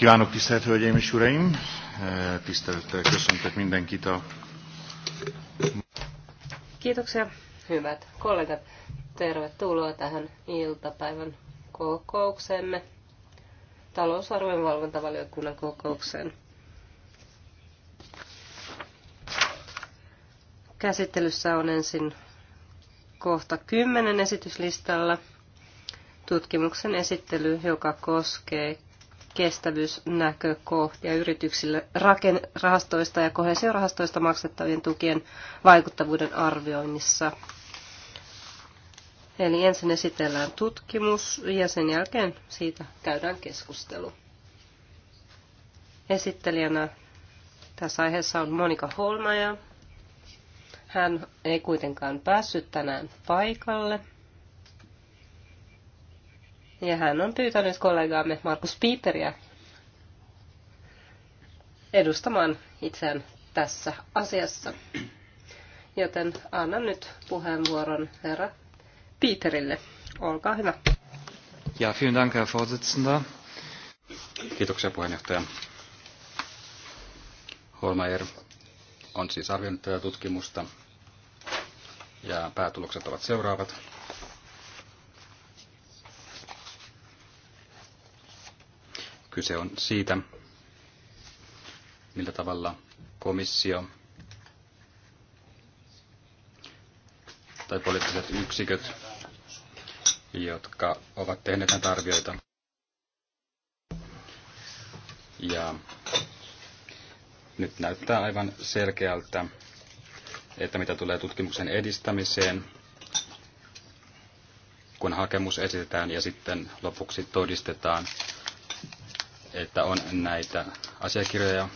kívánok, tisztelt Hölgyeim és Uraim! Eh, tisztelettel köszöntök mindenkit a... Kiitoksia, hyvät kollegat. Tervetuloa tähän iltapäivän kokouksemme, talousarvojen valvontavaliokunnan kokoukseen. Käsittelyssä on ensin kohta 10 esityslistalla tutkimuksen esittely, joka koskee kestävyysnäkökohtia yrityksille rahastoista ja kohesiorahastoista maksettavien tukien vaikuttavuuden arvioinnissa. Eli ensin esitellään tutkimus ja sen jälkeen siitä käydään keskustelu. Esittelijänä tässä aiheessa on Monika Holmaja. Hän ei kuitenkaan päässyt tänään paikalle – ja hän on pyytänyt kollegaamme Markus Piiperiä edustamaan itseään tässä asiassa. Joten annan nyt puheenvuoron herra Piiperille. Olkaa hyvä. Ja, vielen Dank, Herr Vorsitzender. Kiitoksia puheenjohtaja. Holmeier on siis arvioinut tätä tutkimusta ja päätulokset ovat seuraavat. Kyse on siitä, millä tavalla komissio tai poliittiset yksiköt, jotka ovat tehneet näitä arvioita. Ja nyt näyttää aivan selkeältä, että mitä tulee tutkimuksen edistämiseen, kun hakemus esitetään ja sitten lopuksi todistetaan, että on näitä asiakirjoja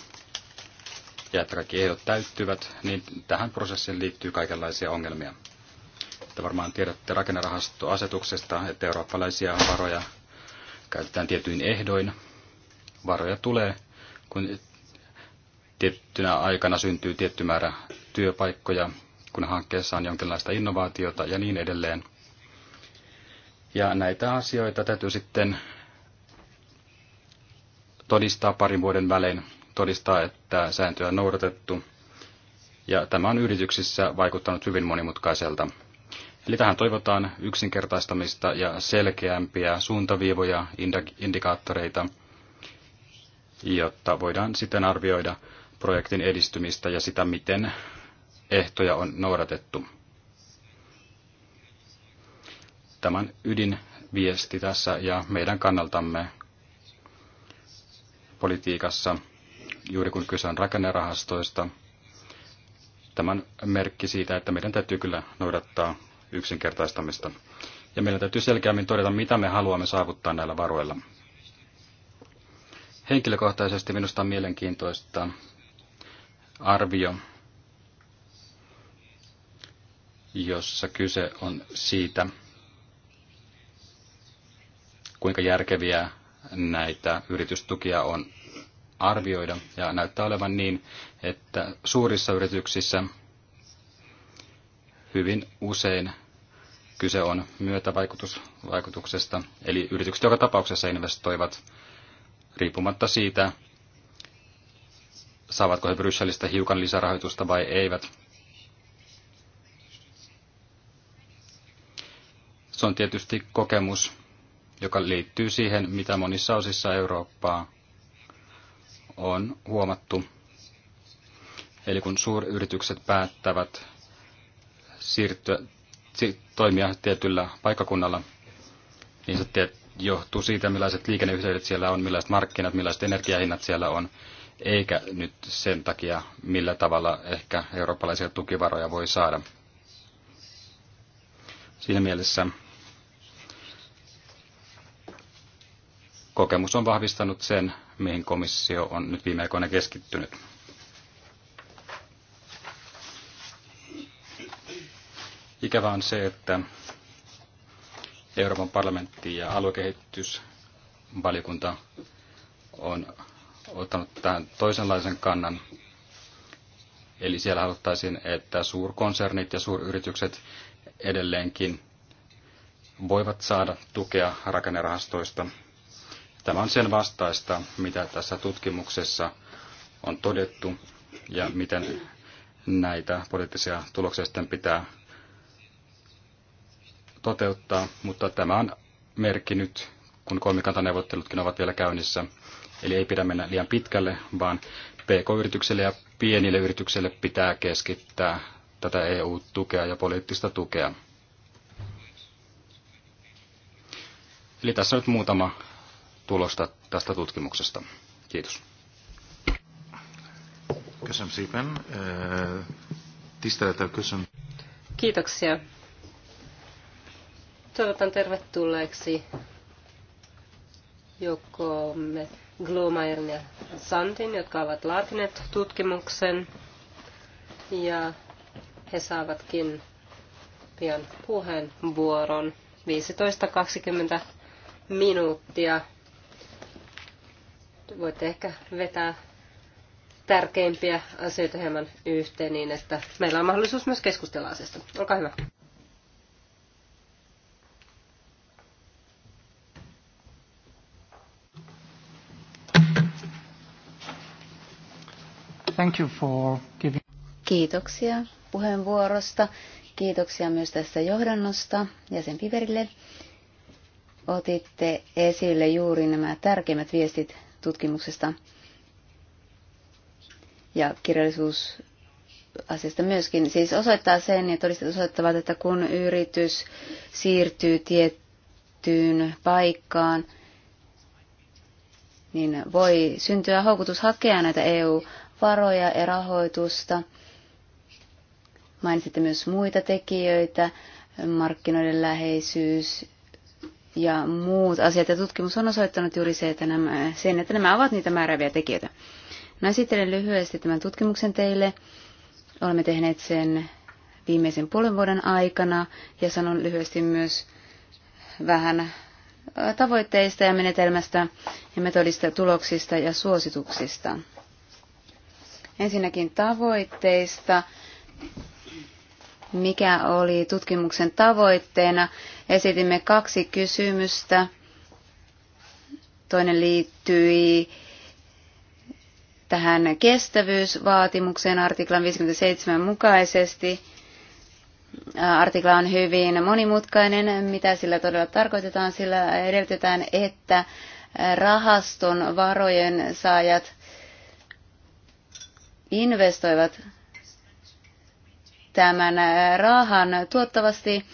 ja että kaikki ehdot täyttyvät, niin tähän prosessiin liittyy kaikenlaisia ongelmia. Että varmaan tiedätte rakennerahastoasetuksesta, että eurooppalaisia varoja käytetään tietyin ehdoin. Varoja tulee, kun tiettynä aikana syntyy tietty määrä työpaikkoja, kun hankkeessa on jonkinlaista innovaatiota ja niin edelleen. Ja näitä asioita täytyy sitten todistaa parin vuoden välein, todistaa, että sääntöjä on noudatettu. Ja tämä on yrityksissä vaikuttanut hyvin monimutkaiselta. Eli tähän toivotaan yksinkertaistamista ja selkeämpiä suuntaviivoja, indikaattoreita, jotta voidaan sitten arvioida projektin edistymistä ja sitä, miten ehtoja on noudatettu. Tämän ydinviesti tässä ja meidän kannaltamme politiikassa, juuri kun kyse on rakennerahastoista. Tämän merkki siitä, että meidän täytyy kyllä noudattaa yksinkertaistamista. Ja meidän täytyy selkeämmin todeta, mitä me haluamme saavuttaa näillä varoilla. Henkilökohtaisesti minusta on mielenkiintoista arvio, jossa kyse on siitä, kuinka järkeviä näitä yritystukia on arvioida. Ja näyttää olevan niin, että suurissa yrityksissä hyvin usein kyse on myötävaikutuksesta. Eli yritykset joka tapauksessa investoivat riippumatta siitä, saavatko he Brysselistä hiukan lisärahoitusta vai eivät. Se on tietysti kokemus, joka liittyy siihen, mitä monissa osissa Eurooppaa on huomattu. Eli kun suuryritykset päättävät siirtyä, toimia tietyllä paikakunnalla, niin se tiet, johtuu siitä, millaiset liikenneyhteydet siellä on, millaiset markkinat, millaiset energiahinnat siellä on, eikä nyt sen takia, millä tavalla ehkä eurooppalaisia tukivaroja voi saada. Siinä mielessä kokemus on vahvistanut sen, mihin komissio on nyt viime aikoina keskittynyt. Ikävä on se, että Euroopan parlamentti ja aluekehitysvaliokunta on ottanut tähän toisenlaisen kannan. Eli siellä haluttaisiin, että suurkonsernit ja suuryritykset edelleenkin voivat saada tukea rakennerahastoista Tämä on sen vastaista, mitä tässä tutkimuksessa on todettu ja miten näitä poliittisia tuloksia sitten pitää toteuttaa, mutta tämä on merkinnyt, kun kolmikantaneuvottelutkin ovat vielä käynnissä. Eli ei pidä mennä liian pitkälle, vaan pk yritykselle ja pienille yrityksille pitää keskittää tätä EU-tukea ja poliittista tukea. Eli tässä on nyt muutama tulosta tästä tutkimuksesta. Kiitos. Eh, Kiitoksia. Toivotan tervetulleeksi joko me Glomeyerin ja Santin, jotka ovat laatineet tutkimuksen. Ja he saavatkin pian puheenvuoron 15-20 minuuttia voitte ehkä vetää tärkeimpiä asioita hieman yhteen niin, että meillä on mahdollisuus myös keskustella asiasta. Olkaa hyvä. Thank you for giving... Kiitoksia puheenvuorosta. Kiitoksia myös tästä johdannosta Piverille. Otitte esille juuri nämä tärkeimmät viestit tutkimuksesta ja kirjallisuusasiasta myöskin. Siis osoittaa sen ja todistet osoittavat, että kun yritys siirtyy tiettyyn paikkaan, niin voi syntyä houkutus hakea näitä EU-varoja ja rahoitusta. Mainitsitte myös muita tekijöitä, markkinoiden läheisyys ja muut asiat. Ja tutkimus on osoittanut juuri se, että nämä, sen, että nämä ovat niitä määräviä tekijöitä. Mä esittelen lyhyesti tämän tutkimuksen teille. Olemme tehneet sen viimeisen puolen vuoden aikana ja sanon lyhyesti myös vähän tavoitteista ja menetelmästä ja metodista, tuloksista ja suosituksista. Ensinnäkin tavoitteista mikä oli tutkimuksen tavoitteena. Esitimme kaksi kysymystä. Toinen liittyi tähän kestävyysvaatimukseen artiklan 57 mukaisesti. Artikla on hyvin monimutkainen, mitä sillä todella tarkoitetaan. Sillä edellytetään, että rahaston varojen saajat investoivat tämän äh, rahan tuottavasti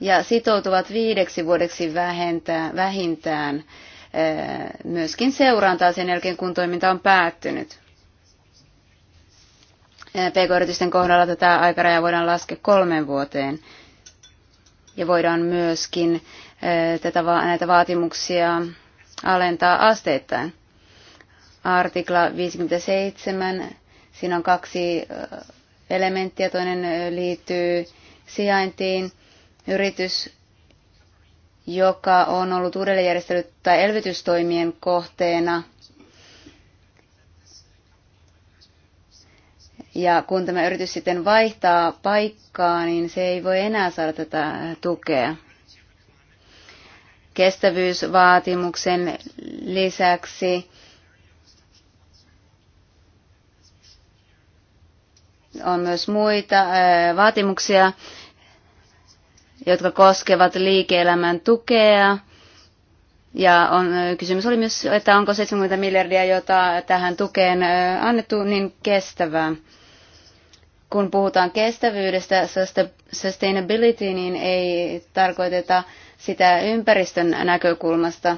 ja sitoutuvat viideksi vuodeksi vähentää, vähintään äh, myöskin seurantaa sen jälkeen, kun toiminta on päättynyt. Äh, PK-yritysten kohdalla tätä aikarajaa voidaan laskea kolmen vuoteen ja voidaan myöskin tätä, näitä vaatimuksia alentaa asteittain. Artikla 57, siinä on kaksi elementti ja toinen liittyy sijaintiin. Yritys, joka on ollut uudelleenjärjestely- tai elvytystoimien kohteena. Ja kun tämä yritys sitten vaihtaa paikkaa, niin se ei voi enää saada tätä tukea. Kestävyysvaatimuksen lisäksi on myös muita äh, vaatimuksia, jotka koskevat liike-elämän tukea. Ja on, äh, kysymys oli myös, että onko 70 miljardia, jota tähän tukeen äh, annettu, niin kestävää. Kun puhutaan kestävyydestä, sustainability, niin ei tarkoiteta sitä ympäristön näkökulmasta,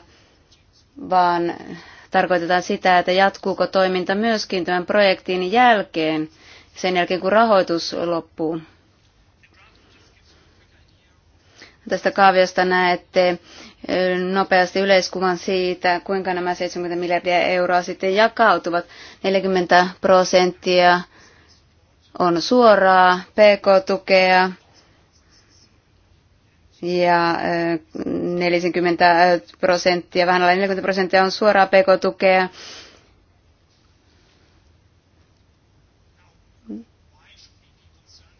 vaan tarkoitetaan sitä, että jatkuuko toiminta myöskin tämän projektin jälkeen – sen jälkeen, kun rahoitus loppuu. Tästä kaaviosta näette nopeasti yleiskuvan siitä, kuinka nämä 70 miljardia euroa sitten jakautuvat. 40 prosenttia on suoraa PK-tukea ja 40 prosenttia, vähän alle 40 prosenttia on suoraa PK-tukea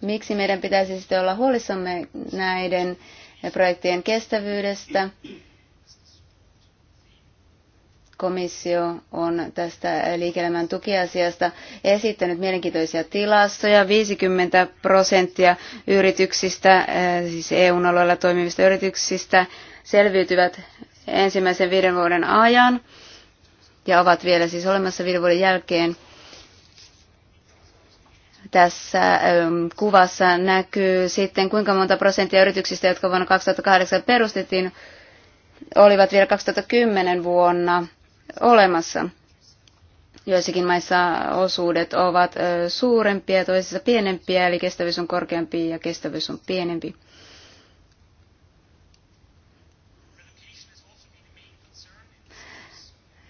Miksi meidän pitäisi sitten olla huolissamme näiden projektien kestävyydestä? Komissio on tästä liike-elämän tukiasiasta esittänyt mielenkiintoisia tilastoja. 50 prosenttia yrityksistä, eh, siis EU-alueella toimivista yrityksistä, selviytyvät ensimmäisen viiden vuoden ajan ja ovat vielä siis olemassa viiden vuoden jälkeen – tässä ähm, kuvassa näkyy sitten, kuinka monta prosenttia yrityksistä, jotka vuonna 2008 perustettiin, olivat vielä 2010 vuonna olemassa. Joissakin maissa osuudet ovat suurempia, toisissa pienempiä, eli kestävyys on korkeampi ja kestävyys on pienempi.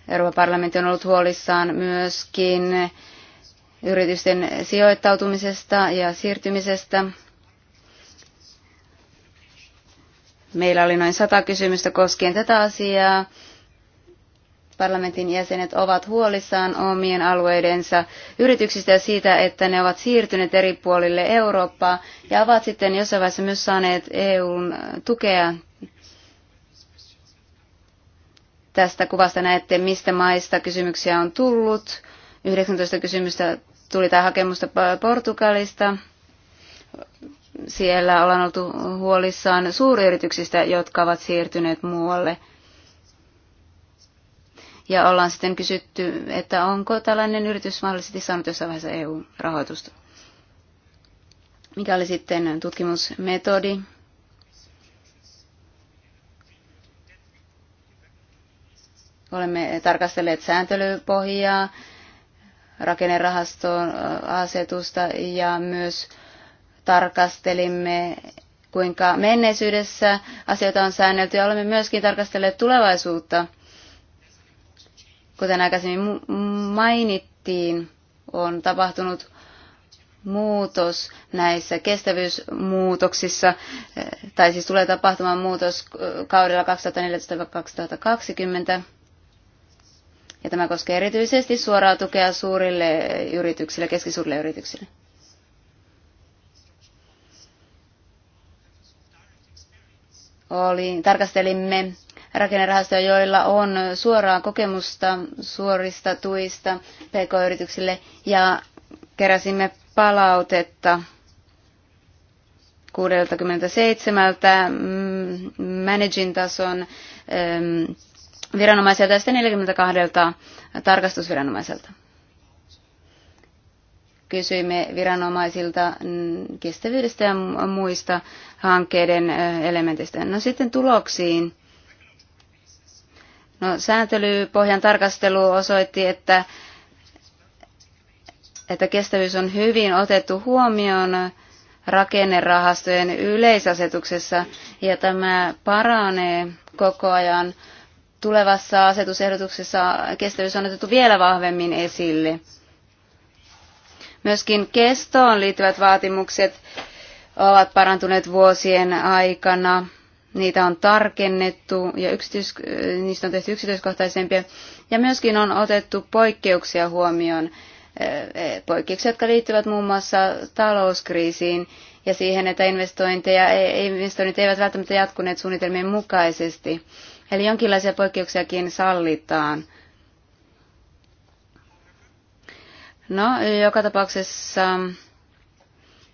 Euroopan parlamentti on ollut huolissaan myöskin yritysten sijoittautumisesta ja siirtymisestä. Meillä oli noin sata kysymystä koskien tätä asiaa. Parlamentin jäsenet ovat huolissaan omien alueidensa yrityksistä ja siitä, että ne ovat siirtyneet eri puolille Eurooppaa ja ovat sitten jossain vaiheessa myös saaneet EUn tukea tästä kuvasta näette, mistä maista kysymyksiä on tullut. 19 kysymystä tuli tämä hakemusta Portugalista. Siellä ollaan oltu huolissaan suuryrityksistä, jotka ovat siirtyneet muualle. Ja ollaan sitten kysytty, että onko tällainen yritys mahdollisesti saanut jossain vaiheessa EU-rahoitusta. Mikä oli sitten tutkimusmetodi? Olemme tarkastelleet sääntelypohjaa, rakennerahastoon asetusta ja myös tarkastelimme, kuinka menneisyydessä asioita on säännelty ja olemme myöskin tarkastelleet tulevaisuutta. Kuten aikaisemmin mainittiin, on tapahtunut muutos näissä kestävyysmuutoksissa, tai siis tulee tapahtumaan muutos kaudella 2014-2020. Ja tämä koskee erityisesti suoraa tukea suurille yrityksille, keskisuurille yrityksille. Oli, tarkastelimme rakennerahastoja, joilla on suoraa kokemusta suorista tuista pk-yrityksille ja keräsimme palautetta 67 mm, managing tason viranomaiselta ja sitten 42 tarkastusviranomaiselta. Kysyimme viranomaisilta mm, kestävyydestä ja muista hankkeiden elementistä. No sitten tuloksiin. No, sääntelypohjan tarkastelu osoitti, että, että kestävyys on hyvin otettu huomioon rakennerahastojen yleisasetuksessa ja tämä paranee koko ajan tulevassa asetusehdotuksessa kestävyys on otettu vielä vahvemmin esille. Myöskin kestoon liittyvät vaatimukset ovat parantuneet vuosien aikana. Niitä on tarkennettu ja yksityis, niistä on tehty yksityiskohtaisempia. Ja myöskin on otettu poikkeuksia huomioon. Eh, eh, poikkeuksia, jotka liittyvät muun muassa talouskriisiin ja siihen, että investointeja, e- investoinnit eivät välttämättä jatkuneet suunnitelmien mukaisesti. Eli jonkinlaisia poikkeuksiakin sallitaan. No, joka tapauksessa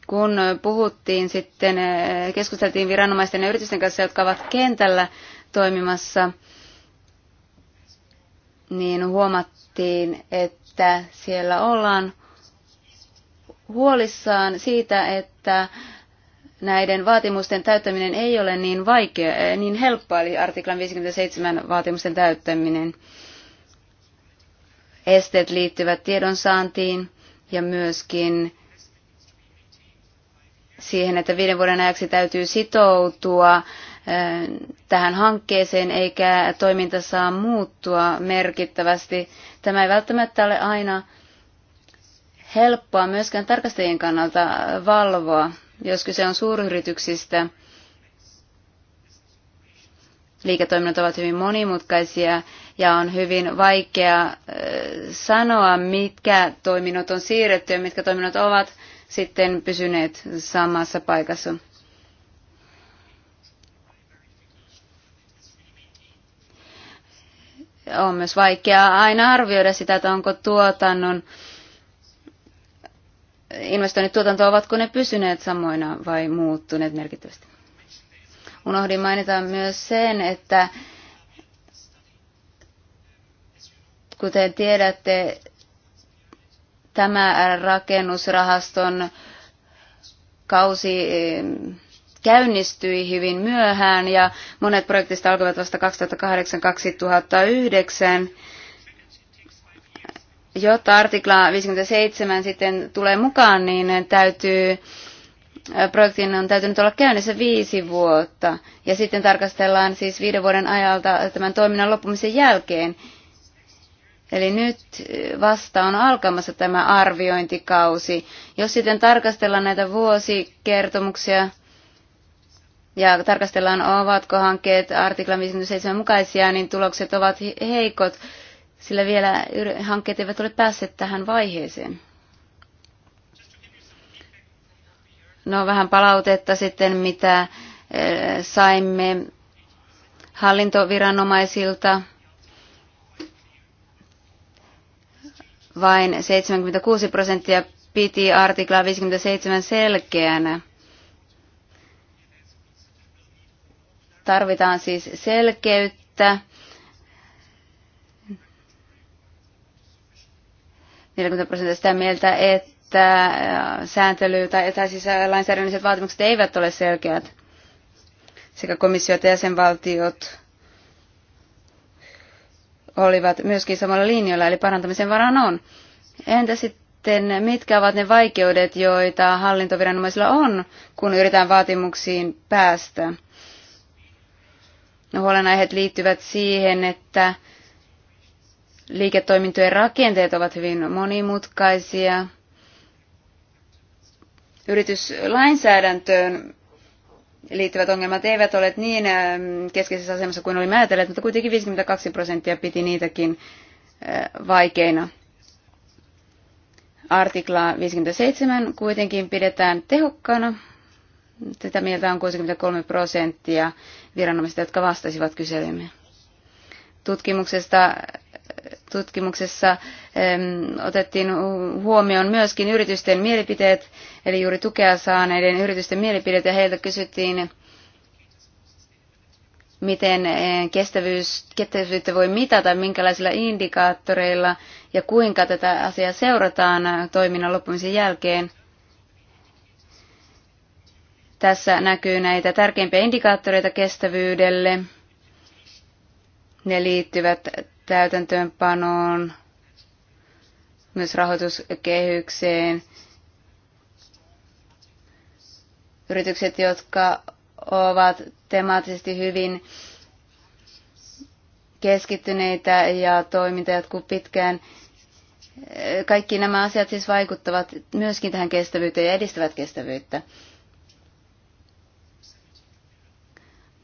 kun puhuttiin sitten, keskusteltiin viranomaisten ja yritysten kanssa, jotka ovat kentällä toimimassa, niin huomattiin, että siellä ollaan huolissaan siitä, että näiden vaatimusten täyttäminen ei ole niin vaikea, eh, niin helppoa, eli artiklan 57 vaatimusten täyttäminen. Esteet liittyvät tiedonsaantiin ja myöskin siihen, että viiden vuoden ajaksi täytyy sitoutua eh, tähän hankkeeseen eikä toiminta saa muuttua merkittävästi. Tämä ei välttämättä ole aina helppoa myöskään tarkastajien kannalta valvoa jos kyse on suuryrityksistä, liiketoiminnat ovat hyvin monimutkaisia ja on hyvin vaikea sanoa, mitkä toiminnot on siirretty ja mitkä toiminnot ovat sitten pysyneet samassa paikassa. On myös vaikea aina arvioida sitä, että onko tuotannon investoinnit tuotantoon, ovatko ne pysyneet samoina vai muuttuneet merkittävästi? Unohdin mainita myös sen, että kuten tiedätte, tämä rakennusrahaston kausi käynnistyi hyvin myöhään ja monet projektista alkoivat vasta 2008-2009 jotta artikla 57 sitten tulee mukaan, niin täytyy, projektin on täytynyt olla käynnissä viisi vuotta. Ja sitten tarkastellaan siis viiden vuoden ajalta tämän toiminnan loppumisen jälkeen. Eli nyt vasta on alkamassa tämä arviointikausi. Jos sitten tarkastellaan näitä vuosikertomuksia ja tarkastellaan, ovatko hankkeet artikla 57 mukaisia, niin tulokset ovat heikot sillä vielä hankkeet eivät ole päässeet tähän vaiheeseen. No vähän palautetta sitten, mitä eh, saimme hallintoviranomaisilta. Vain 76 prosenttia piti artiklaa 57 selkeänä. Tarvitaan siis selkeyttä 40 prosenttia sitä mieltä, että äh, sääntely tai lainsäädännölliset vaatimukset eivät ole selkeät. Sekä komissio että jäsenvaltiot olivat myöskin samalla linjalla, eli parantamisen varaan on. Entä sitten, mitkä ovat ne vaikeudet, joita hallintoviranomaisilla on, kun yritetään vaatimuksiin päästä? No Huolenaiheet liittyvät siihen, että liiketoimintojen rakenteet ovat hyvin monimutkaisia. Yrityslainsäädäntöön liittyvät ongelmat eivät ole niin ähm, keskeisessä asemassa kuin oli ajatelleet, mutta kuitenkin 52 prosenttia piti niitäkin äh, vaikeina. Artiklaa 57 kuitenkin pidetään tehokkaana. Tätä mieltä on 63 prosenttia viranomaisista, jotka vastasivat kyselymme. Tutkimuksesta tutkimuksessa otettiin huomioon myöskin yritysten mielipiteet, eli juuri tukea saaneiden yritysten mielipiteet, ja heiltä kysyttiin, miten eh, kestävyys, kestävyyttä voi mitata, minkälaisilla indikaattoreilla ja kuinka tätä asiaa seurataan toiminnan loppumisen jälkeen. Tässä näkyy näitä tärkeimpiä indikaattoreita kestävyydelle. Ne liittyvät täytäntöönpanoon, myös rahoituskehykseen. Yritykset, jotka ovat temaattisesti hyvin keskittyneitä ja toiminta jatkuu pitkään. Kaikki nämä asiat siis vaikuttavat myöskin tähän kestävyyteen ja edistävät kestävyyttä.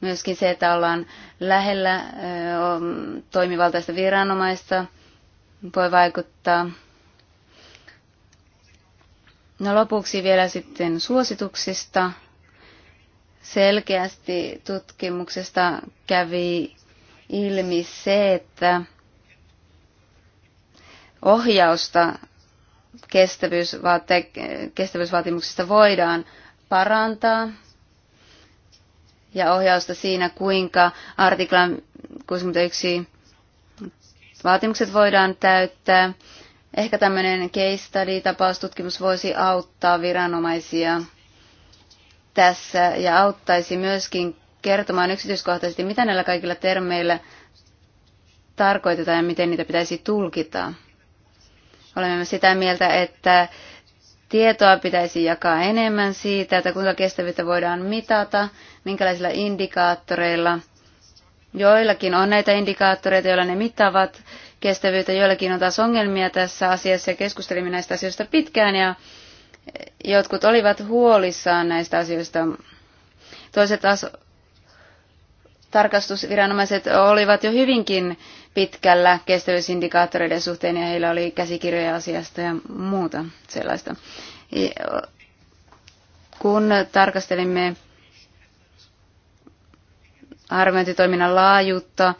myöskin se, että ollaan lähellä toimivaltaista viranomaista, voi vaikuttaa. No lopuksi vielä sitten suosituksista. Selkeästi tutkimuksesta kävi ilmi se, että ohjausta kestävyysvaatimuksista voidaan parantaa ja ohjausta siinä, kuinka artiklan 61 vaatimukset voidaan täyttää. Ehkä tämmöinen case study, tapaustutkimus voisi auttaa viranomaisia tässä ja auttaisi myöskin kertomaan yksityiskohtaisesti, mitä näillä kaikilla termeillä tarkoitetaan ja miten niitä pitäisi tulkita. Olemme sitä mieltä, että Tietoa pitäisi jakaa enemmän siitä, että kuinka kestävyyttä voidaan mitata, minkälaisilla indikaattoreilla. Joillakin on näitä indikaattoreita, joilla ne mittaavat kestävyyttä, joillakin on taas ongelmia tässä asiassa ja keskustelimme näistä asioista pitkään ja jotkut olivat huolissaan näistä asioista. Toiset taas tarkastusviranomaiset olivat jo hyvinkin pitkällä kestävyysindikaattoreiden suhteen ja heillä oli käsikirjoja asiasta ja muuta sellaista. Kun tarkastelimme arviointitoiminnan laajuutta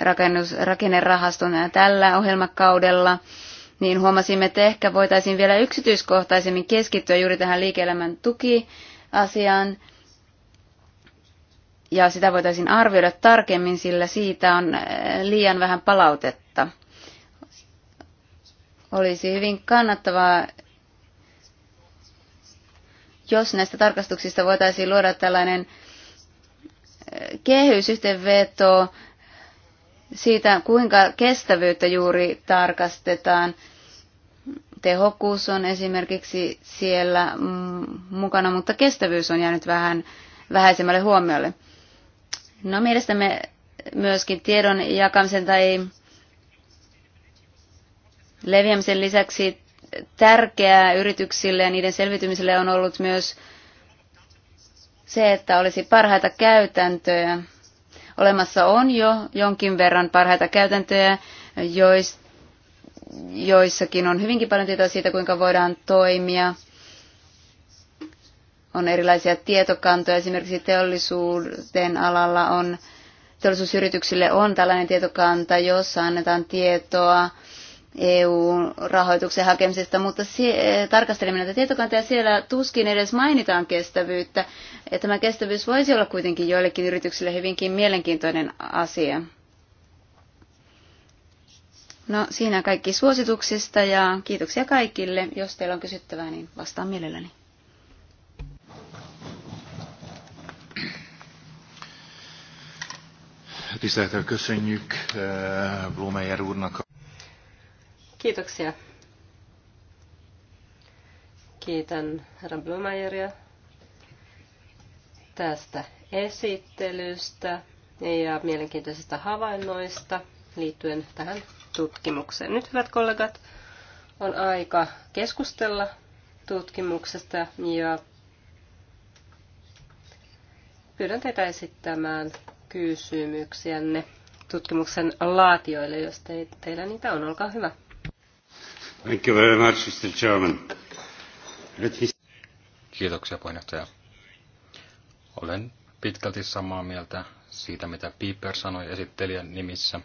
rakennus, rakennerahaston tällä ohjelmakaudella, niin huomasimme, että ehkä voitaisiin vielä yksityiskohtaisemmin keskittyä juuri tähän liike-elämän tukiasiaan, ja sitä voitaisiin arvioida tarkemmin, sillä siitä on eh, liian vähän palautetta. Olisi hyvin kannattavaa, jos näistä tarkastuksista voitaisiin luoda tällainen eh, kehys, yhteenveto siitä, kuinka kestävyyttä juuri tarkastetaan. Tehokkuus on esimerkiksi siellä mm, mukana, mutta kestävyys on jäänyt vähän vähäisemmälle huomiolle. No mielestämme myöskin tiedon jakamisen tai leviämisen lisäksi tärkeää yrityksille ja niiden selvitymiselle on ollut myös se, että olisi parhaita käytäntöjä. Olemassa on jo jonkin verran parhaita käytäntöjä, joissakin on hyvinkin paljon tietoa siitä, kuinka voidaan toimia – on erilaisia tietokantoja. Esimerkiksi teollisuuden alalla on, teollisuusyrityksille on tällainen tietokanta, jossa annetaan tietoa EU-rahoituksen hakemisesta, mutta tarkastelemme näitä tietokantoja siellä tuskin edes mainitaan kestävyyttä. Ja tämä kestävyys voisi olla kuitenkin joillekin yrityksille hyvinkin mielenkiintoinen asia. No siinä kaikki suosituksista ja kiitoksia kaikille. Jos teillä on kysyttävää, niin vastaan mielelläni. Tisztelettel köszönjük eh, Blumeyer úrnak. Kiitoksia. Kiitän herra Blumeyeria tästä esittelystä ja mielenkiintoisista havainnoista liittyen tähän tutkimukseen. Nyt, hyvät kollegat, on aika keskustella tutkimuksesta ja pyydän teitä esittämään kysymyksiänne tutkimuksen laatioille, jos te, teillä niitä on. Olkaa hyvä. Thank you very much, Mr. Chairman. Kiitoksia puheenjohtaja. Olen pitkälti samaa mieltä siitä, mitä Piper sanoi esittelijän nimissä.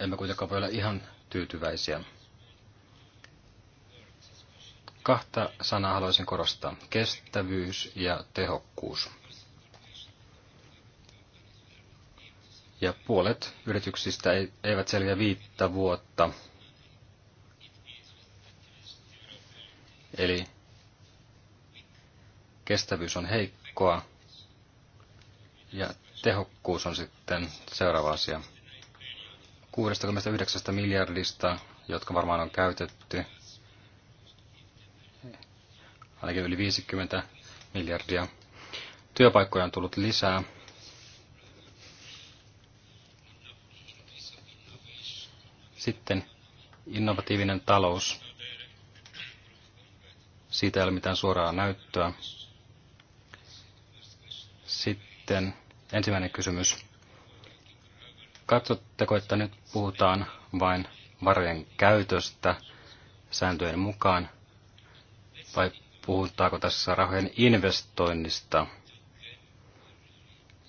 Emme kuitenkaan voi olla ihan tyytyväisiä. Kahta sanaa haluaisin korostaa. Kestävyys ja tehokkuus. Ja puolet yrityksistä eivät selviä viittä vuotta. Eli kestävyys on heikkoa ja tehokkuus on sitten seuraava asia. 69 miljardista, jotka varmaan on käytetty ainakin yli 50 miljardia. Työpaikkoja on tullut lisää. Sitten innovatiivinen talous. Siitä ei ole mitään suoraa näyttöä. Sitten ensimmäinen kysymys. Katsotteko, että nyt puhutaan vain varojen käytöstä sääntöjen mukaan, vai puhutaanko tässä rahojen investoinnista,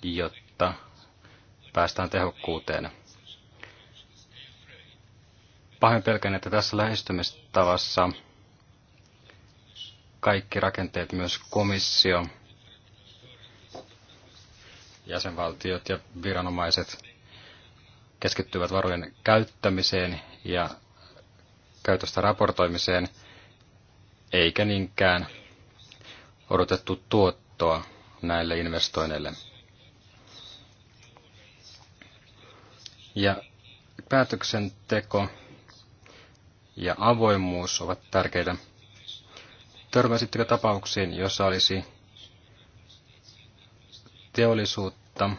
jotta päästään tehokkuuteen. Pahoin pelkän, että tässä lähestymistavassa kaikki rakenteet, myös komissio, jäsenvaltiot ja viranomaiset keskittyvät varojen käyttämiseen ja käytöstä raportoimiseen – eikä niinkään odotettu tuottoa näille investoinneille. Ja päätöksenteko ja avoimuus ovat tärkeitä. Törmäsittekö tapauksiin, jossa olisi teollisuutta,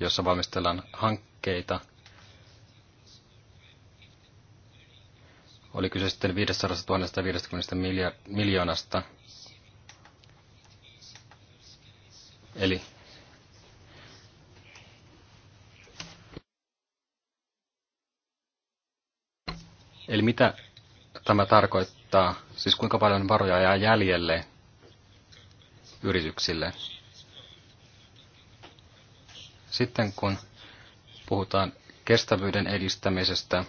jossa valmistellaan hankkeita, oli kyse sitten 500 000 50 miljoonasta. Eli Eli mitä tämä tarkoittaa? Siis kuinka paljon varoja jää jäljelle yrityksille? Sitten kun puhutaan kestävyyden edistämisestä,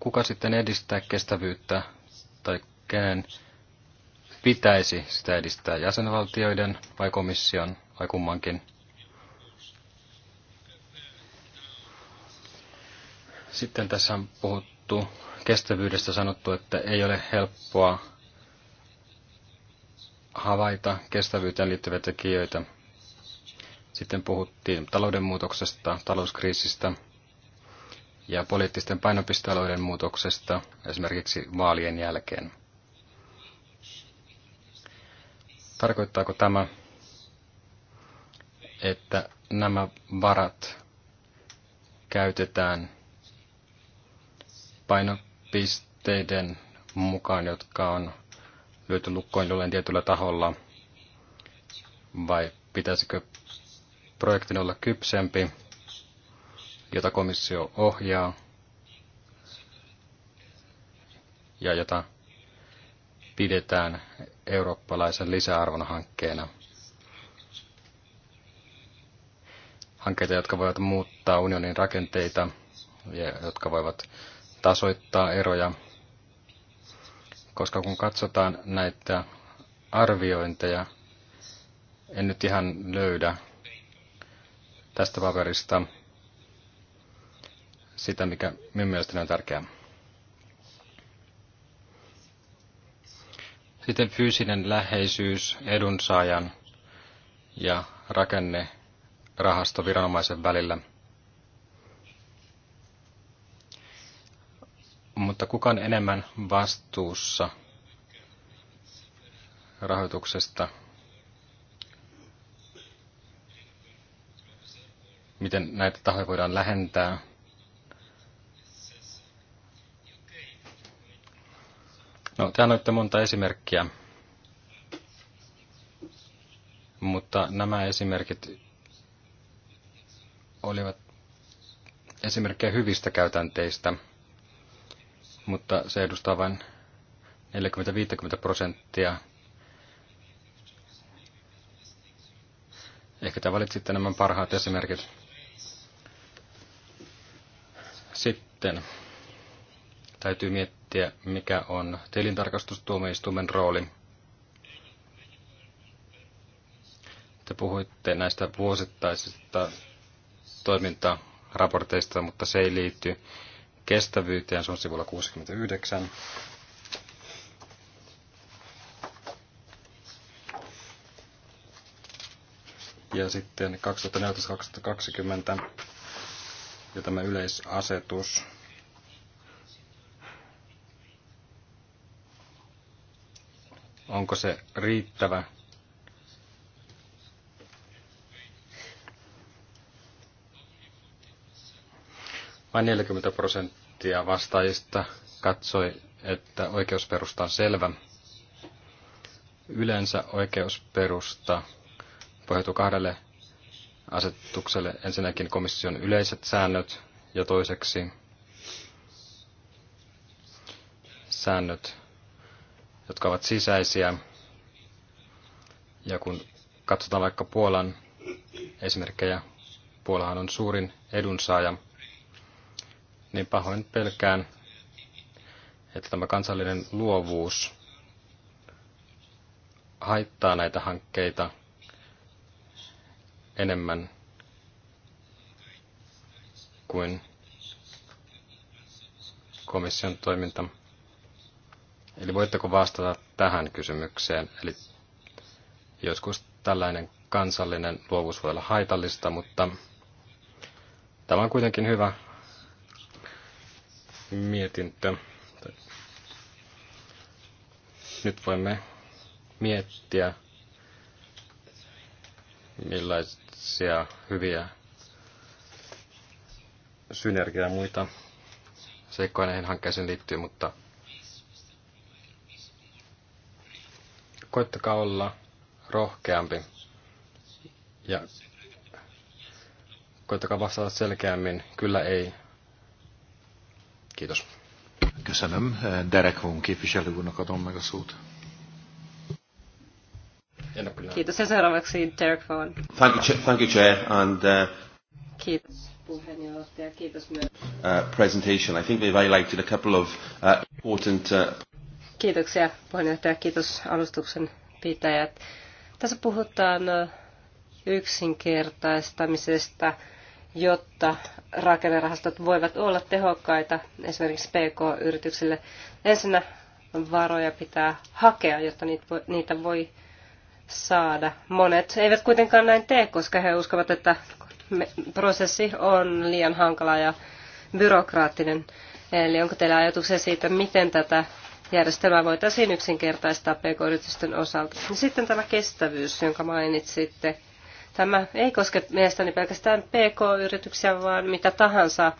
kuka sitten edistää kestävyyttä tai kenen pitäisi sitä edistää jäsenvaltioiden vai komission vai kummankin? Sitten tässä on puhuttu kestävyydestä sanottu, että ei ole helppoa havaita kestävyyteen liittyviä tekijöitä. Sitten puhuttiin taloudenmuutoksesta, talouskriisistä – ja poliittisten painopistealueiden muutoksesta esimerkiksi vaalien jälkeen. Tarkoittaako tämä, että nämä varat käytetään painopisteiden mukaan, jotka on lyöty lukkoon jollain tietyllä taholla, vai pitäisikö projektin olla kypsempi jota komissio ohjaa ja jota pidetään eurooppalaisen lisäarvon hankkeena. Hankkeita, jotka voivat muuttaa unionin rakenteita ja jotka voivat tasoittaa eroja, koska kun katsotaan näitä arviointeja, en nyt ihan löydä tästä paperista sitä, mikä minun mielestäni on tärkeää. Sitten fyysinen läheisyys edunsaajan ja rakenne rahastoviranomaisen välillä. Mutta kukaan enemmän vastuussa rahoituksesta? Miten näitä tahoja voidaan lähentää? No, te annoitte monta esimerkkiä, mutta nämä esimerkit olivat esimerkkejä hyvistä käytänteistä, mutta se edustaa vain 40-50 prosenttia. Ehkä te valitsitte nämä parhaat esimerkit. Sitten täytyy miettiä, miettiä, mikä on tilintarkastustuomioistuimen rooli. Te puhuitte näistä vuosittaisista toimintaraporteista, mutta se ei liity kestävyyteen. Se on sivulla 69. Ja sitten 2014-2020 ja tämä yleisasetus onko se riittävä. Vain 40 prosenttia vastaajista katsoi, että oikeusperusta on selvä. Yleensä oikeusperusta pohjautuu kahdelle asetukselle. Ensinnäkin komission yleiset säännöt ja toiseksi säännöt, jotka ovat sisäisiä. Ja kun katsotaan vaikka Puolan esimerkkejä, Puolahan on suurin edunsaaja, niin pahoin pelkään, että tämä kansallinen luovuus haittaa näitä hankkeita enemmän kuin komission toiminta. Eli voitteko vastata tähän kysymykseen? Eli joskus tällainen kansallinen luovuus voi olla haitallista, mutta tämä on kuitenkin hyvä mietintö. Nyt voimme miettiä, millaisia hyviä synergiaa muita seikkoja näihin hankkeisiin liittyy, mutta koittakaa olla rohkeampi ja koittakaa vastata selkeämmin, kyllä ei. Kiitos. Köszönöm. Derek Vaughan képviselő úrnak adom meg a szót. Kiitos. Ja seuraavaksi Derek Vaughan. Thank you, thank you Chair. And, uh, Kiitos Kiitos myös. Uh, presentation. I think they've highlighted a couple of uh, important uh, Kiitoksia puheenjohtaja, kiitos alustuksen pitäjät. Tässä puhutaan yksinkertaistamisesta, jotta rakennerahastot voivat olla tehokkaita esimerkiksi PK-yrityksille. Ensinnä varoja pitää hakea, jotta niitä voi saada. Monet eivät kuitenkaan näin tee, koska he uskovat, että prosessi on liian hankala ja byrokraattinen. Eli onko teillä ajatuksia siitä, miten tätä järjestelmää voitaisiin yksinkertaistaa pk-yritysten osalta. Sitten tämä kestävyys, jonka mainitsitte. Tämä ei koske mielestäni pelkästään pk-yrityksiä, vaan mitä tahansa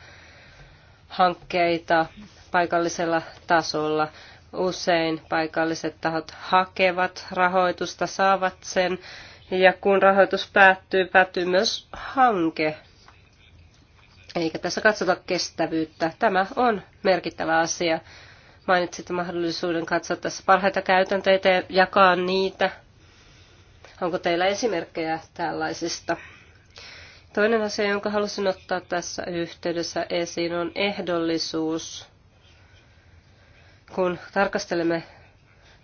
hankkeita paikallisella tasolla. Usein paikalliset tahot hakevat rahoitusta, saavat sen, ja kun rahoitus päättyy, päättyy myös hanke. Eikä tässä katsota kestävyyttä. Tämä on merkittävä asia Mainitsitte mahdollisuuden katsoa tässä parhaita käytänteitä ja jakaa niitä. Onko teillä esimerkkejä tällaisista? Toinen asia, jonka halusin ottaa tässä yhteydessä esiin, on ehdollisuus. Kun tarkastelemme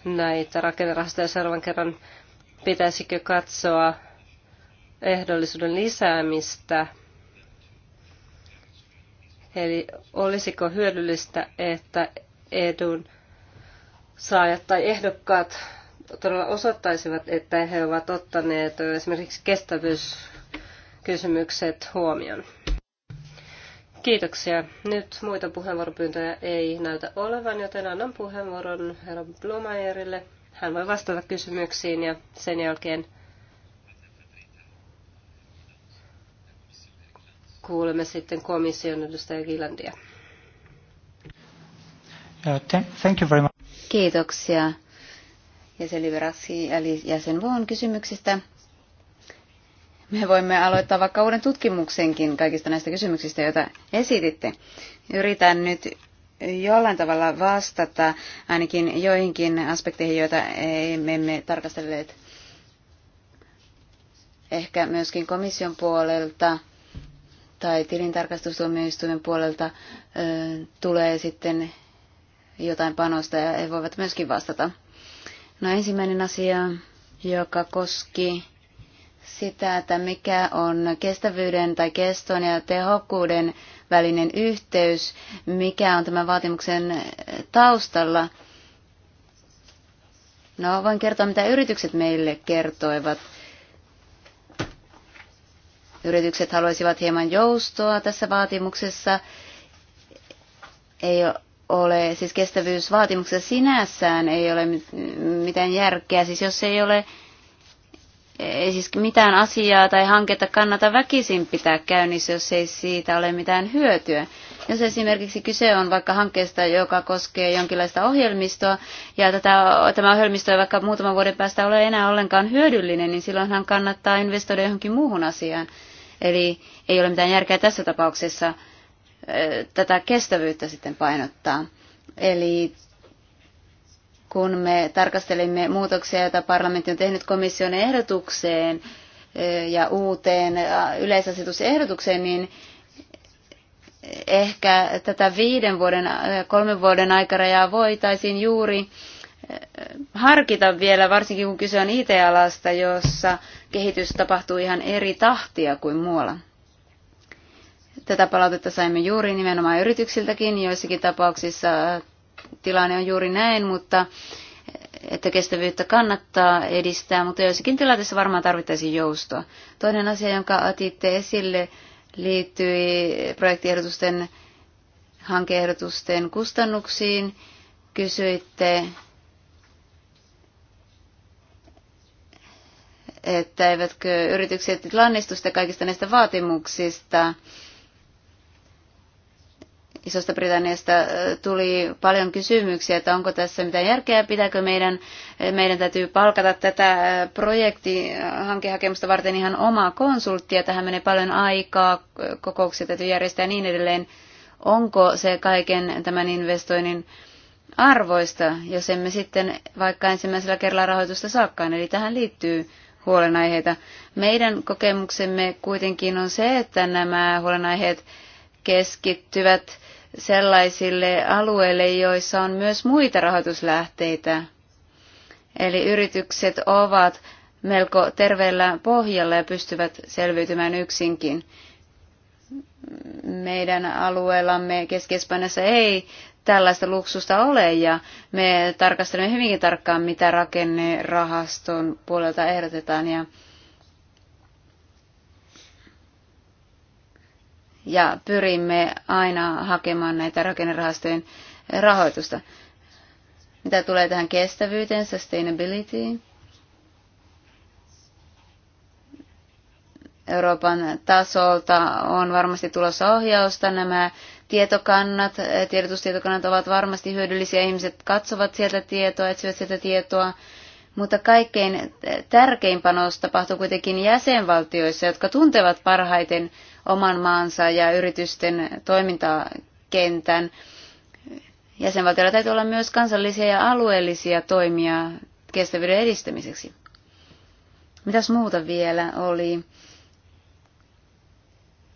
näitä rakennerahastoja seuraavan kerran, pitäisikö katsoa ehdollisuuden lisäämistä? Eli olisiko hyödyllistä, että edun saajat tai ehdokkaat todella osoittaisivat, että he ovat ottaneet esimerkiksi kestävyyskysymykset huomioon. Kiitoksia. Nyt muita puheenvuoropyyntöjä ei näytä olevan, joten annan puheenvuoron herra Blumajerille. Hän voi vastata kysymyksiin ja sen jälkeen kuulemme sitten komission edustaja Gilandia. Uh, thank you very much. Kiitoksia jäsen Liberassi eli jäsen Vuon kysymyksistä. Me voimme aloittaa vaikka uuden tutkimuksenkin kaikista näistä kysymyksistä, joita esititte. Yritän nyt jollain tavalla vastata ainakin joihinkin aspekteihin, joita me emme tarkastelleet ehkä myöskin komission puolelta tai tilintarkastustuomioistuimen puolelta tulee sitten jotain panosta ja he voivat myöskin vastata. No ensimmäinen asia, joka koski sitä, että mikä on kestävyyden tai keston ja tehokkuuden välinen yhteys, mikä on tämän vaatimuksen taustalla. No, voin kertoa, mitä yritykset meille kertoivat. Yritykset haluaisivat hieman joustoa tässä vaatimuksessa. Ei ole ole, siis kestävyysvaatimuksessa sinässään ei ole mitään järkeä, siis jos ei ole ei siis mitään asiaa tai hanketta kannata väkisin pitää käynnissä, jos ei siitä ole mitään hyötyä. Jos esimerkiksi kyse on vaikka hankkeesta, joka koskee jonkinlaista ohjelmistoa, ja tätä, tämä ohjelmisto ei vaikka muutaman vuoden päästä ole enää ollenkaan hyödyllinen, niin silloinhan kannattaa investoida johonkin muuhun asiaan. Eli ei ole mitään järkeä tässä tapauksessa tätä kestävyyttä sitten painottaa. Eli kun me tarkastelimme muutoksia, joita parlamentti on tehnyt komission ehdotukseen eh, ja uuteen eh, yleisasetusehdotukseen, niin ehkä tätä viiden vuoden, eh, kolmen vuoden aikarajaa voitaisiin juuri harkita vielä, varsinkin kun kyse on IT-alasta, jossa kehitys tapahtuu ihan eri tahtia kuin muualla. Tätä palautetta saimme juuri nimenomaan yrityksiltäkin. Joissakin tapauksissa äh, tilanne on juuri näin, mutta äh, että kestävyyttä kannattaa edistää, mutta joissakin tilanteissa varmaan tarvittaisiin joustoa. Toinen asia, jonka otitte esille, liittyi projektiehdotusten, hankeehdotusten kustannuksiin. Kysyitte, että eivätkö yritykset lannistu kaikista näistä vaatimuksista Isosta Britanniasta äh, tuli paljon kysymyksiä, että onko tässä mitä järkeä, pitääkö meidän, äh, meidän täytyy palkata tätä äh, projekti hankehakemusta varten ihan omaa konsulttia, tähän menee paljon aikaa, kokouksia täytyy järjestää ja niin edelleen. Onko se kaiken tämän investoinnin arvoista, jos emme sitten vaikka ensimmäisellä kerralla rahoitusta saakkaan, eli tähän liittyy huolenaiheita. Meidän kokemuksemme kuitenkin on se, että nämä huolenaiheet keskittyvät sellaisille alueille, joissa on myös muita rahoituslähteitä. Eli yritykset ovat melko terveellä pohjalla ja pystyvät selviytymään yksinkin. Meidän alueellamme keski ei tällaista luksusta ole ja me tarkastelemme hyvinkin tarkkaan, mitä rakennerahaston puolelta ehdotetaan ja ja pyrimme aina hakemaan näitä rakennerahastojen rahoitusta. Mitä tulee tähän kestävyyteen, sustainability, Euroopan tasolta on varmasti tulossa ohjausta. Nämä tietokannat, tiedotustietokannat ovat varmasti hyödyllisiä. Ihmiset katsovat sieltä tietoa, etsivät sieltä tietoa. Mutta kaikkein tärkein panos tapahtuu kuitenkin jäsenvaltioissa, jotka tuntevat parhaiten oman maansa ja yritysten toimintakentän. Jäsenvaltioilla täytyy olla myös kansallisia ja alueellisia toimia kestävyyden edistämiseksi. Mitäs muuta vielä oli?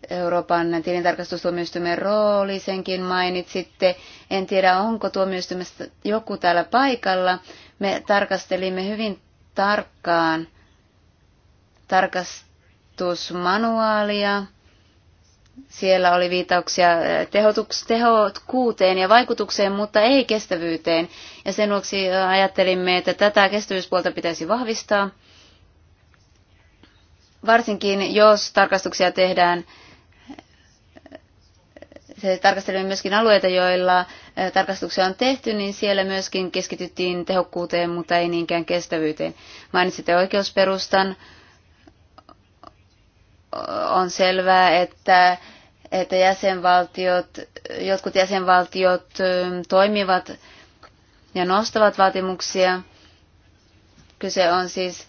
Euroopan tilintarkastustuomioistuimen rooli, senkin mainitsitte. En tiedä, onko tuomioistuimesta joku täällä paikalla. Me tarkastelimme hyvin tarkkaan tarkastusmanuaalia siellä oli viitauksia eh, tehokkuuteen ja vaikutukseen, mutta ei kestävyyteen. Ja sen vuoksi eh, ajattelimme, että tätä kestävyyspuolta pitäisi vahvistaa, varsinkin jos tarkastuksia tehdään eh, se tarkastelimme myöskin alueita, joilla tarkastuksia on tehty, niin siellä myöskin keskityttiin tehokkuuteen, mutta ei niinkään kestävyyteen. Mainitsitte oikeusperustan on selvää, että, että jäsenvaltiot, jotkut jäsenvaltiot ähm, toimivat ja nostavat vaatimuksia. Kyse on siis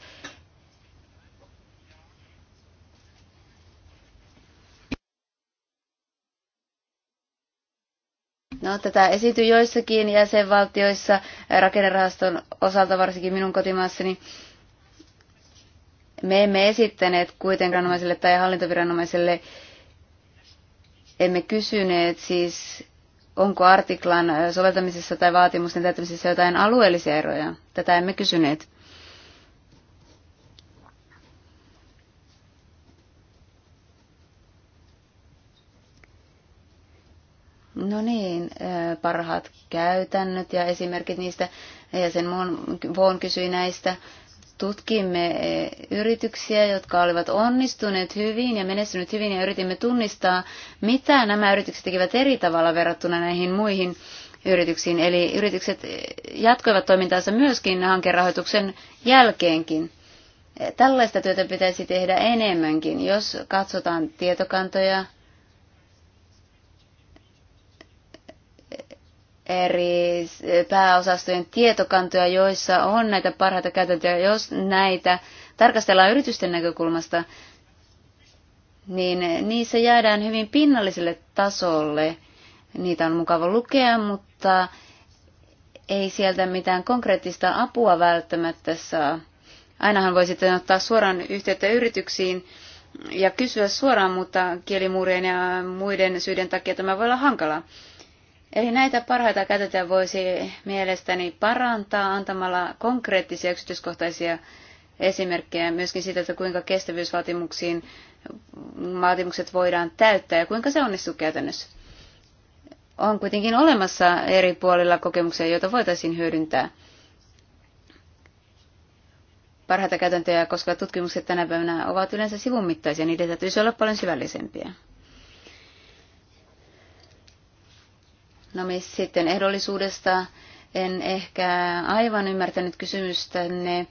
No, tätä esiintyi joissakin jäsenvaltioissa äh, rakennerahaston osalta, varsinkin minun kotimaassani. Me emme esittäneet kuitenkaan tai hallintoviranomaiselle, emme kysyneet siis, onko artiklan soveltamisessa tai vaatimusten täyttämisessä jotain alueellisia eroja. Tätä emme kysyneet. No niin, parhaat käytännöt ja esimerkit niistä, ja sen voin kysyä näistä tutkimme eh, yrityksiä, jotka olivat onnistuneet hyvin ja menestyneet hyvin ja yritimme tunnistaa, mitä nämä yritykset tekivät eri tavalla verrattuna näihin muihin yrityksiin. Eli yritykset eh, jatkoivat toimintaansa myöskin hankerahoituksen jälkeenkin. Eh, tällaista työtä pitäisi tehdä enemmänkin, jos katsotaan tietokantoja, eri pääosastojen tietokantoja, joissa on näitä parhaita käytäntöjä. Jos näitä tarkastellaan yritysten näkökulmasta, niin niissä jäädään hyvin pinnalliselle tasolle. Niitä on mukava lukea, mutta ei sieltä mitään konkreettista apua välttämättä saa. Ainahan voi sitten ottaa suoraan yhteyttä yrityksiin ja kysyä suoraan, mutta kielimuurien ja muiden syiden takia tämä voi olla hankalaa. Eli näitä parhaita käytäntöjä voisi mielestäni parantaa antamalla konkreettisia yksityiskohtaisia esimerkkejä myöskin siitä, että kuinka kestävyysvaatimuksiin vaatimukset voidaan täyttää ja kuinka se onnistuu käytännössä. On kuitenkin olemassa eri puolilla kokemuksia, joita voitaisiin hyödyntää parhaita käytäntöjä, koska tutkimukset tänä päivänä ovat yleensä sivun mittaisia, niiden täytyisi olla paljon syvällisempiä. No miss sitten ehdollisuudesta en ehkä aivan ymmärtänyt kysymystänne,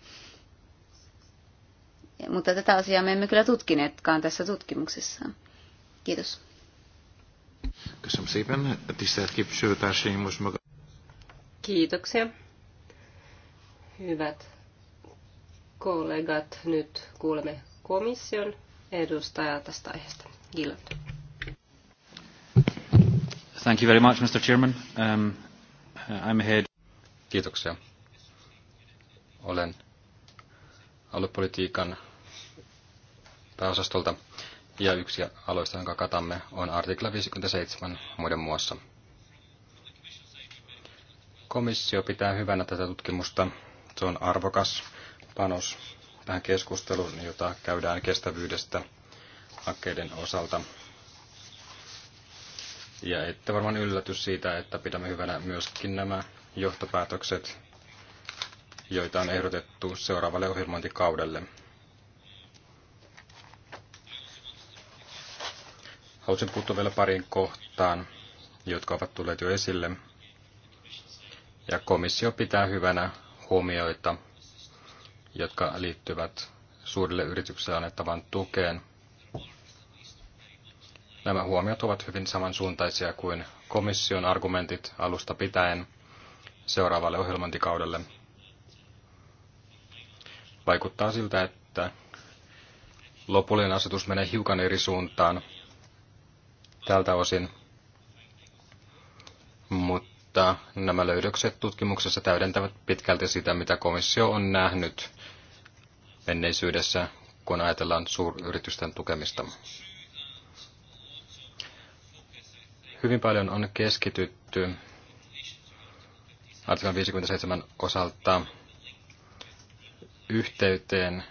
mutta tätä asiaa me emme kyllä tutkineetkaan tässä tutkimuksessa. Kiitos. Kiitoksia. Hyvät kollegat, nyt kuulemme komission edustajaa tästä aiheesta. Gilland. Thank you very much, Mr. Chairman. Um, uh, I'm Kiitoksia. Olen aluepolitiikan pääosastolta ja yksi aloista, jonka katamme, on artikla 57 muiden muassa. Komissio pitää hyvänä tätä tutkimusta. Se on arvokas panos tähän keskusteluun, jota käydään kestävyydestä hakkeiden osalta ja ette varmaan yllätys siitä, että pidämme hyvänä myöskin nämä johtopäätökset, joita on ehdotettu seuraavalle ohjelmointikaudelle. Haluaisin puuttua vielä pariin kohtaan, jotka ovat tulleet jo esille. Ja komissio pitää hyvänä huomioita, jotka liittyvät suurille yrityksille annettavaan tukeen – Nämä huomiot ovat hyvin samansuuntaisia kuin komission argumentit alusta pitäen seuraavalle ohjelmointikaudelle. Vaikuttaa siltä, että lopullinen asetus menee hiukan eri suuntaan tältä osin, mutta nämä löydökset tutkimuksessa täydentävät pitkälti sitä, mitä komissio on nähnyt menneisyydessä, kun ajatellaan suuryritysten tukemista. Hyvin paljon on keskitytty artiklan 57 osalta yhteyteen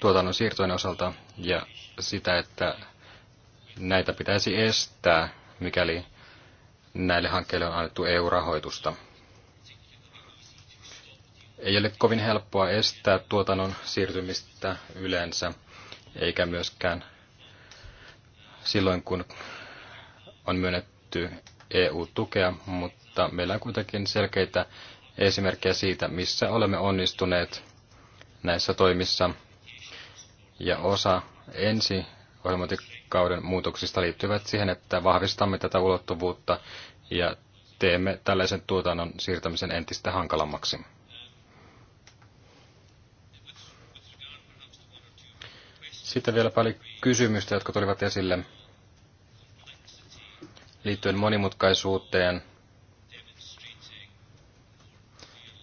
tuotannon siirtojen osalta ja sitä, että näitä pitäisi estää, mikäli näille hankkeille on annettu EU-rahoitusta. Ei ole kovin helppoa estää tuotannon siirtymistä yleensä, eikä myöskään silloin, kun on myönnetty EU-tukea, mutta meillä on kuitenkin selkeitä esimerkkejä siitä, missä olemme onnistuneet näissä toimissa. Ja osa ensi ohjelmointikauden muutoksista liittyvät siihen, että vahvistamme tätä ulottuvuutta ja teemme tällaisen tuotannon siirtämisen entistä hankalammaksi. Sitten vielä paljon kysymystä, jotka tulivat esille liittyen monimutkaisuuteen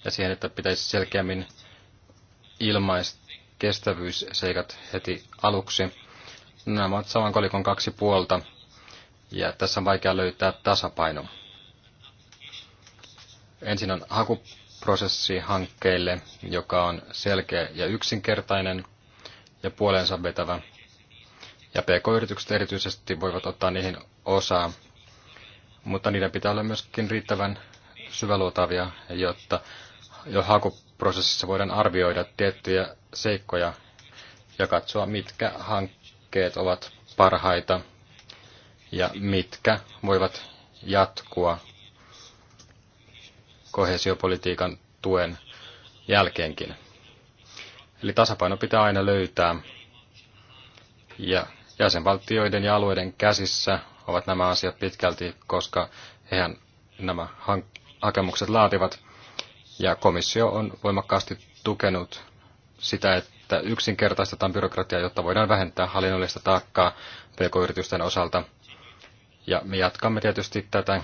ja siihen, että pitäisi selkeämmin ilmaista kestävyysseikat heti aluksi. Nämä ovat saman kolikon kaksi puolta ja tässä on vaikea löytää tasapaino. Ensin on hakuprosessi hankkeille, joka on selkeä ja yksinkertainen – ja puoleensa vetävä. Ja PK-yritykset erityisesti voivat ottaa niihin osaa, mutta niiden pitää olla myöskin riittävän syväluotavia, jotta jo hakuprosessissa voidaan arvioida tiettyjä seikkoja ja katsoa, mitkä hankkeet ovat parhaita ja mitkä voivat jatkua kohesiopolitiikan tuen jälkeenkin. Eli tasapaino pitää aina löytää. Ja jäsenvaltioiden ja alueiden käsissä ovat nämä asiat pitkälti, koska hehän nämä hakemukset laativat. Ja komissio on voimakkaasti tukenut sitä, että yksinkertaistetaan byrokratiaa, jotta voidaan vähentää hallinnollista taakkaa pk-yritysten osalta. Ja me jatkamme tietysti tätä,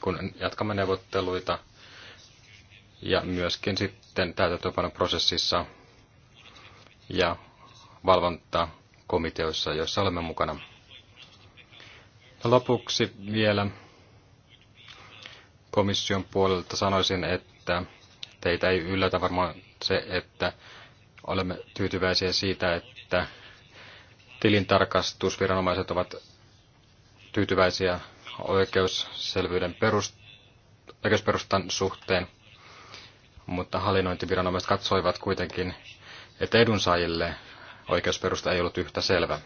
kun jatkamme neuvotteluita ja myöskin sitten täytäntöönpanon prosessissa ja valvontakomiteoissa, joissa olemme mukana. Ja lopuksi vielä komission puolelta sanoisin, että teitä ei yllätä varmaan se, että olemme tyytyväisiä siitä, että tilintarkastusviranomaiset ovat tyytyväisiä oikeusselvyyden perust- oikeusperustan suhteen, mutta hallinnointiviranomaiset katsoivat kuitenkin, että edunsaajille oikeusperusta ei ollut yhtä selvä.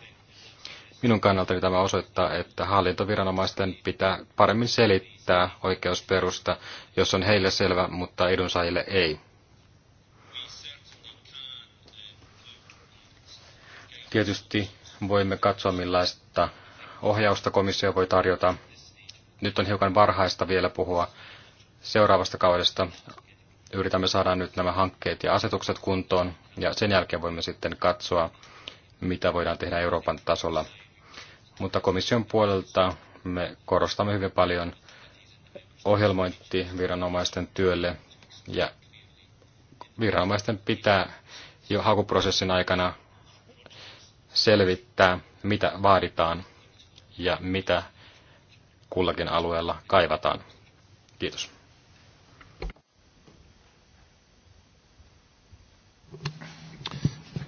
Minun kannaltani tämä osoittaa, että hallintoviranomaisten pitää paremmin selittää oikeusperusta, jos on heille selvä, mutta edunsaajille ei. Tietysti voimme katsoa, millaista ohjausta komissio voi tarjota. Nyt on hiukan varhaista vielä puhua seuraavasta kaudesta yritämme saada nyt nämä hankkeet ja asetukset kuntoon, ja sen jälkeen voimme sitten katsoa, mitä voidaan tehdä Euroopan tasolla. Mutta komission puolelta me korostamme hyvin paljon ohjelmointiviranomaisten työlle, ja viranomaisten pitää jo hakuprosessin aikana selvittää, mitä vaaditaan ja mitä kullakin alueella kaivataan. Kiitos.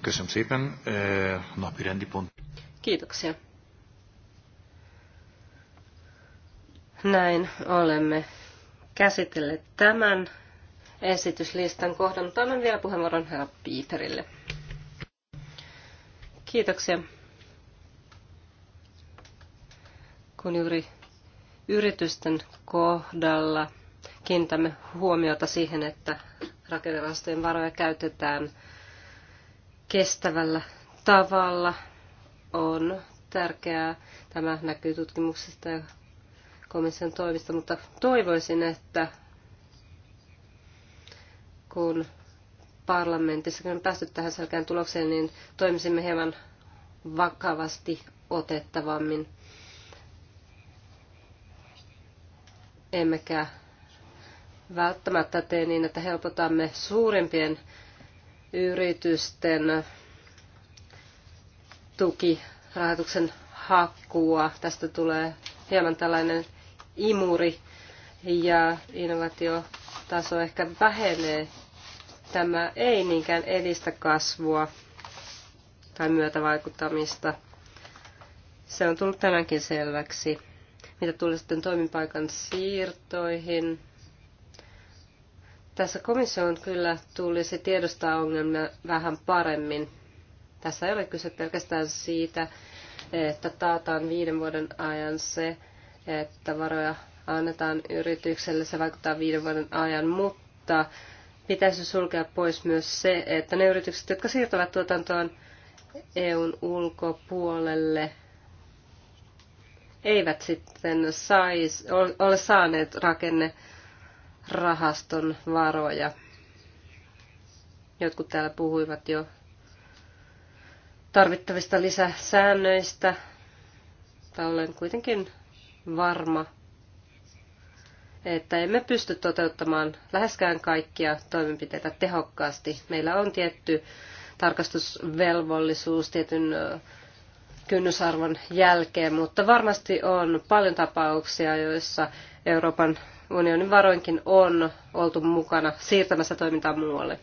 Köszönöm szépen. Napi rendi pont. Kiitoksia. Näin olemme käsitelleet tämän esityslistan kohdan, mutta annan vielä puheenvuoron herra Piiterille. Kiitoksia. Kun juuri yritysten kohdalla kiinnitämme huomiota siihen, että rakennerahastojen varoja käytetään – kestävällä tavalla on tärkeää. Tämä näkyy tutkimuksesta ja komission toimista, mutta toivoisin, että kun parlamentissa kun on päästy tähän selkeään tulokseen, niin toimisimme hieman vakavasti otettavammin. Emmekä välttämättä tee niin, että helpotamme suurimpien yritysten tukirahoituksen hakua. Tästä tulee hieman tällainen imuri ja innovaatiotaso ehkä vähenee. Tämä ei niinkään edistä kasvua tai myötävaikuttamista. Se on tullut tänäänkin selväksi. Mitä tulee sitten toimipaikan siirtoihin, tässä komission kyllä tulisi tiedostaa ongelmia vähän paremmin. Tässä ei ole kyse pelkästään siitä, että taataan viiden vuoden ajan se, että varoja annetaan yritykselle, se vaikuttaa viiden vuoden ajan, mutta pitäisi sulkea pois myös se, että ne yritykset, jotka siirtävät tuotantoon EUn ulkopuolelle, eivät sitten sais, ole saaneet rakenne rahaston varoja. Jotkut täällä puhuivat jo tarvittavista lisäsäännöistä, mutta olen kuitenkin varma, että emme pysty toteuttamaan läheskään kaikkia toimenpiteitä tehokkaasti. Meillä on tietty tarkastusvelvollisuus tietyn kynnysarvon jälkeen, mutta varmasti on paljon tapauksia, joissa Euroopan unionin varoinkin on oltu mukana siirtämässä toimintaa muualle.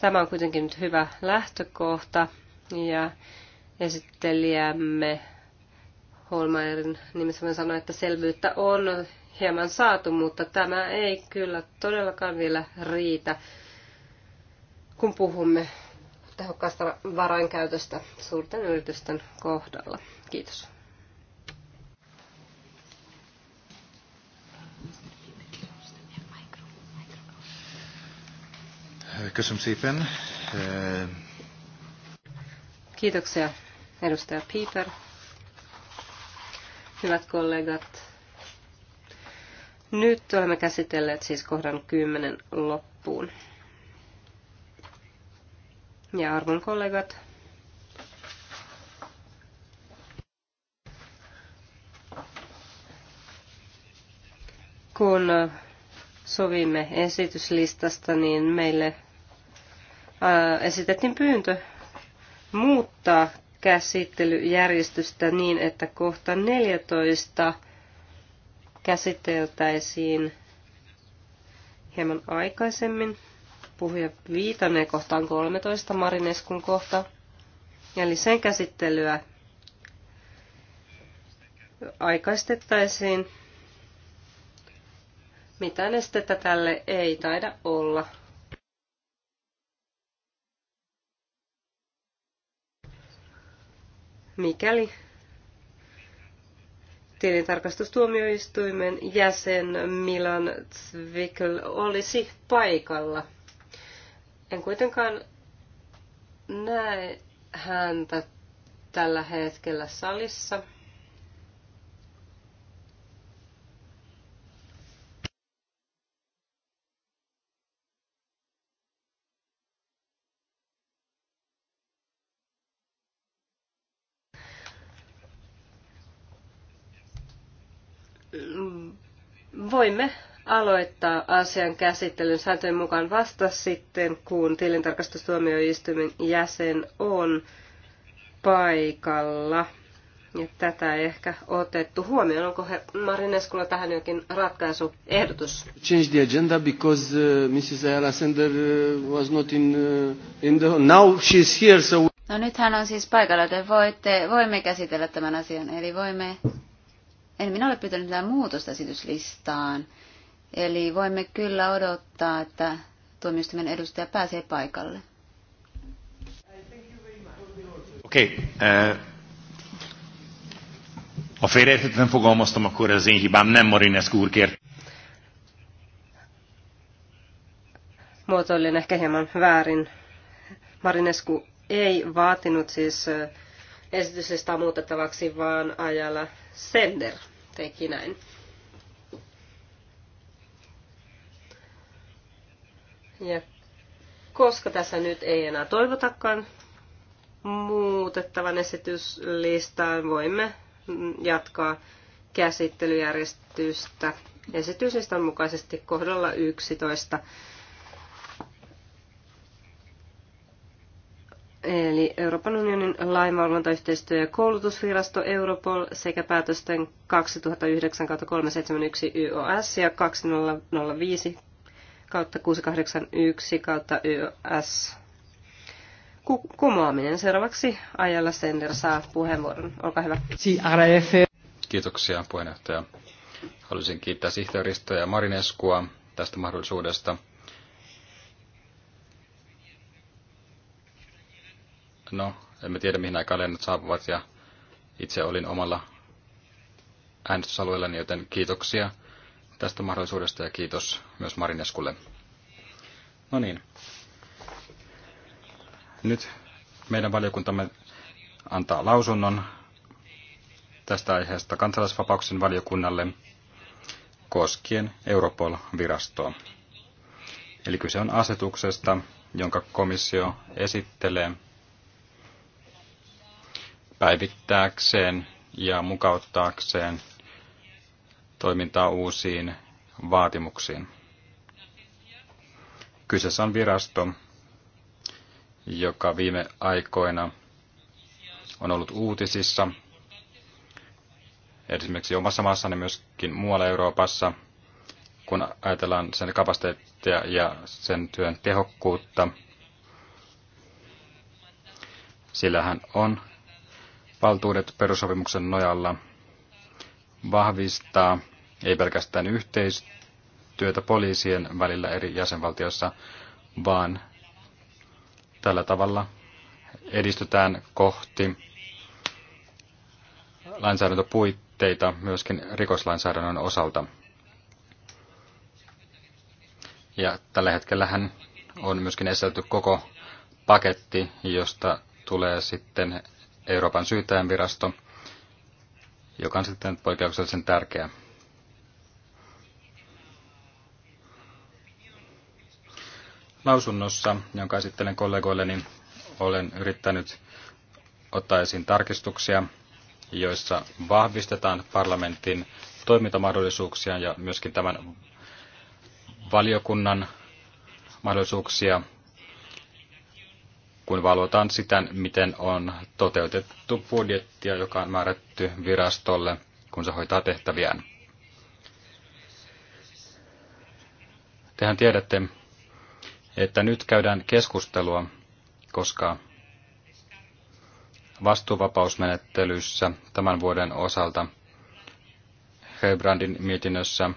Tämä on kuitenkin nyt hyvä lähtökohta ja esittelijämme Holmairin nimessä voin sanoa, että selvyyttä on hieman saatu, mutta tämä ei kyllä todellakaan vielä riitä, kun puhumme tehokkaasta varainkäytöstä suurten yritysten kohdalla. Kiitos. Köszönöm szépen. Kiitoksia, edustaja Piper. Hyvät kollegat, nyt olemme käsitelleet siis kohdan 10 loppuun. Ja arvon kollegat, kun sovimme esityslistasta, niin meille Äh, esitettiin pyyntö muuttaa käsittelyjärjestystä niin, että kohta 14 käsiteltäisiin hieman aikaisemmin. Puhuja viitanee kohtaan 13 Marineskun kohta. Eli sen käsittelyä aikaistettaisiin. Mitään estettä tälle ei taida olla. mikäli tilintarkastustuomioistuimen jäsen Milan Zwickel olisi paikalla. En kuitenkaan näe häntä tällä hetkellä salissa. voimme aloittaa asian käsittelyn sääntöjen mukaan vasta sitten, kun tilintarkastustuomioistuimen jäsen on paikalla. Ja tätä ei ehkä otettu huomioon. Onko he, Marineskulla tähän jokin ratkaisuehdotus? Change the agenda because uh, Mrs. Ayala Sender uh, was not in, uh, in the... Now she's here, so... No nyt hän on siis paikalla, Te voitte, voimme käsitellä tämän asian. Eli voimme en minä ole pyytänyt mitään muutosta esityslistaan, eli voimme kyllä odottaa, että tuomioistuimen edustaja pääsee paikalle. Okei. Okay. Uh... Eh, ha félreértetlen fogalmaztam, akkor ez én hibám, nem Marinescu úr Muotoilin ehkä hieman väärin. Marinescu ei vaatinut siis eh, esityksestä muutettavaksi, vaan ajalla Sender teki näin. Ja koska tässä nyt ei enää toivotakaan muutettavan esityslistaan, voimme jatkaa käsittelyjärjestystä esityslistan mukaisesti kohdalla 11 eli Euroopan unionin lainvalvontayhteistyö- ja koulutusvirasto Europol sekä päätösten 2009-371 YOS ja 2005 kautta 681 YOS kumoaminen. Seuraavaksi Ajalla Sender saa puheenvuoron. Olkaa hyvä. Kiitoksia puheenjohtaja. Haluaisin kiittää sihteeristöä ja Marineskua tästä mahdollisuudesta No, emme tiedä mihin aikaan lennot saapuvat ja itse olin omalla äänestysalueellani, joten kiitoksia tästä mahdollisuudesta ja kiitos myös Marineskulle. No niin. Nyt meidän valiokuntamme antaa lausunnon tästä aiheesta kansalaisvapauksen valiokunnalle koskien Europol-virastoa. Eli kyse on asetuksesta, jonka komissio esittelee – päivittääkseen ja mukauttaakseen toimintaa uusiin vaatimuksiin. Kyseessä on virasto, joka viime aikoina on ollut uutisissa, esimerkiksi omassa maassani myöskin muualla Euroopassa, kun ajatellaan sen kapasiteettia ja sen työn tehokkuutta. Sillähän on valtuudet perusopimuksen nojalla vahvistaa ei pelkästään yhteistyötä poliisien välillä eri jäsenvaltioissa, vaan tällä tavalla edistytään kohti lainsäädäntöpuitteita myöskin rikoslainsäädännön osalta. Ja tällä hetkellähän on myöskin esitelty koko paketti, josta tulee sitten Euroopan syyttäjän virasto, joka on sitten poikkeuksellisen tärkeä. Lausunnossa, jonka esittelen kollegoilleni, olen yrittänyt ottaa esiin tarkistuksia, joissa vahvistetaan parlamentin toimintamahdollisuuksia ja myöskin tämän valiokunnan mahdollisuuksia kun valvotaan sitä, miten on toteutettu budjettia, joka on määrätty virastolle, kun se hoitaa tehtäviään. Tehän tiedätte, että nyt käydään keskustelua, koska vastuuvapausmenettelyssä tämän vuoden osalta Hebrandin mietinnössä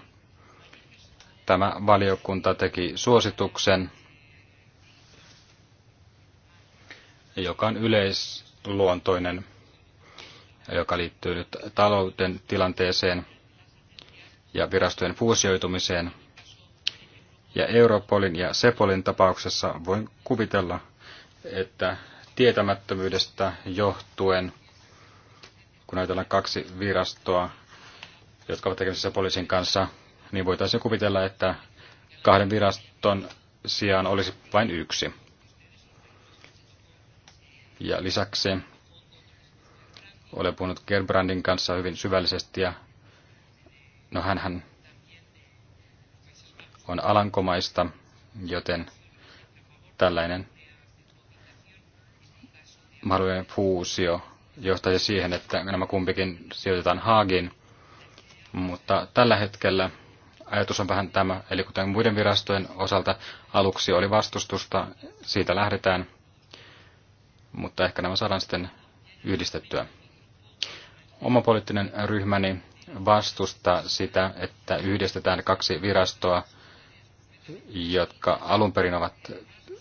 tämä valiokunta teki suosituksen joka on yleisluontoinen, joka liittyy nyt talouden tilanteeseen ja virastojen fuusioitumiseen. Ja Europolin ja Sepolin tapauksessa voin kuvitella, että tietämättömyydestä johtuen, kun ajatellaan kaksi virastoa, jotka ovat tekemisissä poliisin kanssa, niin voitaisiin kuvitella, että kahden viraston sijaan olisi vain yksi. Ja lisäksi olen puhunut Gerbrandin kanssa hyvin syvällisesti ja no hän on alankomaista, joten tällainen mahdollinen fuusio johtaisi siihen, että nämä kumpikin sijoitetaan Haagiin. Mutta tällä hetkellä ajatus on vähän tämä, eli kuten muiden virastojen osalta aluksi oli vastustusta, siitä lähdetään – mutta ehkä nämä saadaan sitten yhdistettyä. Oma poliittinen ryhmäni vastustaa sitä, että yhdistetään kaksi virastoa, jotka alun perin ovat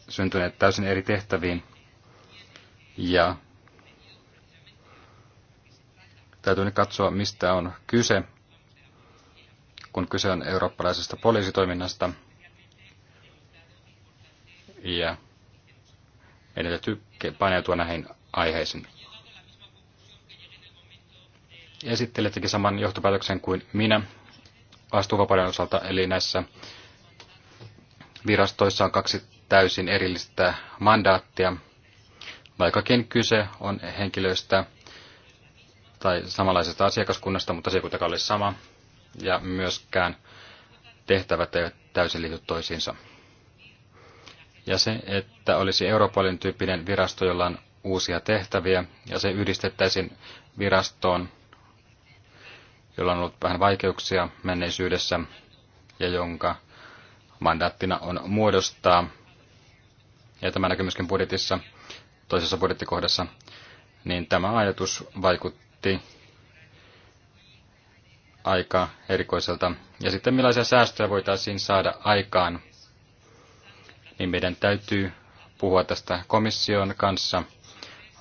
syntyneet täysin eri tehtäviin. Ja täytyy nyt katsoa, mistä on kyse, kun kyse on eurooppalaisesta poliisitoiminnasta. Ja meidän täytyy paneutua näihin aiheisiin. Esittelettekin saman johtopäätöksen kuin minä vastuuvapauden osalta, eli näissä virastoissa on kaksi täysin erillistä mandaattia, vaikkakin kyse on henkilöistä tai samanlaisesta asiakaskunnasta, mutta se ei kuitenkaan ole sama, ja myöskään tehtävät eivät täysin liity toisiinsa. Ja se, että olisi Europolin tyyppinen virasto, jolla on uusia tehtäviä, ja se yhdistettäisiin virastoon, jolla on ollut vähän vaikeuksia menneisyydessä, ja jonka mandaattina on muodostaa, ja tämä näkyy myöskin budjetissa, toisessa budjettikohdassa, niin tämä ajatus vaikutti aika erikoiselta. Ja sitten millaisia säästöjä voitaisiin saada aikaan niin meidän täytyy puhua tästä komission kanssa,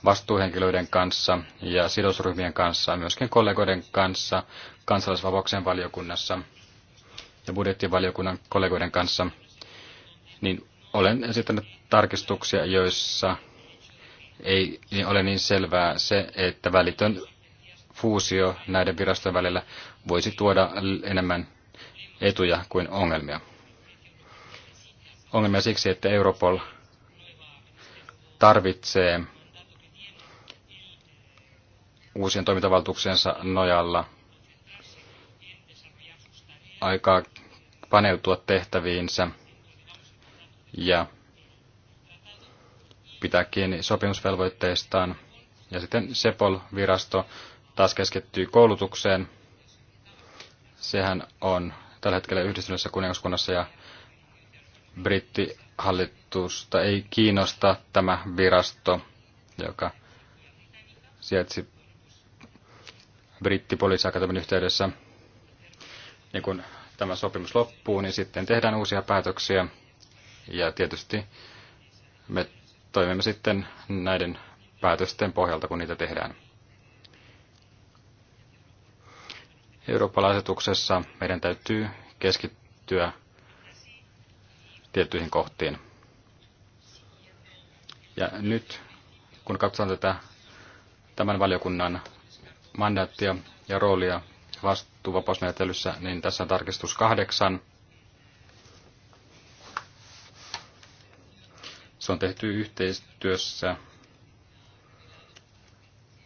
vastuuhenkilöiden kanssa ja sidosryhmien kanssa, myöskin kollegoiden kanssa, kansalaisvapauksen valiokunnassa ja budjettivaliokunnan kollegoiden kanssa, niin olen esittänyt tarkistuksia, joissa ei niin ole niin selvää se, että välitön fuusio näiden virastojen välillä voisi tuoda enemmän etuja kuin ongelmia ongelmia siksi, että Europol tarvitsee uusien toimintavaltuuksensa nojalla aikaa paneutua tehtäviinsä ja pitää kiinni sopimusvelvoitteistaan. Ja sitten Sepol-virasto taas keskittyy koulutukseen. Sehän on tällä hetkellä yhdistyneessä kuningaskunnassa ja brittihallitusta ei kiinnosta tämä virasto, joka sijaitsi brittipoliisiakatemian yhteydessä. Niin kun tämä sopimus loppuu, niin sitten tehdään uusia päätöksiä. Ja tietysti me toimimme sitten näiden päätösten pohjalta, kun niitä tehdään. Eurooppalaisetuksessa meidän täytyy keskittyä tiettyihin kohtiin. Ja nyt, kun katsotaan tätä tämän valiokunnan mandaattia ja roolia vastuuvapausmenettelyssä, niin tässä on tarkistus kahdeksan. Se on tehty yhteistyössä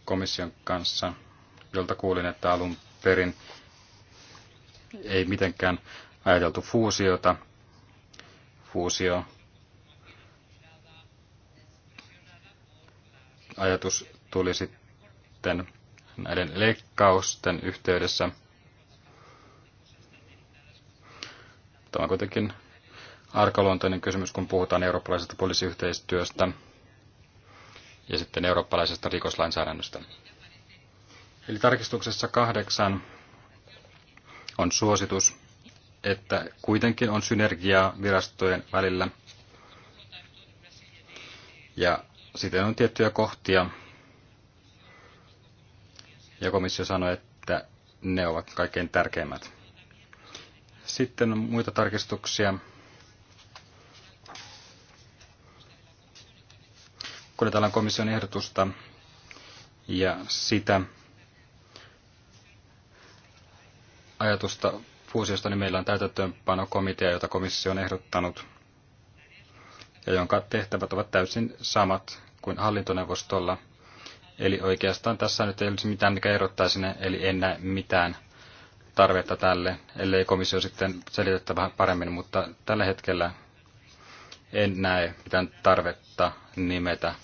komission kanssa, jolta kuulin, että alun perin ei mitenkään ajateltu fuusiota, fuusio ajatus tuli sitten näiden leikkausten yhteydessä. Tämä on kuitenkin arkaluontoinen kysymys, kun puhutaan eurooppalaisesta poliisiyhteistyöstä ja sitten eurooppalaisesta rikoslainsäädännöstä. Eli tarkistuksessa kahdeksan on suositus, että kuitenkin on synergiaa virastojen välillä. Ja sitten on tiettyjä kohtia. Ja komissio sanoi, että ne ovat kaikkein tärkeimmät. Sitten on muita tarkistuksia. Kuljetellaan komission ehdotusta ja sitä ajatusta fuusiosta, niin meillä on täytäntöönpanokomitea, jota komissio on ehdottanut, ja jonka tehtävät ovat täysin samat kuin hallintoneuvostolla. Eli oikeastaan tässä nyt ei olisi mitään, mikä erottaisi ne, eli en näe mitään tarvetta tälle, ellei komissio sitten selitetä vähän paremmin, mutta tällä hetkellä en näe mitään tarvetta nimetä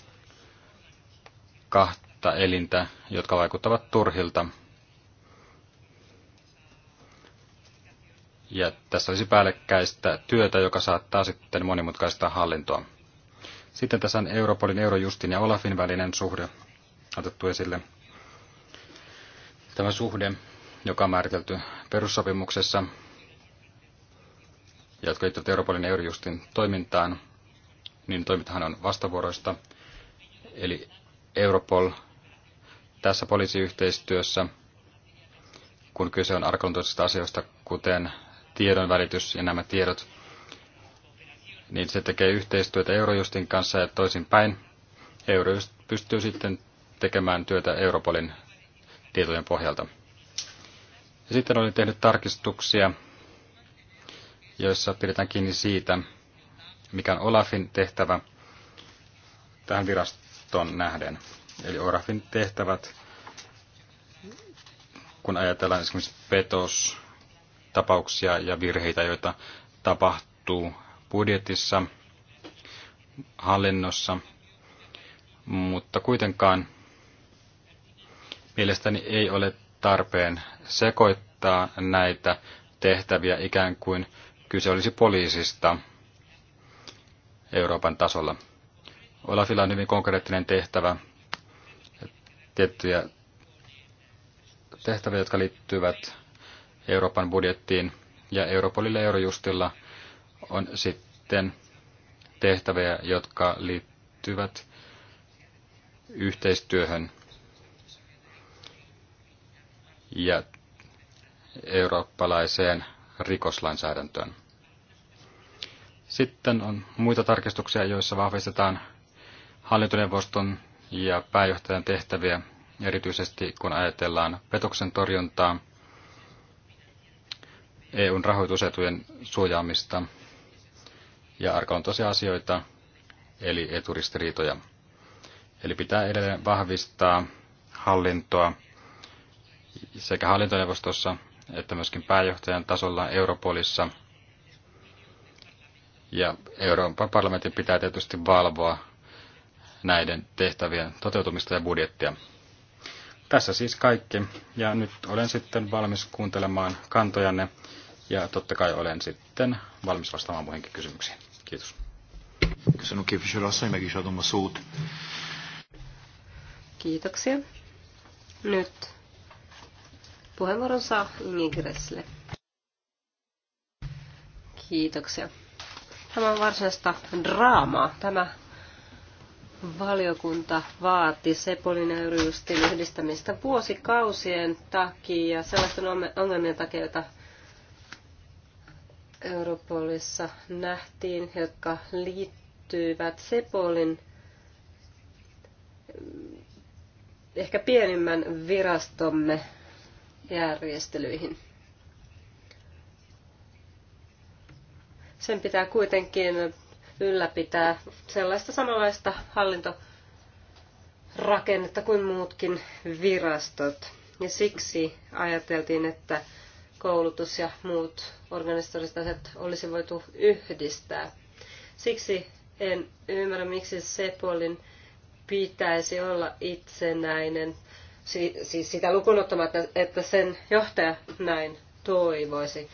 kahta elintä, jotka vaikuttavat turhilta Ja tässä olisi päällekkäistä työtä, joka saattaa sitten monimutkaista hallintoa. Sitten tässä on Europolin, Eurojustin ja Olafin välinen suhde otettu esille. Tämä suhde, joka on määritelty perussopimuksessa, ja jotka liittyvät Europolin ja Eurojustin toimintaan, niin toimintahan on vastavuoroista. Eli Europol tässä poliisiyhteistyössä, kun kyse on arkaluontoisista asioista, kuten tiedonvälitys ja nämä tiedot, niin se tekee yhteistyötä Eurojustin kanssa ja toisinpäin. Eurojust pystyy sitten tekemään työtä Europolin tietojen pohjalta. Ja sitten olin tehnyt tarkistuksia, joissa pidetään kiinni siitä, mikä on Olafin tehtävä tähän virastoon nähden. Eli Olafin tehtävät, kun ajatellaan esimerkiksi petos, tapauksia ja virheitä, joita tapahtuu budjetissa, hallinnossa, mutta kuitenkaan mielestäni ei ole tarpeen sekoittaa näitä tehtäviä ikään kuin kyse olisi poliisista Euroopan tasolla. Olafilla on hyvin konkreettinen tehtävä, tiettyjä tehtäviä, jotka liittyvät Euroopan budjettiin ja Europolilla ja Eurojustilla on sitten tehtäviä, jotka liittyvät yhteistyöhön ja eurooppalaiseen rikoslainsäädäntöön. Sitten on muita tarkistuksia, joissa vahvistetaan hallintoneuvoston ja pääjohtajan tehtäviä, erityisesti kun ajatellaan petoksen torjuntaa – EUn rahoitusetujen suojaamista ja arkaluontoisia asioita, eli eturistiriitoja. Eli pitää edelleen vahvistaa hallintoa sekä hallintoneuvostossa että myöskin pääjohtajan tasolla Europolissa. Ja Euroopan parlamentin pitää tietysti valvoa näiden tehtävien toteutumista ja budjettia. Tässä siis kaikki, ja nyt olen sitten valmis kuuntelemaan kantojanne, ja totta kai olen sitten valmis vastaamaan muihinkin kysymyksiin. Kiitos. Kiitoksia. Nyt puheenvuoron saa Inge Gressle. Kiitoksia. Tämä on varsinaista draamaa, tämä valiokunta vaati Sepolin ja Yrjustin yhdistämistä vuosikausien takia, sellaisten ongelmien takia, joita Europolissa nähtiin, jotka liittyivät Sepolin ehkä pienimmän virastomme järjestelyihin. Sen pitää kuitenkin ylläpitää sellaista samanlaista hallintorakennetta kuin muutkin virastot. Ja siksi ajateltiin, että koulutus ja muut organisatoriset asiat olisi voitu yhdistää. Siksi en ymmärrä, miksi Sepolin pitäisi olla itsenäinen, siis sitä lukunottamatta, että sen johtaja näin toivoisi.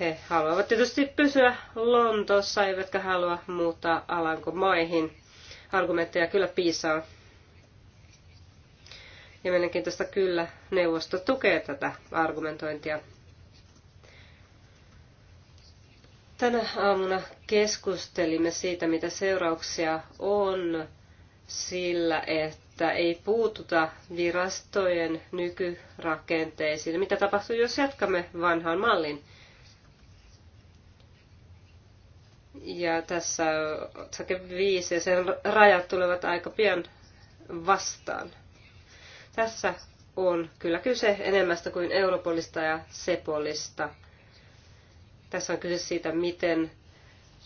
He haluavat tietysti pysyä Lontoossa, eivätkä halua muuttaa Alankomaihin. Argumentteja kyllä piisaa. Ja mielenkiintoista kyllä, neuvosto tukee tätä argumentointia. Tänä aamuna keskustelimme siitä, mitä seurauksia on sillä, että ei puututa virastojen nykyrakenteisiin. Mitä tapahtuu, jos jatkamme vanhaan malliin? Ja tässä otsake 5 ja sen rajat tulevat aika pian vastaan. Tässä on kyllä kyse enemmästä kuin Europolista ja Sepolista. Tässä on kyse siitä, miten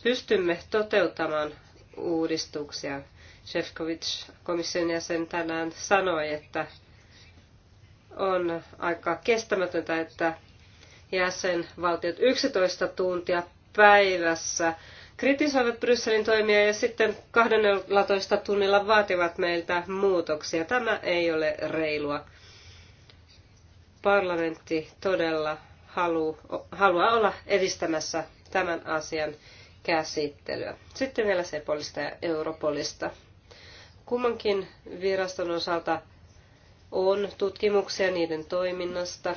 pystymme toteuttamaan uudistuksia. Shevkovic, komission jäsen, tänään sanoi, että on aika kestämätöntä, että jäsenvaltiot 11 tuntia päivässä kritisoivat Brysselin toimia ja sitten 12 tunnilla vaativat meiltä muutoksia. Tämä ei ole reilua. Parlamentti todella halu, haluaa olla edistämässä tämän asian käsittelyä. Sitten vielä Sepolista ja Europolista. Kummankin viraston osalta on tutkimuksia niiden toiminnasta.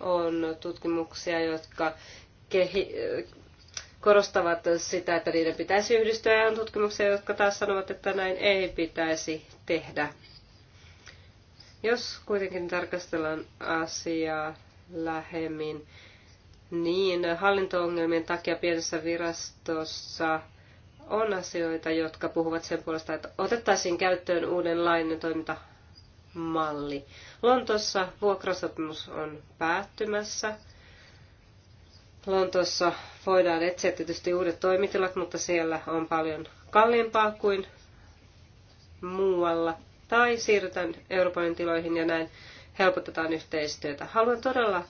On tutkimuksia, jotka kehi- korostavat sitä, että niiden pitäisi yhdistyä ja on tutkimuksia, jotka taas sanovat, että näin ei pitäisi tehdä. Jos kuitenkin tarkastellaan asiaa lähemmin, niin hallintoongelmien takia pienessä virastossa on asioita, jotka puhuvat sen puolesta, että otettaisiin käyttöön uudenlainen toimintamalli. Lontossa vuokrasopimus on päättymässä – Lontoossa voidaan etsiä tietysti uudet toimitilat, mutta siellä on paljon kalliimpaa kuin muualla. Tai siirrytään Euroopan tiloihin ja näin helpotetaan yhteistyötä. Haluan todella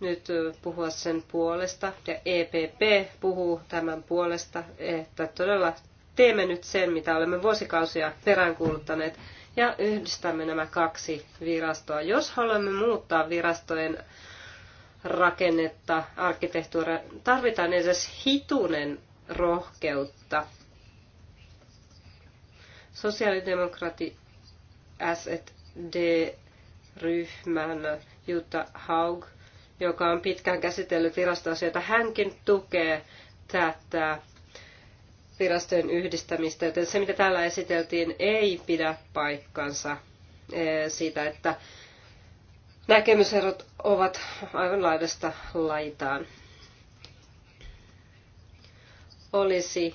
nyt puhua sen puolesta, ja EPP puhuu tämän puolesta, että todella teemme nyt sen, mitä olemme vuosikausia peräänkuuluttaneet, ja yhdistämme nämä kaksi virastoa. Jos haluamme muuttaa virastojen rakennetta, arkkitehtuuria, tarvitaan edes hitunen rohkeutta. Sosiaalidemokraati SD-ryhmän Jutta Haug, joka on pitkään käsitellyt virastoasioita, hänkin tukee tätä virastojen yhdistämistä, joten se mitä täällä esiteltiin ei pidä paikkansa eh, siitä, että näkemyserot ovat aivan laidasta laitaan. Olisi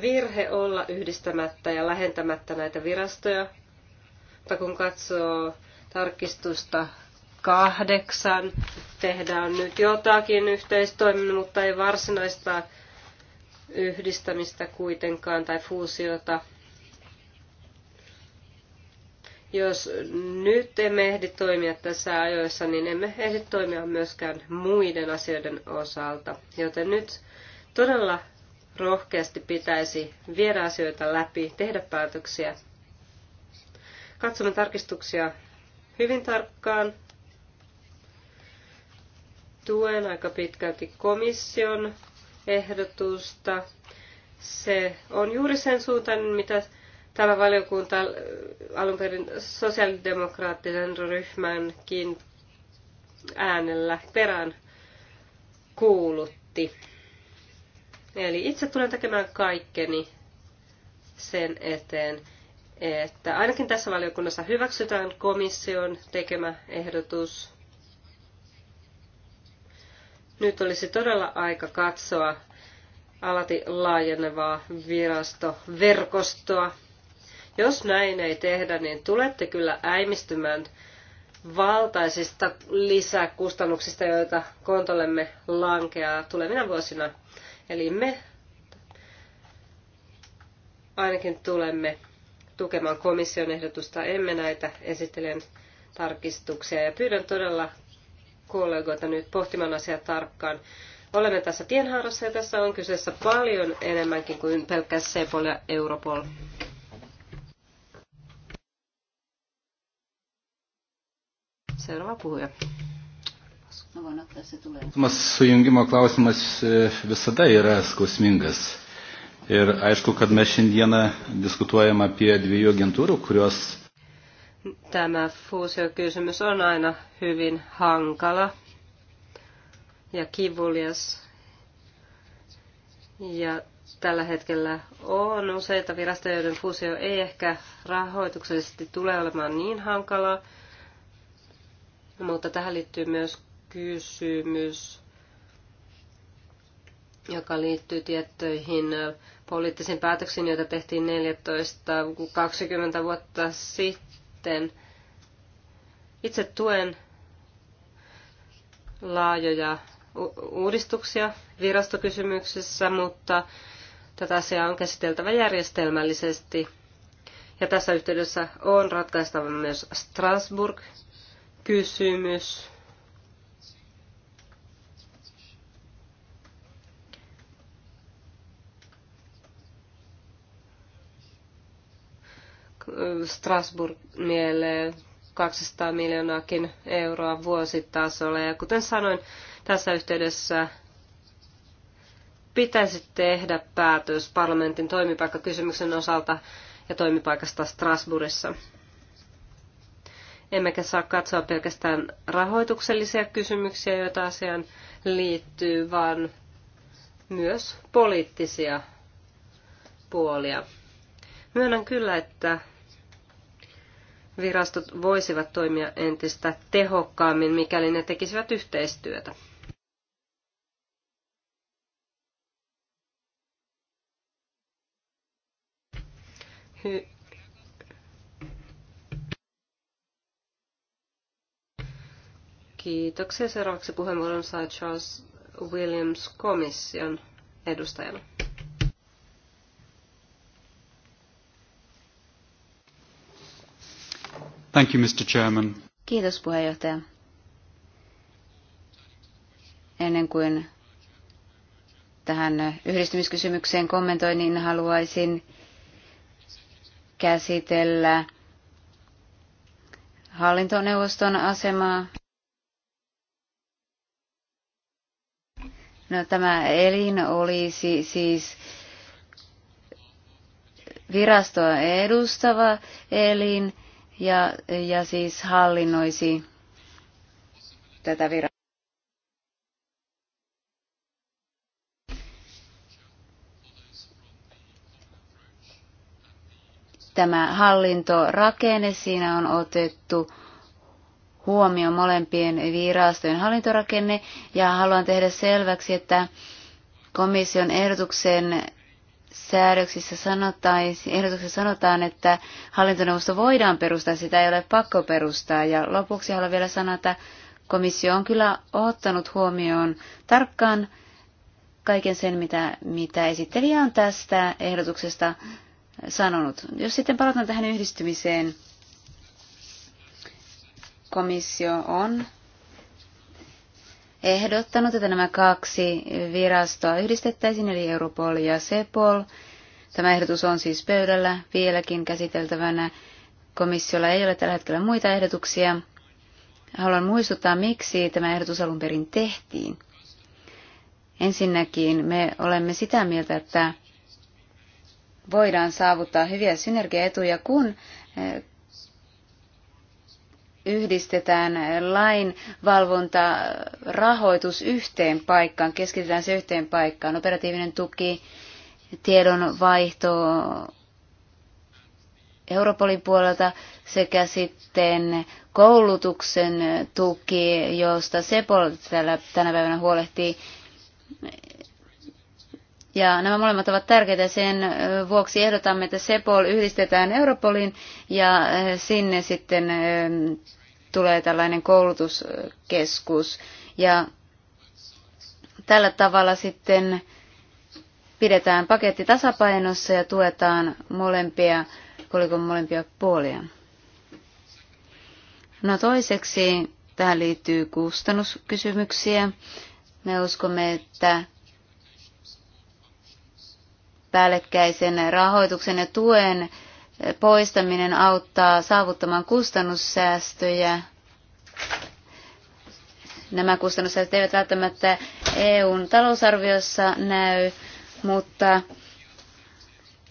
virhe olla yhdistämättä ja lähentämättä näitä virastoja. Mutta kun katsoo tarkistusta kahdeksan, tehdään nyt jotakin yhteistoiminnan, mutta ei varsinaista yhdistämistä kuitenkaan tai fuusiota – jos nyt emme ehdi toimia tässä ajoissa, niin emme ehdi toimia myöskään muiden asioiden osalta. Joten nyt todella rohkeasti pitäisi viedä asioita läpi, tehdä päätöksiä. Katsomme tarkistuksia hyvin tarkkaan. Tuen aika pitkälti komission ehdotusta. Se on juuri sen suuntainen, mitä Tämä valiokunta äh, alun perin sosiaalidemokraattisen ryhmänkin äänellä perään kuulutti. Eli itse tulen tekemään kaikkeni sen eteen, että ainakin tässä valiokunnassa hyväksytään komission tekemä ehdotus. Nyt olisi todella aika katsoa alati laajenevaa virastoverkostoa jos näin ei tehdä, niin tulette kyllä äimistymään valtaisista lisäkustannuksista, joita kontollemme lankeaa tulevina vuosina. Eli me ainakin tulemme tukemaan komission ehdotusta, emme näitä esittelen tarkistuksia. Ja pyydän todella kollegoita nyt pohtimaan asiaa tarkkaan. Olemme tässä tienhaarassa ja tässä on kyseessä paljon enemmänkin kuin pelkkä Sepol ja Europol. Seuraava puhuja. No sujungimo klausimas e, visada yra skausmingas. Ir aišku, kad mes šiandieną diskutuojame apie dviejų agentūrų, kurios. Tämä fuusiokysymys on aina hyvin hankala ja kivulias. Ja tällä hetkellä on useita virastoja, joiden fuusio ei ehkä rahoituksellisesti tule olemaan niin hankalaa, mutta tähän liittyy myös kysymys, joka liittyy tiettyihin äh, poliittisiin päätöksiin, joita tehtiin 14-20 vuotta sitten. Itse tuen laajoja uudistuksia virastokysymyksissä, mutta tätä asiaa on käsiteltävä järjestelmällisesti. Ja tässä yhteydessä on ratkaistava myös Strasbourg kysymys. Strasbourg mieleen 200 miljoonaakin euroa vuositasolla. Ja kuten sanoin, tässä yhteydessä pitäisi tehdä päätös parlamentin toimipaikkakysymyksen osalta ja toimipaikasta Strasbourgissa emmekä saa katsoa pelkästään rahoituksellisia kysymyksiä, joita asiaan liittyy, vaan myös poliittisia puolia. Myönnän kyllä, että virastot voisivat toimia entistä tehokkaammin, mikäli ne tekisivät yhteistyötä. Hy- Kiitoksia. Seuraavaksi puheenvuoron saa Charles Williams komission edustajana. Thank you, Mr. Chairman. Kiitos puheenjohtaja. Ennen kuin tähän yhdistymiskysymykseen kommentoin, niin haluaisin käsitellä hallintoneuvoston asemaa. No, tämä elin olisi siis virastoa edustava elin ja, ja siis hallinnoisi tätä virastoa. Tämä hallintorakenne, siinä on otettu huomio molempien virastojen hallintorakenne ja haluan tehdä selväksi, että komission ehdotuksen säädöksissä sanotaan, ehdotuksessa sanotaan, että hallintoneuvosto voidaan perustaa, sitä ei ole pakko perustaa. Ja lopuksi haluan vielä sanoa, että komissio on kyllä ottanut huomioon tarkkaan kaiken sen, mitä, mitä esittelijä on tästä ehdotuksesta sanonut. Jos sitten palataan tähän yhdistymiseen, komissio on ehdottanut, että nämä kaksi virastoa yhdistettäisiin, eli Europol ja Sepol. Tämä ehdotus on siis pöydällä vieläkin käsiteltävänä. Komissiolla ei ole tällä hetkellä muita ehdotuksia. Haluan muistuttaa, miksi tämä ehdotus alun perin tehtiin. Ensinnäkin me olemme sitä mieltä, että voidaan saavuttaa hyviä synergiaetuja, kun eh, yhdistetään lainvalvonta, rahoitus yhteen paikkaan, keskitytään se yhteen paikkaan, operatiivinen tuki, tiedonvaihto Europolin puolelta sekä sitten koulutuksen tuki, josta Sepol tänä päivänä huolehtii ja nämä molemmat ovat tärkeitä sen vuoksi ehdotamme, että Sepol yhdistetään Europolin ja sinne sitten tulee tällainen koulutuskeskus. Ja tällä tavalla sitten pidetään paketti tasapainossa ja tuetaan molempia, kolikon molempia puolia. No toiseksi tähän liittyy kustannuskysymyksiä. Me uskomme, että päällekkäisen rahoituksen ja tuen poistaminen auttaa saavuttamaan kustannussäästöjä. Nämä kustannussäästöt eivät välttämättä EUn talousarviossa näy, mutta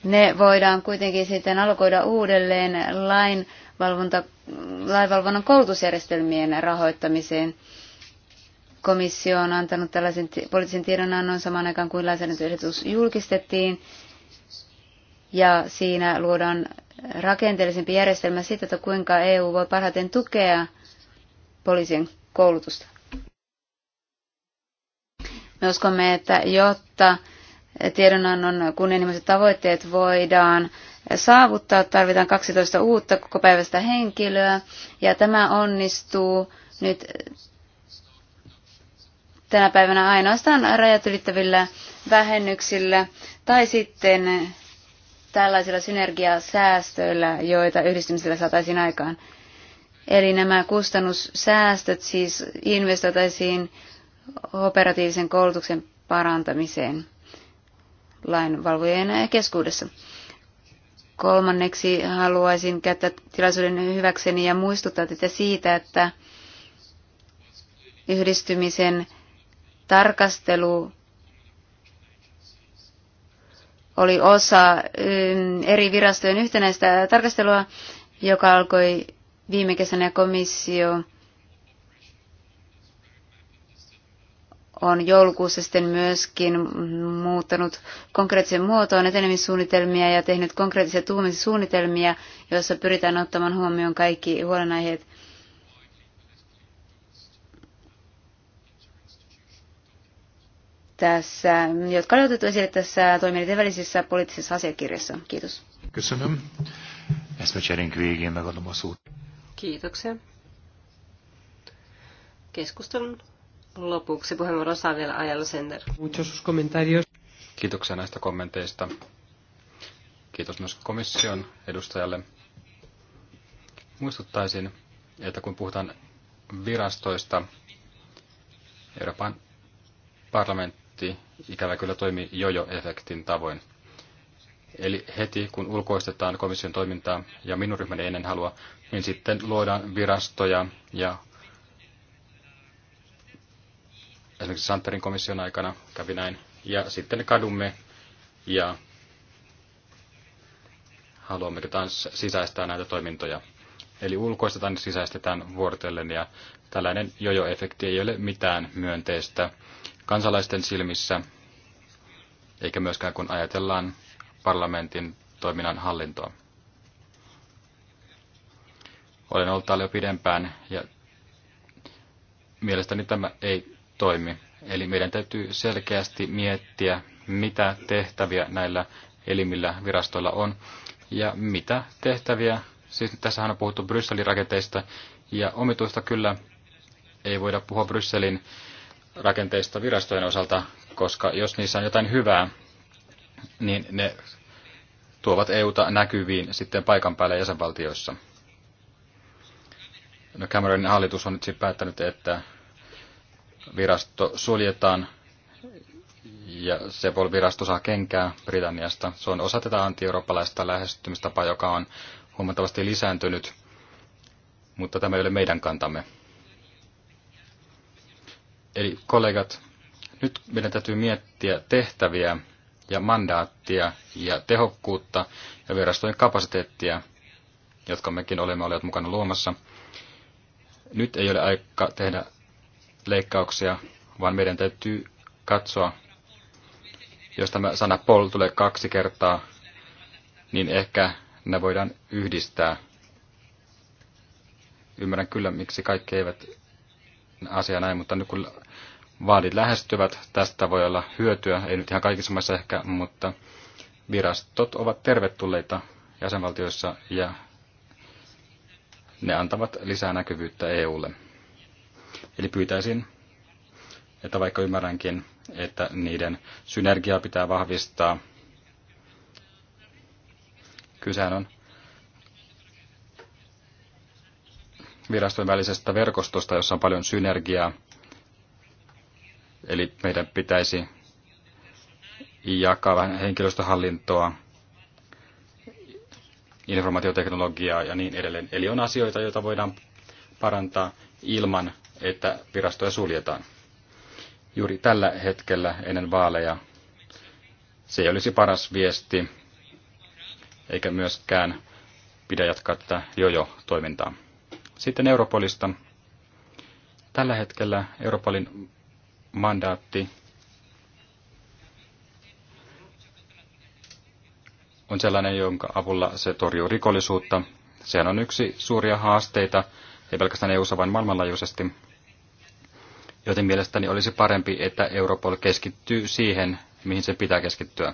ne voidaan kuitenkin sitten alkoida uudelleen lainvalvonnan koulutusjärjestelmien rahoittamiseen. Komissio on antanut tällaisen poliittisen tiedonannon samaan aikaan kuin lainsäädäntöehdotus julkistettiin. Ja siinä luodaan rakenteellisempi järjestelmä siitä, että kuinka EU voi parhaiten tukea poliisien koulutusta. Me uskomme, että jotta tiedonannon kunnianhimoiset tavoitteet voidaan saavuttaa, tarvitaan 12 uutta koko päivästä henkilöä, ja tämä onnistuu nyt tänä päivänä ainoastaan rajat ylittävillä vähennyksillä tai sitten tällaisilla synergiasäästöillä, joita yhdistymisellä saataisiin aikaan. Eli nämä kustannussäästöt siis investoitaisiin operatiivisen koulutuksen parantamiseen lainvalvojien keskuudessa. Kolmanneksi haluaisin käyttää tilaisuuden hyväkseni ja muistuttaa teitä siitä, että yhdistymisen tarkastelu oli osa mm, eri virastojen yhtenäistä tarkastelua, joka alkoi viime kesänä komissio on joulukuussa sitten myöskin muuttanut konkreettisen muotoon etenemissuunnitelmia ja tehnyt konkreettisia tuumisuunnitelmia, joissa pyritään ottamaan huomioon kaikki huolenaiheet tässä, jotka on otettu esille tässä toimijoiden välisessä poliittisessa asiakirjassa. Kiitos. Kiitoksia. Keskustelun lopuksi puheenvuoro saa vielä Ajalla Sender. Kiitoksia näistä kommenteista. Kiitos myös komission edustajalle. Muistuttaisin, että kun puhutaan virastoista, Euroopan parlamentti efekti ikävä kyllä toimii jojo-efektin tavoin. Eli heti kun ulkoistetaan komission toimintaa, ja minun ryhmäni ennen halua, niin sitten luodaan virastoja ja esimerkiksi Santerin komission aikana kävi näin. Ja sitten kadumme ja haluamme taas sisäistää näitä toimintoja. Eli ulkoistetaan ja sisäistetään vuorotellen ja tällainen jojo-efekti ei ole mitään myönteistä kansalaisten silmissä, eikä myöskään kun ajatellaan parlamentin toiminnan hallintoa. Olen ollut täällä jo pidempään ja mielestäni tämä ei toimi. Eli meidän täytyy selkeästi miettiä, mitä tehtäviä näillä elimillä virastoilla on ja mitä tehtäviä. Siis tässähän on puhuttu Brysselin rakenteista ja omituista kyllä ei voida puhua Brysselin rakenteista virastojen osalta, koska jos niissä on jotain hyvää, niin ne tuovat EUta näkyviin sitten paikan päälle jäsenvaltioissa. No Cameronin hallitus on nyt sitten päättänyt, että virasto suljetaan ja se virasto saa kenkää Britanniasta. Se on osa tätä anti-eurooppalaista lähestymistapaa, joka on huomattavasti lisääntynyt, mutta tämä ei ole meidän kantamme. Eli kollegat, nyt meidän täytyy miettiä tehtäviä ja mandaattia ja tehokkuutta ja virastojen kapasiteettia, jotka mekin olemme olleet mukana luomassa. Nyt ei ole aika tehdä leikkauksia, vaan meidän täytyy katsoa, jos tämä sana pol tulee kaksi kertaa, niin ehkä ne voidaan yhdistää. Ymmärrän kyllä, miksi kaikki eivät asia näin, mutta nyt kun vaadit lähestyvät, tästä voi olla hyötyä, ei nyt ihan kaikissa maissa ehkä, mutta virastot ovat tervetulleita jäsenvaltioissa ja ne antavat lisää näkyvyyttä EUlle. Eli pyytäisin, että vaikka ymmärränkin, että niiden synergiaa pitää vahvistaa, kysehän on virastojen välisestä verkostosta, jossa on paljon synergiaa. Eli meidän pitäisi jakaa vähän henkilöstöhallintoa, informaatioteknologiaa ja niin edelleen. Eli on asioita, joita voidaan parantaa ilman, että virastoja suljetaan. Juuri tällä hetkellä ennen vaaleja se ei olisi paras viesti, eikä myöskään pidä jatkaa tätä jojo-toimintaa. Sitten Europolista. Tällä hetkellä Europolin mandaatti on sellainen, jonka avulla se torjuu rikollisuutta. Sehän on yksi suuria haasteita, ei pelkästään eu vaan maailmanlaajuisesti. Joten mielestäni olisi parempi, että Europol keskittyy siihen, mihin se pitää keskittyä.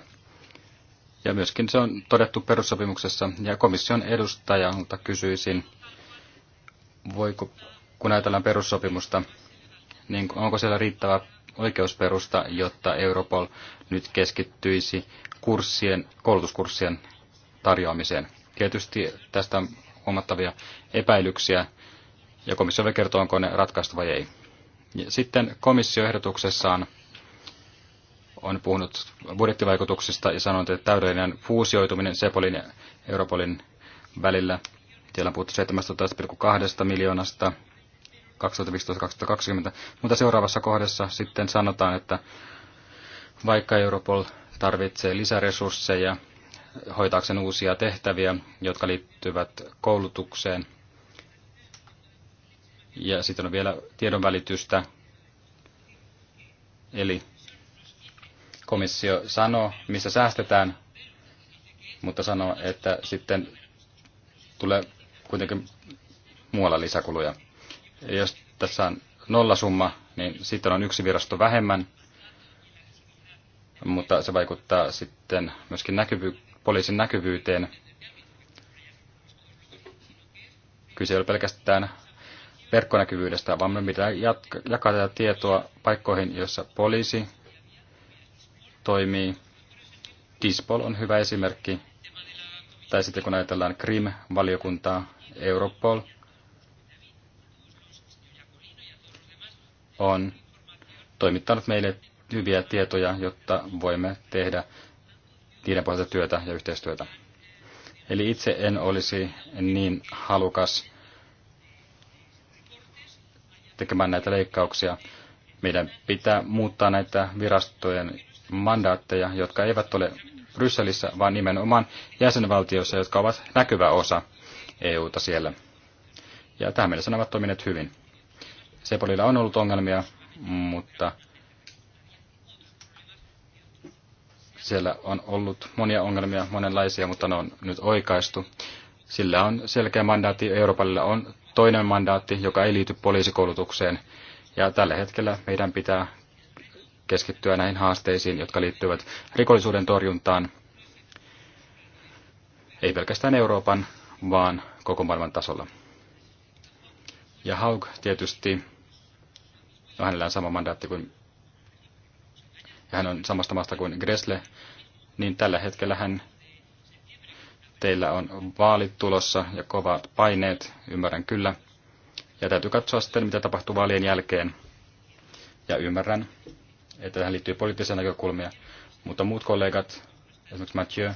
Ja myöskin se on todettu perussopimuksessa, ja komission edustajalta kysyisin, voiko, kun ajatellaan perussopimusta, niin onko siellä riittävä oikeusperusta, jotta Europol nyt keskittyisi kurssien, koulutuskurssien tarjoamiseen. Tietysti tästä on huomattavia epäilyksiä, ja komissio voi kertoa, onko ne ratkaistu vai ei. Ja sitten komissioehdotuksessaan on puhunut budjettivaikutuksista ja sanonut, että täydellinen fuusioituminen Sepolin ja Europolin välillä siellä on puhuttu 17,2 miljoonasta 2015-2020, mutta seuraavassa kohdassa sitten sanotaan, että vaikka Europol tarvitsee lisäresursseja hoitaakseen uusia tehtäviä, jotka liittyvät koulutukseen, ja sitten on vielä tiedonvälitystä, eli komissio sanoo, missä säästetään, mutta sanoo, että sitten tulee kuitenkin muualla lisäkuluja. Ja jos tässä on nollasumma, niin sitten on yksi virasto vähemmän, mutta se vaikuttaa sitten myöskin näkyvy- poliisin näkyvyyteen. Kyse ei ole pelkästään verkkonäkyvyydestä, vaan me pitää jatka- jakaa tätä tietoa paikkoihin, joissa poliisi toimii. Dispol on hyvä esimerkki tai sitten kun ajatellaan Krim-valiokuntaa, Europol on toimittanut meille hyviä tietoja, jotta voimme tehdä niiden pohjalta työtä ja yhteistyötä. Eli itse en olisi niin halukas tekemään näitä leikkauksia. Meidän pitää muuttaa näitä virastojen mandaatteja, jotka eivät ole Brysselissä, vaan nimenomaan jäsenvaltioissa, jotka ovat näkyvä osa EUta siellä. Ja tähän mielessä ovat toimineet hyvin. Sepolilla on ollut ongelmia, mutta siellä on ollut monia ongelmia, monenlaisia, mutta ne on nyt oikaistu. Sillä on selkeä mandaatti, Euroopalla on toinen mandaatti, joka ei liity poliisikoulutukseen. Ja tällä hetkellä meidän pitää keskittyä näihin haasteisiin, jotka liittyvät rikollisuuden torjuntaan, ei pelkästään Euroopan, vaan koko maailman tasolla. Ja Haug tietysti, no hänellä on sama mandaatti kuin, ja hän on samasta maasta kuin Gressle, niin tällä hetkellä hän teillä on vaalit tulossa ja kovat paineet, ymmärrän kyllä. Ja täytyy katsoa sitten, mitä tapahtuu vaalien jälkeen. Ja ymmärrän, että tähän liittyy poliittisia näkökulmia, mutta muut kollegat, esimerkiksi Mathieu,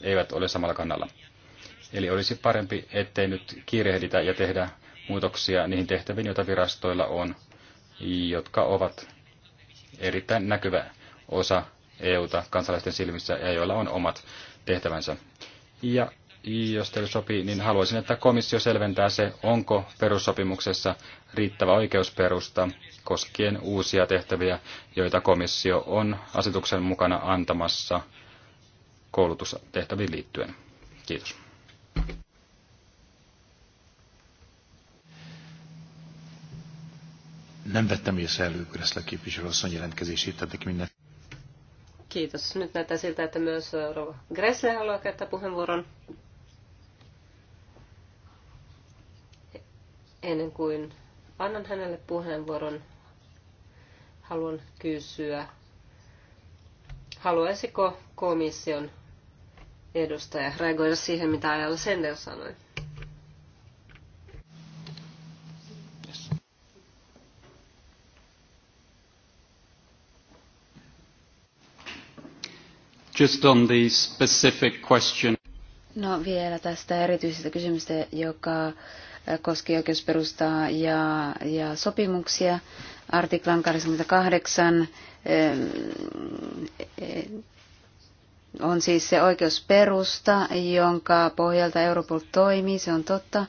eivät ole samalla kannalla. Eli olisi parempi, ettei nyt kiirehditä ja tehdä muutoksia niihin tehtäviin, joita virastoilla on, jotka ovat erittäin näkyvä osa EUta kansalaisten silmissä ja joilla on omat tehtävänsä. Ja jos teille sopii, niin haluaisin, että komissio selventää se, onko perussopimuksessa riittävä oikeusperusta koskien uusia tehtäviä, joita komissio on asetuksen mukana antamassa koulutustehtäviin liittyen. Kiitos. Nem vettem észre elő képviselőasszony jelentkezését, tehát minden. Kiitos. Nyt näyttää siltä, että myös Gressle haluaa käyttää puheenvuoron. Ennen kuin annan hänelle puheenvuoron, haluan kysyä, haluaisiko komission edustaja reagoida siihen, mitä ajalla Sender sanoi? Just on the specific question. No vielä tästä erityisestä kysymystä, joka koskien oikeusperustaa ja, ja sopimuksia. Artiklan 88 eh, on siis se oikeusperusta, jonka pohjalta Europol toimii, se on totta.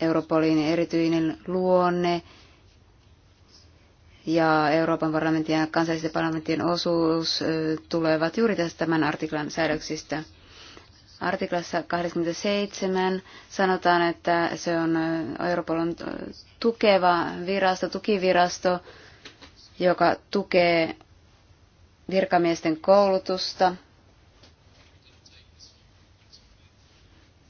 Europolin erityinen luonne ja Euroopan parlamentin ja kansallisten parlamenttien osuus eh, tulevat juuri tästä tämän artiklan säädöksistä. Artiklassa 27 sanotaan, että se on Euroopan tukeva virasto, tukivirasto, joka tukee virkamiesten koulutusta.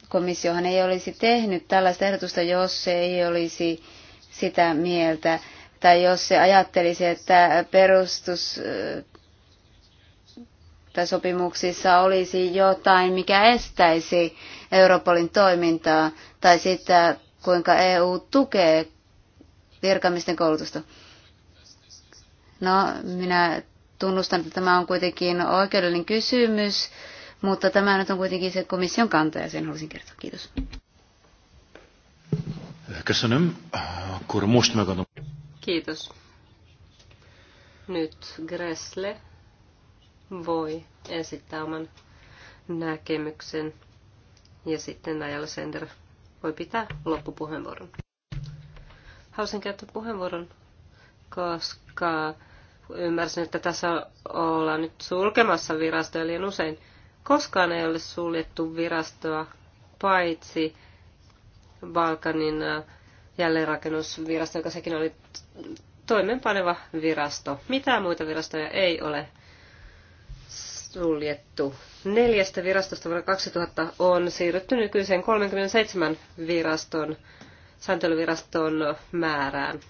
Komissiohan ei olisi tehnyt tällaista ehdotusta, jos se ei olisi sitä mieltä, tai jos se ajattelisi, että perustus, että sopimuksissa olisi jotain, mikä estäisi Europolin toimintaa tai sitä, kuinka EU tukee virkamisten koulutusta. No, minä tunnustan, että tämä on kuitenkin oikeudellinen kysymys, mutta tämä nyt on kuitenkin se komission kanta ja sen haluaisin kertoa. Kiitos. Kiitos. Nyt Gressle voi esittää oman näkemyksen ja sitten Ajala Sender voi pitää loppupuheenvuoron. Halusin käyttää puheenvuoron, koska ymmärsin, että tässä ollaan nyt sulkemassa virastoja liian usein. Koskaan ei ole suljettu virastoa paitsi Balkanin äh, jälleenrakennusvirasto, joka sekin oli toimenpaneva virasto. Mitään muita virastoja ei ole suljettu. Neljästä virastosta vuonna 2000 on siirrytty nykyiseen 37 viraston sääntelyviraston määrään.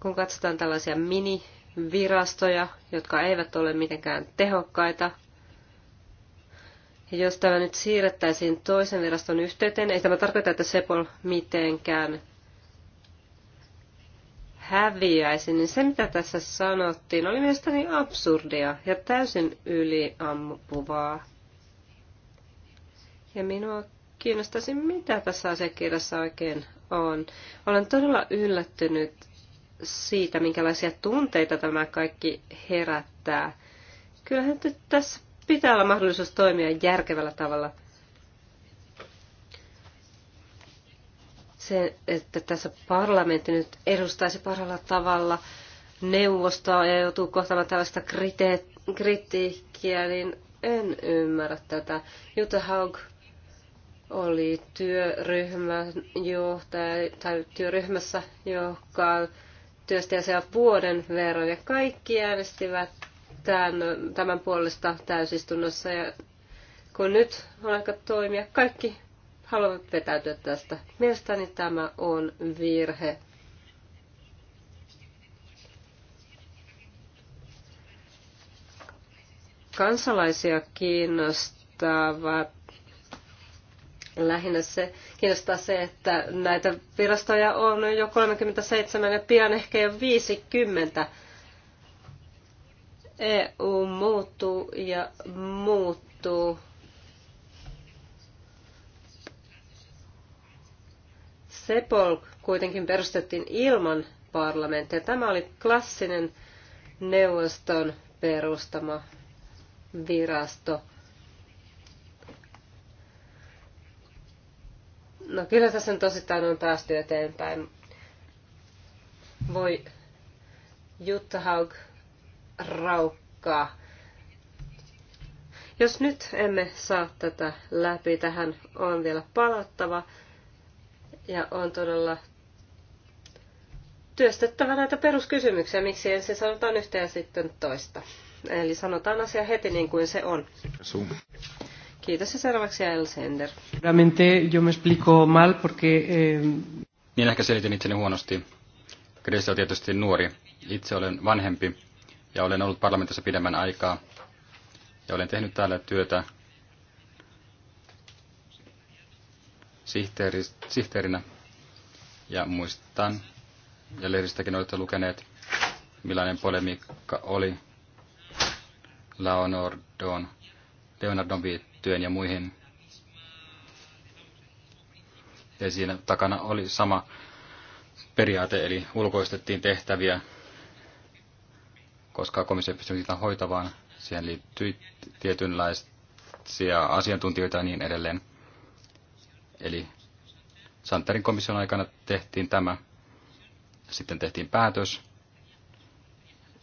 Kun katsotaan tällaisia minivirastoja, jotka eivät ole mitenkään tehokkaita, ja jos tämä nyt siirrettäisiin toisen viraston yhteyteen, ei tämä tarkoita, että Sepol mitenkään häviäisi, niin se mitä tässä sanottiin oli mielestäni absurdia ja täysin yliampuvaa. Ja minua kiinnostaisi, mitä tässä asiakirjassa oikein on. Olen todella yllättynyt siitä, minkälaisia tunteita tämä kaikki herättää. Kyllähän nyt tässä pitää olla mahdollisuus toimia järkevällä tavalla – se, että tässä parlamentti nyt edustaisi parhaalla tavalla neuvostoa ja joutuu kohtaamaan tällaista krite- kritiikkiä, niin en ymmärrä tätä. Jutta Haug oli työryhmän johtaja, tai työryhmässä, joka työsti asiaa vuoden verran, ja kaikki äänestivät tämän, tämän puolesta täysistunnossa, ja kun nyt on aika toimia, kaikki haluavat vetäytyä tästä. Mielestäni tämä on virhe. Kansalaisia kiinnostavat lähinnä se, kiinnostaa se, että näitä virastoja on jo 37 ja pian ehkä jo 50. EU muuttuu ja muuttuu Sepol kuitenkin perustettiin ilman parlamenttia. Tämä oli klassinen neuvoston perustama virasto. No kyllä tässä on tosittain on päästy eteenpäin. Voi Jutta Haug raukkaa. Jos nyt emme saa tätä läpi, tähän on vielä palattava. Ja on todella työstettävä näitä peruskysymyksiä, miksi ensin sanotaan yhtä ja sitten toista. Eli sanotaan asia heti niin kuin se on. Sum. Kiitos ja seuraavaksi El Sender. Realmente yo me explico mal porque... Eh... Niin ehkä selitin itseni huonosti. Kristi on tietysti nuori. Itse olen vanhempi ja olen ollut parlamentissa pidemmän aikaa. Ja olen tehnyt täällä työtä sihteeri, sihteerinä ja muistan, ja lehdistäkin olette lukeneet, millainen polemiikka oli Leonardon, Leonardon viittyen ja muihin. Ja siinä takana oli sama periaate, eli ulkoistettiin tehtäviä, koska komissio pystyi niitä Siihen liittyi tietynlaisia asiantuntijoita ja niin edelleen. Eli Santerin komission aikana tehtiin tämä, sitten tehtiin päätös,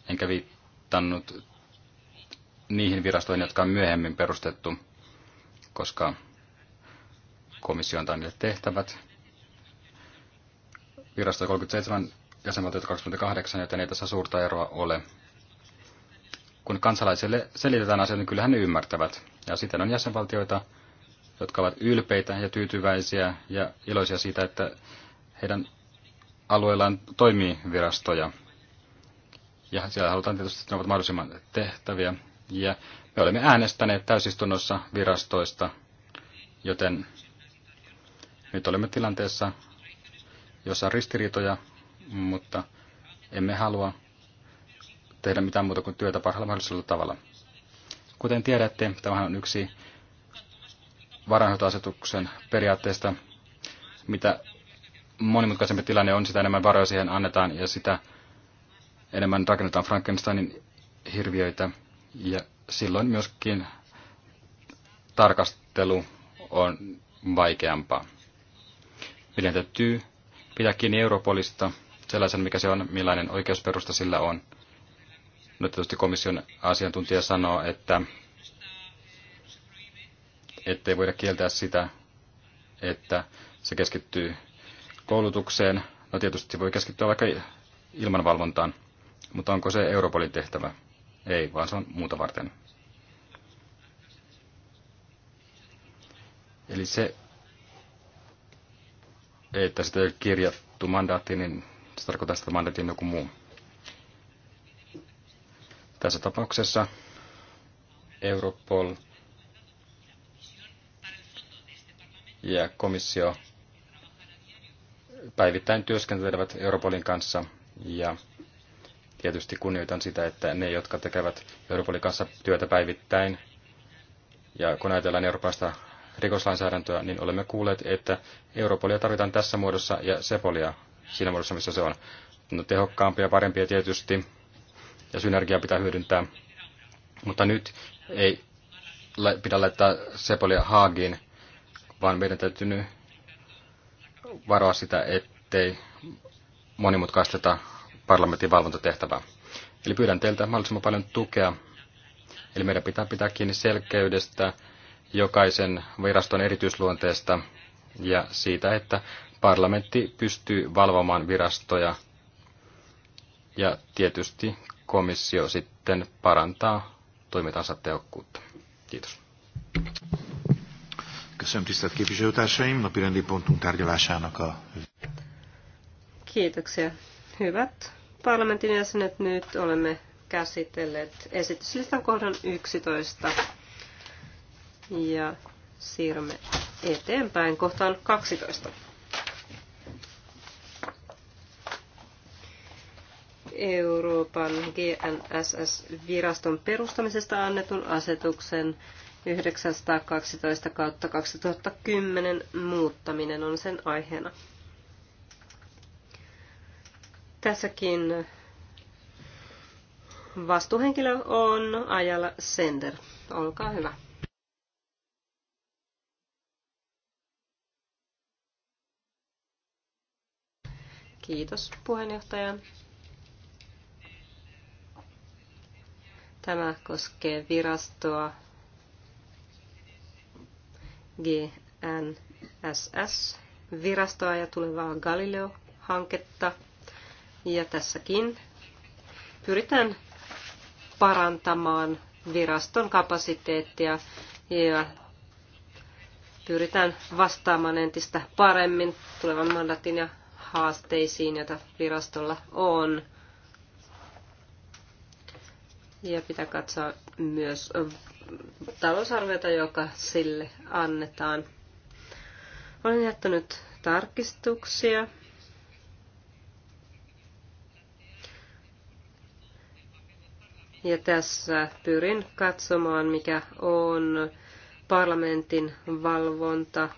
enkä viittannut niihin virastoihin, jotka on myöhemmin perustettu, koska komissio antaa niille tehtävät. Virasto 37, jäsenvaltiot 28, joten ei tässä suurta eroa ole. Kun kansalaisille selitetään asiat, niin kyllähän ne ymmärtävät. Ja sitten on jäsenvaltioita, jotka ovat ylpeitä ja tyytyväisiä ja iloisia siitä, että heidän alueellaan toimii virastoja. Ja siellä halutaan tietysti, että ne ovat mahdollisimman tehtäviä. Ja me olemme äänestäneet täysistunnossa virastoista, joten nyt olemme tilanteessa, jossa on ristiriitoja, mutta emme halua tehdä mitään muuta kuin työtä parhaalla mahdollisella tavalla. Kuten tiedätte, tämä on yksi varainhoitoasetuksen periaatteesta. Mitä monimutkaisempi tilanne on, sitä enemmän varoja siihen annetaan ja sitä enemmän rakennetaan Frankensteinin hirviöitä. Ja silloin myöskin tarkastelu on vaikeampaa. Meidän täytyy pitää kiinni Europolista sellaisen, mikä se on, millainen oikeusperusta sillä on. No tietysti komission asiantuntija sanoo, että ettei voida kieltää sitä, että se keskittyy koulutukseen. No tietysti se voi keskittyä vaikka ilmanvalvontaan, mutta onko se Europolin tehtävä? Ei, vaan se on muuta varten. Eli se, että sitä ei ole kirjattu mandaatti, niin se tarkoittaa sitä mandaatin joku muu. Tässä tapauksessa Europol ja komissio päivittäin työskentelevät Europolin kanssa ja tietysti kunnioitan sitä, että ne, jotka tekevät Europolin kanssa työtä päivittäin ja kun ajatellaan Euroopasta rikoslainsäädäntöä, niin olemme kuulleet, että Europolia tarvitaan tässä muodossa ja Sepolia siinä muodossa, missä se on. No, tehokkaampia, parempia tietysti ja synergiaa pitää hyödyntää. Mutta nyt ei pidä laittaa Sepolia Haagiin vaan meidän täytyy nyt varoa sitä, ettei monimutkaisteta parlamentin valvontatehtävää. Eli pyydän teiltä mahdollisimman paljon tukea. Eli meidän pitää pitää kiinni selkeydestä, jokaisen viraston erityisluonteesta ja siitä, että parlamentti pystyy valvomaan virastoja ja tietysti komissio sitten parantaa toimintansa tehokkuutta. Kiitos. Köszönöm tisztelt képviselőtársaim, napirendi pontunk tárgyalásának a... Kiitoksia. Hyvät parlamentin jäsenet, nyt olemme käsitelleet esityslistan kohdan 11 ja siirrymme eteenpäin kohtaan 12. Euroopan GNSS-viraston perustamisesta annetun asetuksen 912 kautta 2010 muuttaminen on sen aiheena. Tässäkin vastuuhenkilö on Ajala Sender. Olkaa hyvä. Kiitos puheenjohtaja. Tämä koskee virastoa, GNSS-virastoa ja tulevaa Galileo-hanketta. Ja tässäkin pyritään parantamaan viraston kapasiteettia ja pyritään vastaamaan entistä paremmin tulevan mandatin ja haasteisiin, joita virastolla on. Ja pitää katsoa myös talousarviota, joka sille annetaan. Olen jättänyt tarkistuksia. Ja tässä pyrin katsomaan, mikä on parlamentin valvonta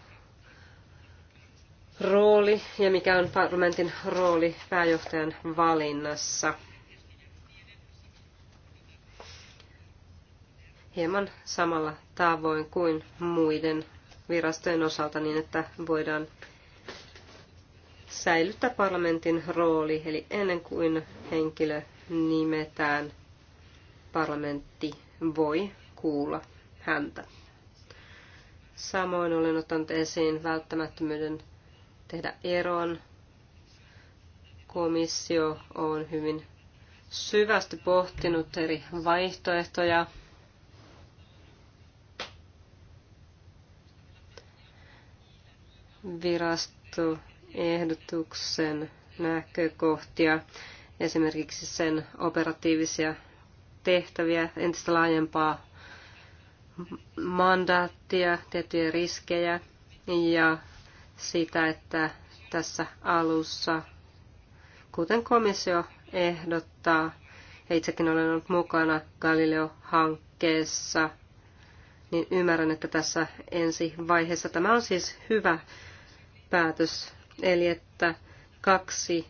rooli ja mikä on parlamentin rooli pääjohtajan valinnassa. hieman samalla tavoin kuin muiden virastojen osalta niin, että voidaan säilyttää parlamentin rooli, eli ennen kuin henkilö nimetään, parlamentti voi kuulla häntä. Samoin olen ottanut esiin välttämättömyyden tehdä eron. Komissio on hyvin syvästi pohtinut eri vaihtoehtoja virastoehdotuksen näkökohtia, esimerkiksi sen operatiivisia tehtäviä, entistä laajempaa mandaattia, tiettyjä riskejä ja sitä, että tässä alussa, kuten komissio ehdottaa, ja itsekin olen ollut mukana Galileo-hankkeessa, niin ymmärrän, että tässä ensi vaiheessa tämä on siis hyvä päätös, eli että kaksi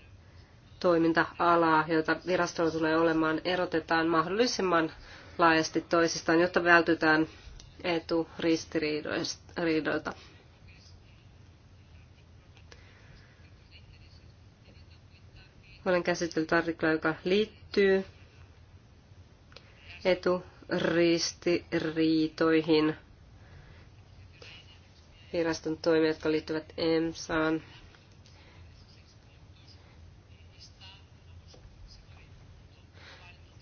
toiminta-alaa, joita virastolla tulee olemaan, erotetaan mahdollisimman laajasti toisistaan, jotta vältytään eturistiriidoilta. Olen käsitellyt artikla, joka liittyy eturistiriitoihin – viraston toimia, jotka liittyvät EMSAan.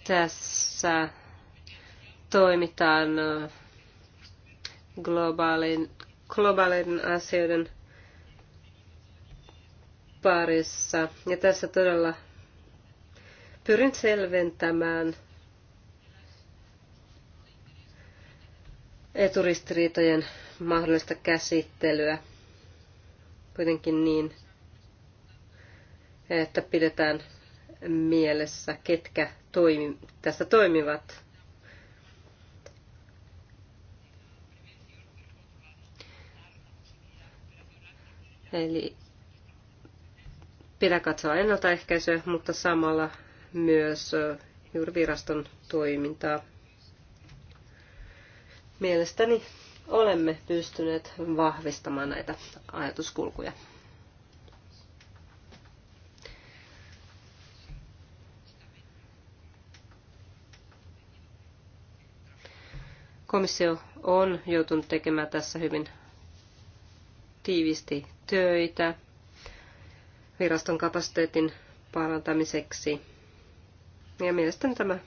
Tässä toimitaan globaalin, globaalin asioiden parissa. Ja tässä todella pyrin selventämään eturistiriitojen mahdollista käsittelyä kuitenkin niin, että pidetään mielessä, ketkä toimi, tässä toimivat. Eli pidä katsoa ennaltaehkäisyä, mutta samalla myös juuri viraston toimintaa. Mielestäni olemme pystyneet vahvistamaan näitä ajatuskulkuja. Komissio on joutunut tekemään tässä hyvin tiivisti töitä viraston kapasiteetin parantamiseksi. Ja mielestäni tämä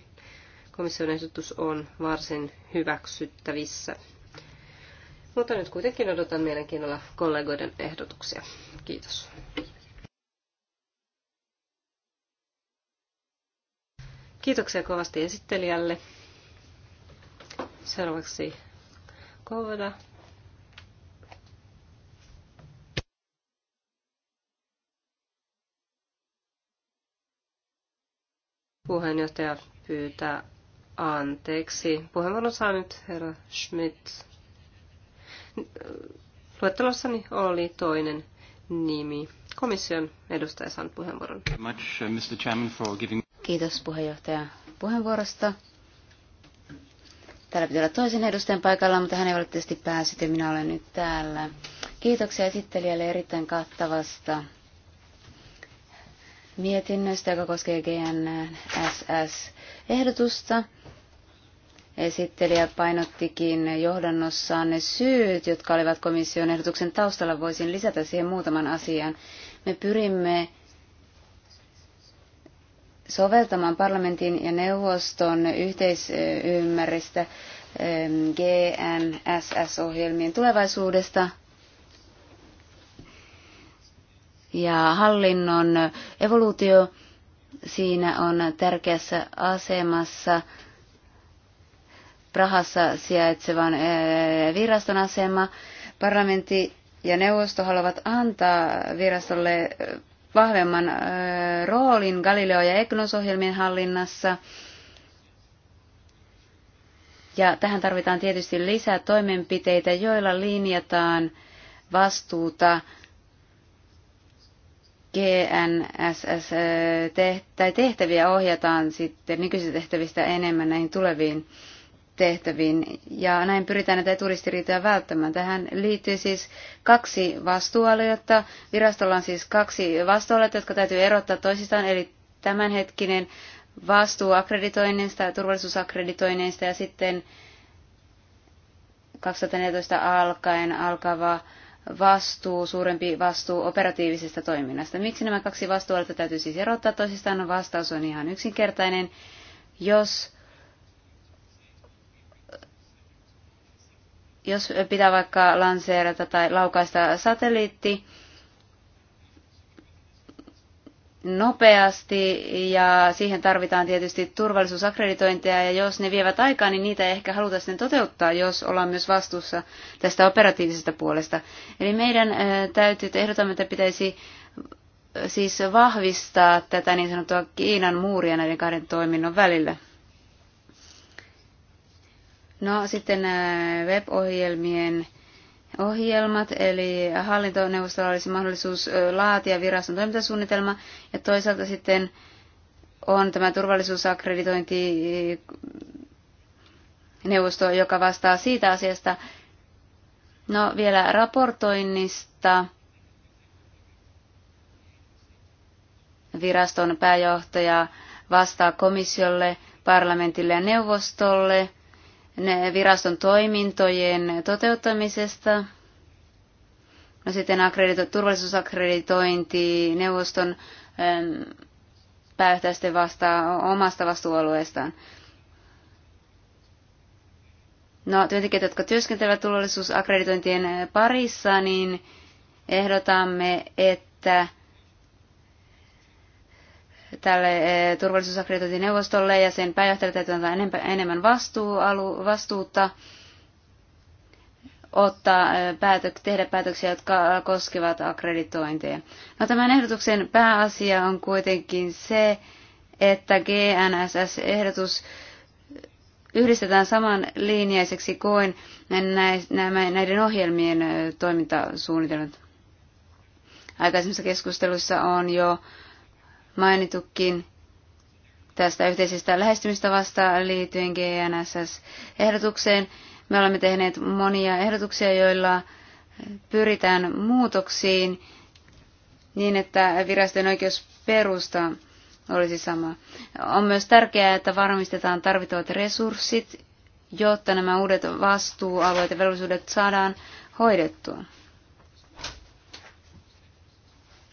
komission ehdotus on varsin hyväksyttävissä. Mutta nyt kuitenkin odotan mielenkiinnolla kollegoiden ehdotuksia. Kiitos. Kiitoksia kovasti esittelijälle. Seuraavaksi Kovoda. Puheenjohtaja pyytää anteeksi. Puheenvuoron saa nyt herra Schmidt luettelossani oli toinen nimi. Komission edustaja saanut puheenvuoron. Uh, Kiitos puheenjohtaja puheenvuorosta. Täällä pitää olla toisen edustajan paikalla, mutta hän ei valitettavasti päässyt ja minä olen nyt täällä. Kiitoksia esittelijälle erittäin kattavasta mietinnöstä, joka koskee GNSS-ehdotusta. Esittelijä painottikin johdannossaan ne syyt, jotka olivat komission ehdotuksen taustalla. Voisin lisätä siihen muutaman asian. Me pyrimme soveltamaan parlamentin ja neuvoston yhteisymmärrystä ähm, GNSS-ohjelmien tulevaisuudesta ja hallinnon evoluutio siinä on tärkeässä asemassa Prahassa sijaitsevan eh, viraston asema. Parlamentti ja neuvosto haluavat antaa virastolle eh, vahvemman eh, roolin Galileo- ja Egnos-ohjelmien hallinnassa. Ja tähän tarvitaan tietysti lisää toimenpiteitä, joilla linjataan vastuuta GNSS tai tehtäviä ohjataan sitten nykyisistä tehtävistä enemmän näihin tuleviin tehtäviin ja näin pyritään näitä eturistiriitoja välttämään. Tähän liittyy siis kaksi vastuualuetta. Virastolla on siis kaksi vastuualuetta, jotka täytyy erottaa toisistaan, eli tämänhetkinen vastuu akkreditoinnista ja turvallisuusakkreditoinnista ja sitten 2014 alkaen alkava vastuu, suurempi vastuu operatiivisesta toiminnasta. Miksi nämä kaksi vastuualuetta täytyy siis erottaa toisistaan? No vastaus on ihan yksinkertainen. Jos Jos pitää vaikka lanseerata tai laukaista satelliitti nopeasti ja siihen tarvitaan tietysti turvallisuusakkreditointeja ja jos ne vievät aikaa, niin niitä ei ehkä haluta sitten toteuttaa, jos ollaan myös vastuussa tästä operatiivisesta puolesta. Eli meidän täytyy, että ehdotamme, että pitäisi siis vahvistaa tätä niin sanottua Kiinan muuria näiden kahden toiminnon välillä. No sitten äh, web-ohjelmien ohjelmat, eli hallintoneuvostolla olisi mahdollisuus laatia viraston toimintasuunnitelma, ja toisaalta sitten on tämä turvallisuusakkreditointi äh, neuvosto, joka vastaa siitä asiasta. No vielä raportoinnista. Viraston pääjohtaja vastaa komissiolle, parlamentille ja neuvostolle – viraston toimintojen toteuttamisesta. No sitten akredito- turvallisuusakreditointi neuvoston ähm, päättäjästen vastaa omasta vastuualueestaan. No, työntekijät, jotka työskentelevät turvallisuusakreditointien parissa, niin ehdotamme, että tälle eh, turvallisuusakkreditointineuvostolle ja sen pääjohtajalle täytyy antaa enemmän vastuualu, vastuuta ottaa eh, päätök, tehdä päätöksiä, jotka eh, koskevat akkreditointeja. No, tämän ehdotuksen pääasia on kuitenkin se, että GNSS-ehdotus yhdistetään samanlinjaiseksi kuin näiden ohjelmien toimintasuunnitelmat. Aikaisemmissa keskusteluissa on jo mainitukin tästä yhteisestä lähestymistavasta liittyen GNSS-ehdotukseen. Me olemme tehneet monia ehdotuksia, joilla pyritään muutoksiin niin, että virastojen oikeusperusta olisi sama. On myös tärkeää, että varmistetaan tarvittavat resurssit, jotta nämä uudet vastuualueet ja velvollisuudet saadaan hoidettua.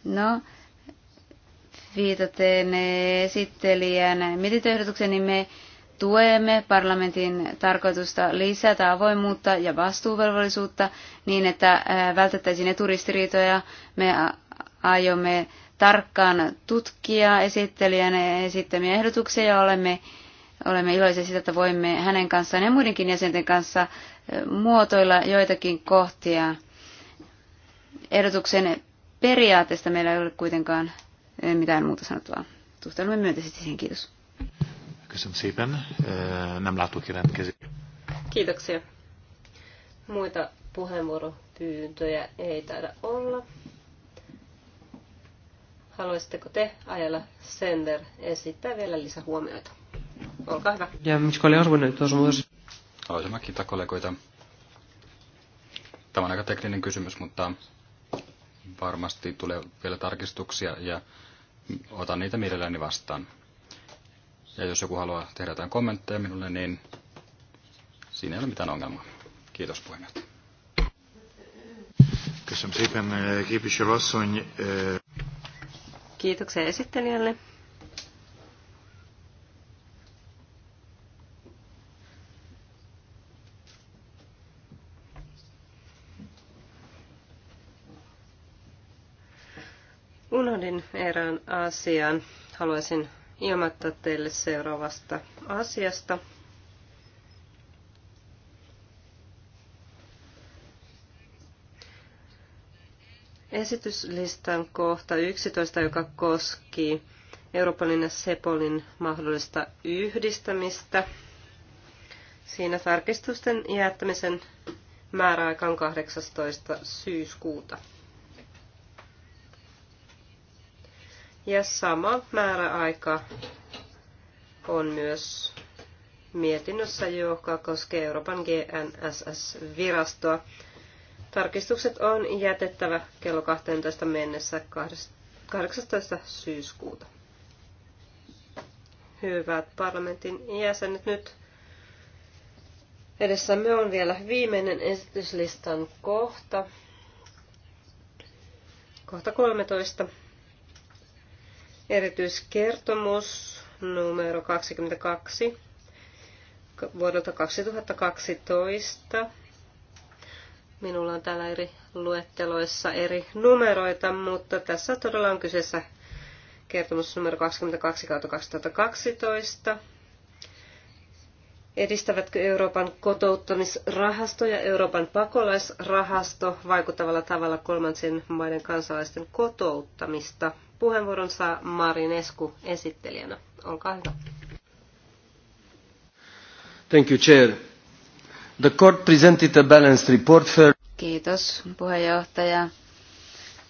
No, viitaten esittelijän mietintöehdotuksen, niin me tuemme parlamentin tarkoitusta lisätä avoimuutta ja vastuuvelvollisuutta niin, että vältettäisiin eturistiriitoja. Me aiomme tarkkaan tutkia esittelijän esittämiä ehdotuksia ja olemme, olemme iloisia siitä, että voimme hänen kanssaan ja muidenkin jäsenten kanssa muotoilla joitakin kohtia. Ehdotuksen periaatteesta meillä ei ole kuitenkaan ei mitään muuta sanottavaa. Suhtaudumme myönteisesti siihen. Kiitos. Köszönöm szépen. Nem látok Kiitoksia. Muita puheenvuoropyyntöjä ei taida olla. Haluaisitteko te ajalla Sender esittää vielä lisähuomioita? Olkaa hyvä. Ja miksi oli arvoinen, tuossa muodossa? Haluaisin mä kiittää kollegoita. Tämä on aika tekninen kysymys, mutta varmasti tulee vielä tarkistuksia ja otan niitä mielelläni vastaan. Ja jos joku haluaa tehdä jotain kommentteja minulle, niin siinä ei ole mitään ongelmaa. Kiitos puheenjohtaja. Eh, eh. Kiitoksia esittelijälle. unohdin erään asian. Haluaisin ilmoittaa teille seuraavasta asiasta. Esityslistan kohta 11, joka koski Euroopan ja Sepolin mahdollista yhdistämistä. Siinä tarkistusten jättämisen määräaika on 18. syyskuuta. Ja sama määräaika on myös mietinnössä, joka koskee Euroopan GNSS-virastoa. Tarkistukset on jätettävä kello 12 mennessä 18. syyskuuta. Hyvät parlamentin jäsenet, nyt edessämme on vielä viimeinen esityslistan kohta. Kohta 13. Erityiskertomus numero 22 vuodelta 2012. Minulla on täällä eri luetteloissa eri numeroita, mutta tässä todella on kyseessä kertomus numero 22 2012. Edistävätkö Euroopan kotouttamisrahasto ja Euroopan pakolaisrahasto vaikuttavalla tavalla kolmansien maiden kansalaisten kotouttamista? puheenvuoron saa Marin Esku esittelijänä. Olkaa hyvä. Thank you, Chair. The court presented a balanced report for... Kiitos, puheenjohtaja.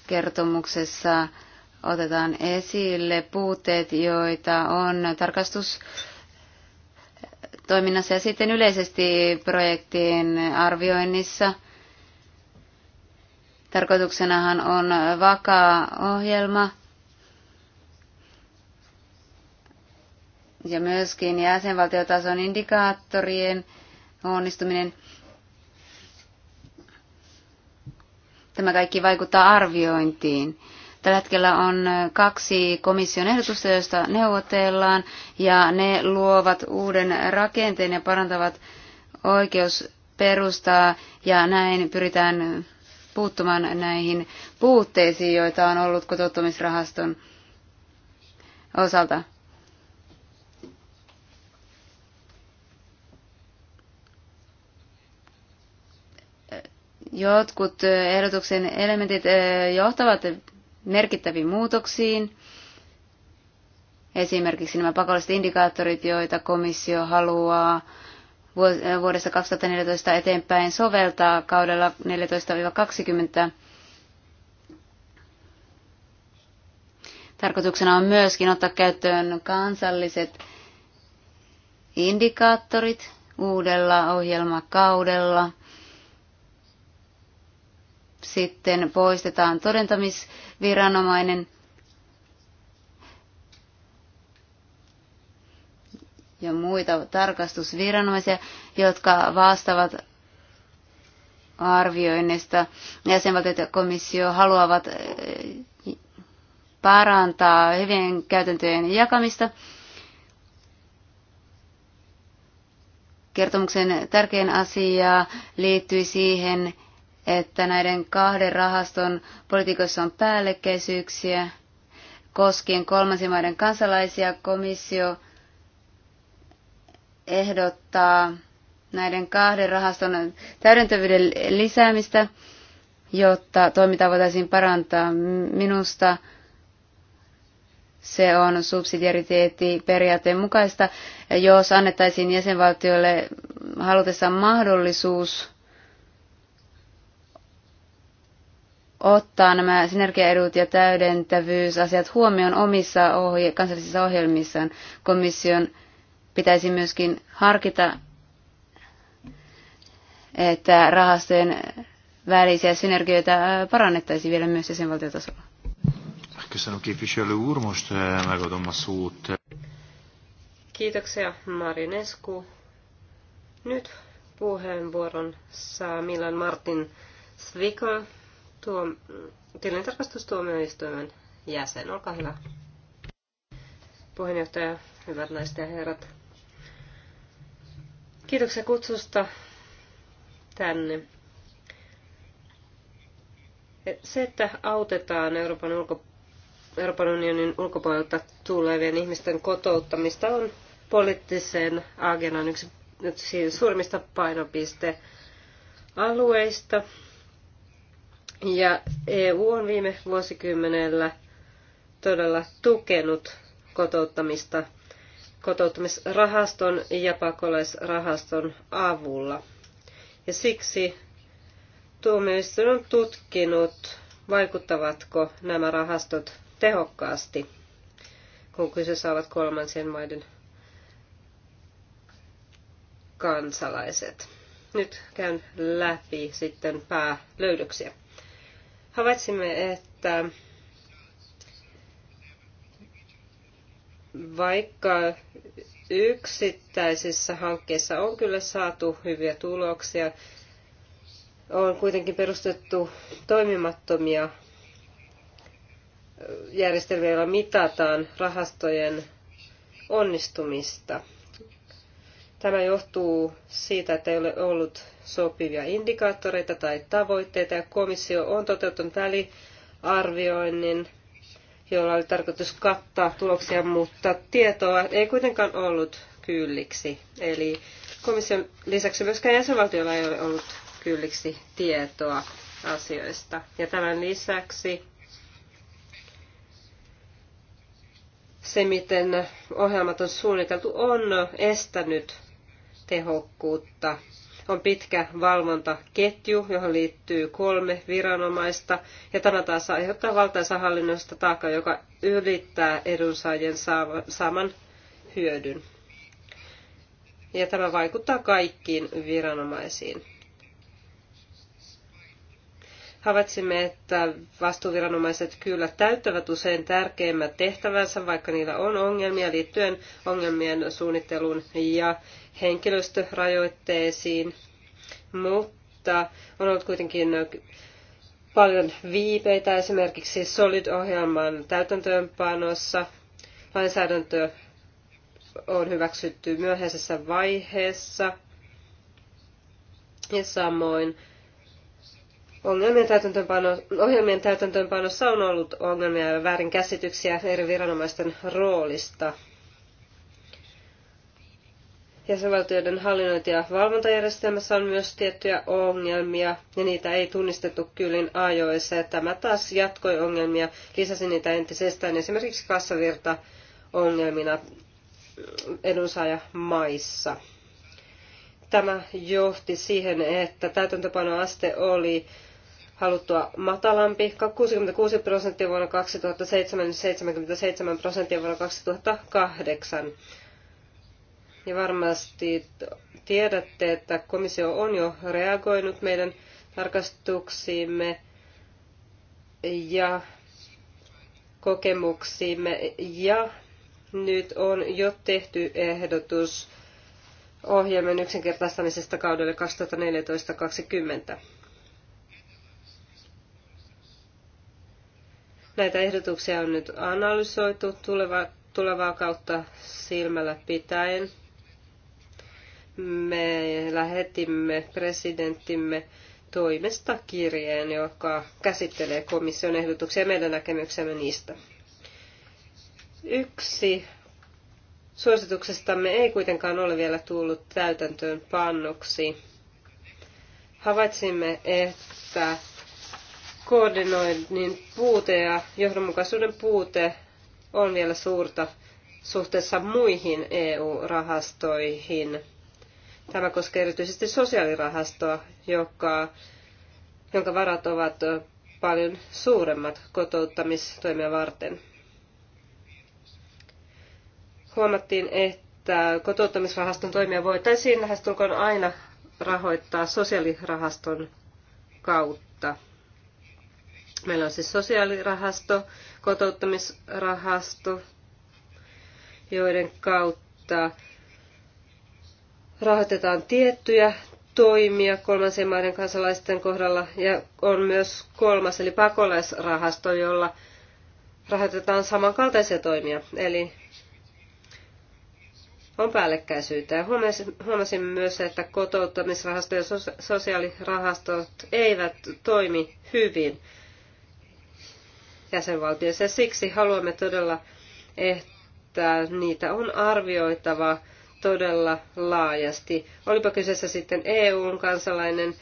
Kertomuksessa otetaan esille puutteet, joita on tarkastus toiminnassa ja sitten yleisesti projektien arvioinnissa. Tarkoituksenahan on vakaa ohjelma, ja myöskin jäsenvaltiotason indikaattorien onnistuminen. Tämä kaikki vaikuttaa arviointiin. Tällä hetkellä on kaksi komission ehdotusta, joista neuvotellaan, ja ne luovat uuden rakenteen ja parantavat oikeusperustaa, ja näin pyritään puuttumaan näihin puutteisiin, joita on ollut kotouttamisrahaston osalta. Jotkut ehdotuksen elementit johtavat merkittäviin muutoksiin, esimerkiksi nämä pakolliset indikaattorit, joita komissio haluaa vuodesta 2014 eteenpäin soveltaa kaudella 14-20. Tarkoituksena on myöskin ottaa käyttöön kansalliset indikaattorit uudella ohjelmakaudella – sitten poistetaan todentamisviranomainen. ja muita tarkastusviranomaisia, jotka vastaavat arvioinnista. Jäsenvaltiot ja komissio haluavat eh, parantaa hyvien käytäntöjen jakamista. Kertomuksen tärkein asia liittyy siihen, että näiden kahden rahaston politiikoissa on päällekkäisyyksiä koskien kolmansien maiden kansalaisia. Komissio ehdottaa näiden kahden rahaston täydentävyyden lisäämistä, jotta toimintaa voitaisiin parantaa. Minusta se on subsidiariteettiperiaatteen mukaista, jos annettaisiin jäsenvaltioille halutessaan mahdollisuus ottaa nämä synergiaedut ja täydentävyysasiat huomioon omissa ohje- kansallisissa ohjelmissaan. Komission pitäisi myöskin harkita, että rahastojen välisiä synergioita parannettaisiin vielä myös jäsenvaltiotasolla. Köszönöm képviselő úr, Kiitoksia Marinescu. Nyt puheenvuoron saa Milan Martin Svikol tuo, tilintarkastustuomioistuimen jäsen. Olkaa hyvä. Puheenjohtaja, hyvät naiset ja herrat. Kiitoksia kutsusta tänne. Se, että autetaan Euroopan, ulko, Euroopan unionin ulkopuolelta tulevien ihmisten kotouttamista, on poliittisen agendan yksi, yksi suurimmista painopistealueista. alueista ja EU on viime vuosikymmenellä todella tukenut kotouttamista kotouttamisrahaston ja pakolaisrahaston avulla. Ja siksi tuomioistuin on tutkinut, vaikuttavatko nämä rahastot tehokkaasti, kun kyseessä ovat kolmansien maiden kansalaiset. Nyt käyn läpi sitten päälöydöksiä. Havaitsimme, että vaikka yksittäisissä hankkeissa on kyllä saatu hyviä tuloksia, on kuitenkin perustettu toimimattomia järjestelmiä, joilla mitataan rahastojen onnistumista – Tämä johtuu siitä, että ei ole ollut sopivia indikaattoreita tai tavoitteita, ja komissio on toteuttanut väliarvioinnin, jolla oli tarkoitus kattaa tuloksia, mutta tietoa ei kuitenkaan ollut kylliksi. Eli komission lisäksi myöskään jäsenvaltiolla ei ole ollut kylliksi tietoa asioista. Ja tämän lisäksi se, miten ohjelmat on suunniteltu, on estänyt tehokkuutta. On pitkä valvontaketju, johon liittyy kolme viranomaista, ja tämä taas aiheuttaa valtaisa hallinnosta taakka, joka ylittää edunsaajien saaman hyödyn. Ja tämä vaikuttaa kaikkiin viranomaisiin. Havaitsimme, että vastuuviranomaiset kyllä täyttävät usein tärkeimmät tehtävänsä, vaikka niillä on ongelmia liittyen ongelmien suunnitteluun ja henkilöstörajoitteisiin. Mutta on ollut kuitenkin paljon viipeitä esimerkiksi Solid-ohjelman täytäntöönpanossa. Lainsäädäntö on hyväksytty myöhäisessä vaiheessa ja samoin Ongelmien, täytäntöönpano, ohjelmien täytäntöönpanossa on ollut ongelmia ja väärinkäsityksiä eri viranomaisten roolista. Jäsenvaltioiden hallinnointi- ja valvontajärjestelmässä on myös tiettyjä ongelmia, ja niitä ei tunnistettu kyllin ajoissa. Tämä taas jatkoi ongelmia, lisäsi niitä entisestään esimerkiksi kassavirta ongelmina edunsaajamaissa. Tämä johti siihen, että täytäntöpanoaste oli haluttua matalampi, 66 prosenttia vuonna 2007 ja 77 prosenttia vuonna 2008. Ja varmasti tiedätte, että komissio on jo reagoinut meidän tarkastuksiimme ja kokemuksiimme. Ja nyt on jo tehty ehdotus ohjelmien yksinkertaistamisesta kaudelle 2014-2020. Näitä ehdotuksia on nyt analysoitu tuleva, tulevaa kautta silmällä pitäen. Me lähetimme presidenttimme toimesta kirjeen, joka käsittelee komission ehdotuksia ja meidän näkemyksemme niistä. Yksi suosituksestamme ei kuitenkaan ole vielä tullut täytäntöön pannuksi. Havaitsimme, että koordinoinnin puute ja johdonmukaisuuden puute on vielä suurta suhteessa muihin EU-rahastoihin. Tämä koskee erityisesti sosiaalirahastoa, joka, jonka varat ovat paljon suuremmat kotouttamistoimia varten. Huomattiin, että kotouttamisrahaston toimia voitaisiin lähestulkoon aina rahoittaa sosiaalirahaston kautta. Siis meillä on siis sosiaalirahasto, kotouttamisrahasto, joiden kautta rahoitetaan tiettyjä toimia kolmansien maiden kansalaisten kohdalla ja on myös kolmas eli pakolaisrahasto, jolla rahoitetaan samankaltaisia toimia. Eli on päällekkäisyyttä. Ja huomasin myös, että kotouttamisrahasto ja sosiaalirahastot eivät toimi hyvin jäsenvaltioissa. Ja siksi haluamme todella, että niitä on arvioitava todella laajasti. Olipa kyseessä sitten EUn kansalainen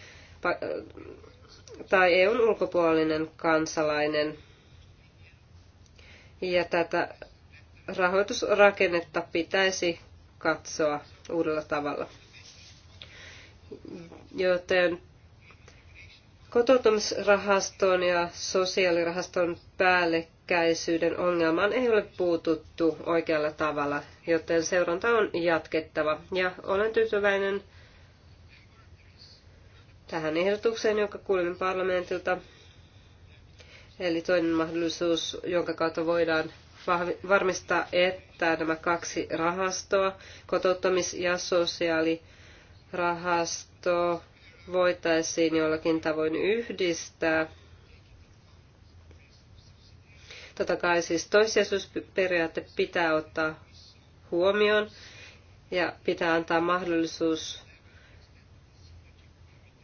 tai EUn ulkopuolinen kansalainen. Ja tätä rahoitusrakennetta pitäisi katsoa uudella tavalla. Joten Kotoutumisrahaston ja sosiaalirahaston päällekkäisyyden ongelmaan ei ole puututtu oikealla tavalla, joten seuranta on jatkettava. Ja olen tyytyväinen tähän ehdotukseen, jonka kuulimme parlamentilta. Eli toinen mahdollisuus, jonka kautta voidaan varmistaa, että nämä kaksi rahastoa, kotouttamis- ja sosiaalirahasto, voitaisiin jollakin tavoin yhdistää. Totta kai siis toissijaisuusperiaate pitää ottaa huomioon ja pitää antaa mahdollisuus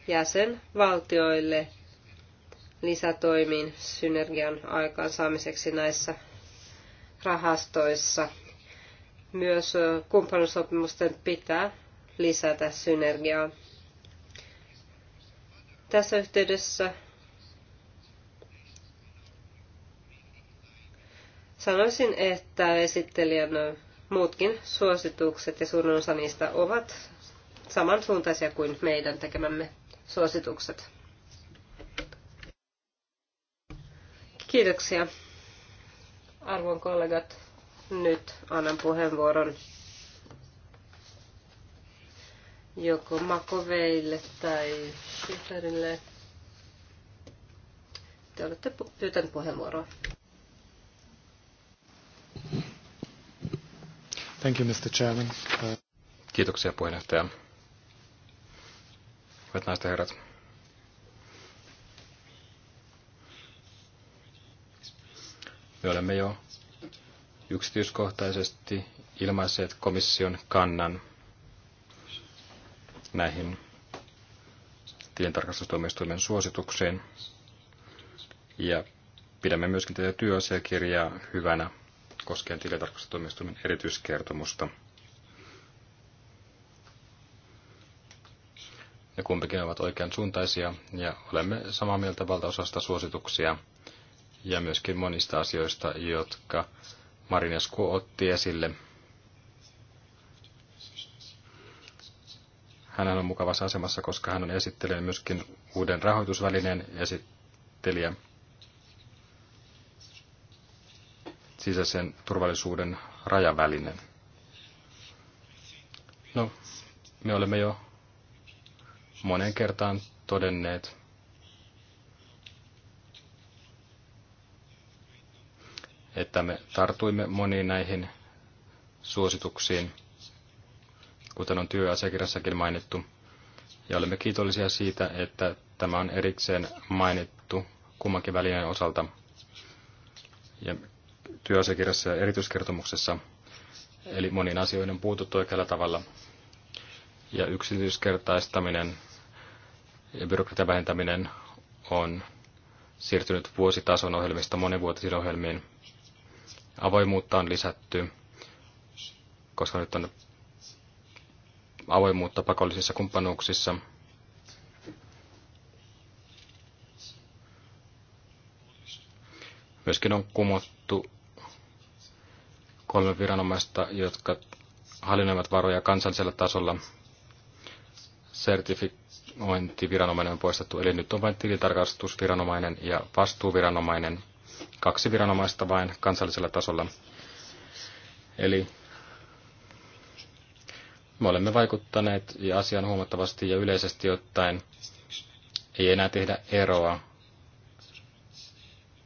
jäsenvaltioille lisätoimiin synergian aikaansaamiseksi näissä rahastoissa. Myös kumppanuussopimusten pitää lisätä synergiaa. Tässä yhteydessä sanoisin, että esittelijän muutkin suositukset ja suurin osa niistä ovat samansuuntaisia kuin meidän tekemämme suositukset. Kiitoksia, arvon kollegat. Nyt annan puheenvuoron joko Makoveille tai Schifferille. Te olette pyytänyt puheenvuoroa. Thank you, Mr. Chairman. Kiitoksia puheenjohtaja. Hyvät naiset herrat. Me olemme jo yksityiskohtaisesti ilmaisseet komission kannan näihin tilintarkastustoimistoimen suosituksiin. Ja pidämme myöskin tätä työasiakirjaa hyvänä koskien tilintarkastustoimistoimen erityiskertomusta. Ne kumpikin ovat oikean suuntaisia ja olemme samaa mieltä valtaosasta suosituksia ja myöskin monista asioista, jotka Marinesku otti esille – Hän on mukavassa asemassa, koska hän on esittelijä myöskin uuden rahoitusvälineen esittelijä sisäisen turvallisuuden rajavälinen. No, me olemme jo monen kertaan todenneet, että me tartuimme moniin näihin suosituksiin kuten on työasiakirjassakin mainittu. Ja olemme kiitollisia siitä, että tämä on erikseen mainittu kummankin välineen osalta. Ja työasiakirjassa ja erityiskertomuksessa. Eli moniin asioihin on puututtu oikealla tavalla. Ja yksityiskertaistaminen ja byrokratian vähentäminen on siirtynyt vuositason ohjelmista monivuotisiin ohjelmiin. Avoimuutta on lisätty, koska nyt on avoimuutta pakollisissa kumppanuuksissa. Myöskin on kumottu kolme viranomaista, jotka hallinnoivat varoja kansallisella tasolla. Sertifiointiviranomainen on poistettu, eli nyt on vain tilitarkastusviranomainen ja vastuuviranomainen. Kaksi viranomaista vain kansallisella tasolla. Eli me olemme vaikuttaneet ja asian huomattavasti ja yleisesti ottaen ei enää tehdä eroa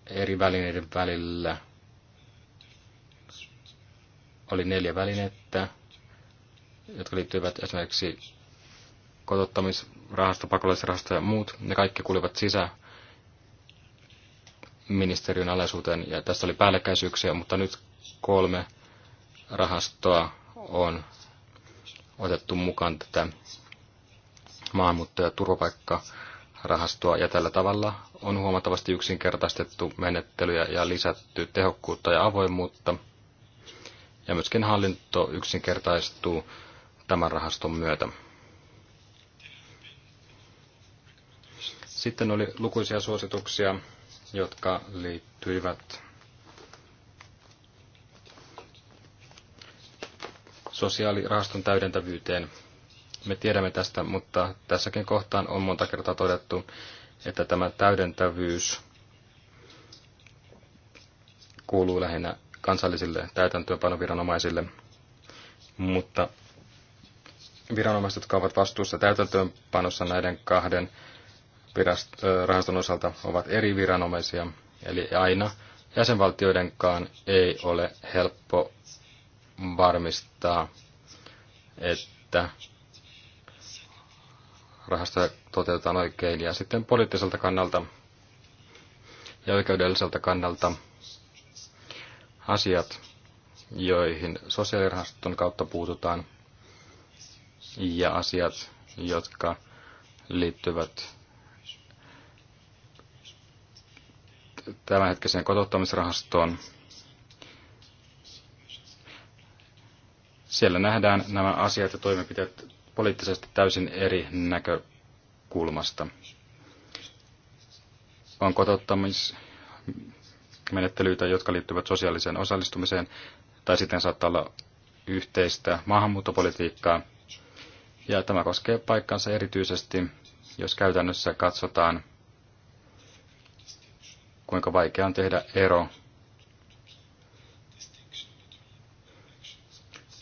eri välineiden välillä. Oli neljä välinettä, jotka liittyivät esimerkiksi kotottamisrahasto, pakolaisrahasto ja muut. Ne kaikki kuuluvat sisään ministeriön alaisuuteen ja tässä oli päällekkäisyyksiä, mutta nyt kolme rahastoa on otettu mukaan tätä maahanmuutto- ja turvapaikkarahastoa, ja tällä tavalla on huomattavasti yksinkertaistettu menettelyjä ja lisätty tehokkuutta ja avoimuutta, ja myöskin hallinto yksinkertaistuu tämän rahaston myötä. Sitten oli lukuisia suosituksia, jotka liittyivät sosiaalirahaston täydentävyyteen. Me tiedämme tästä, mutta tässäkin kohtaan on monta kertaa todettu, että tämä täydentävyys kuuluu lähinnä kansallisille täytäntöönpanoviranomaisille, mutta viranomaiset, jotka ovat vastuussa täytäntöönpanossa näiden kahden rahaston osalta, ovat eri viranomaisia, eli aina jäsenvaltioidenkaan ei ole helppo varmistaa, että rahastoja toteutetaan oikein. Ja sitten poliittiselta kannalta ja oikeudelliselta kannalta asiat, joihin sosiaalirahaston kautta puututaan, ja asiat, jotka liittyvät tämänhetkiseen kotouttamisrahastoon Siellä nähdään nämä asiat ja toimenpiteet poliittisesti täysin eri näkökulmasta. On kotouttamismenettelyitä, jotka liittyvät sosiaaliseen osallistumiseen, tai sitten saattaa olla yhteistä maahanmuuttopolitiikkaa. Ja tämä koskee paikkansa erityisesti, jos käytännössä katsotaan, kuinka vaikea on tehdä ero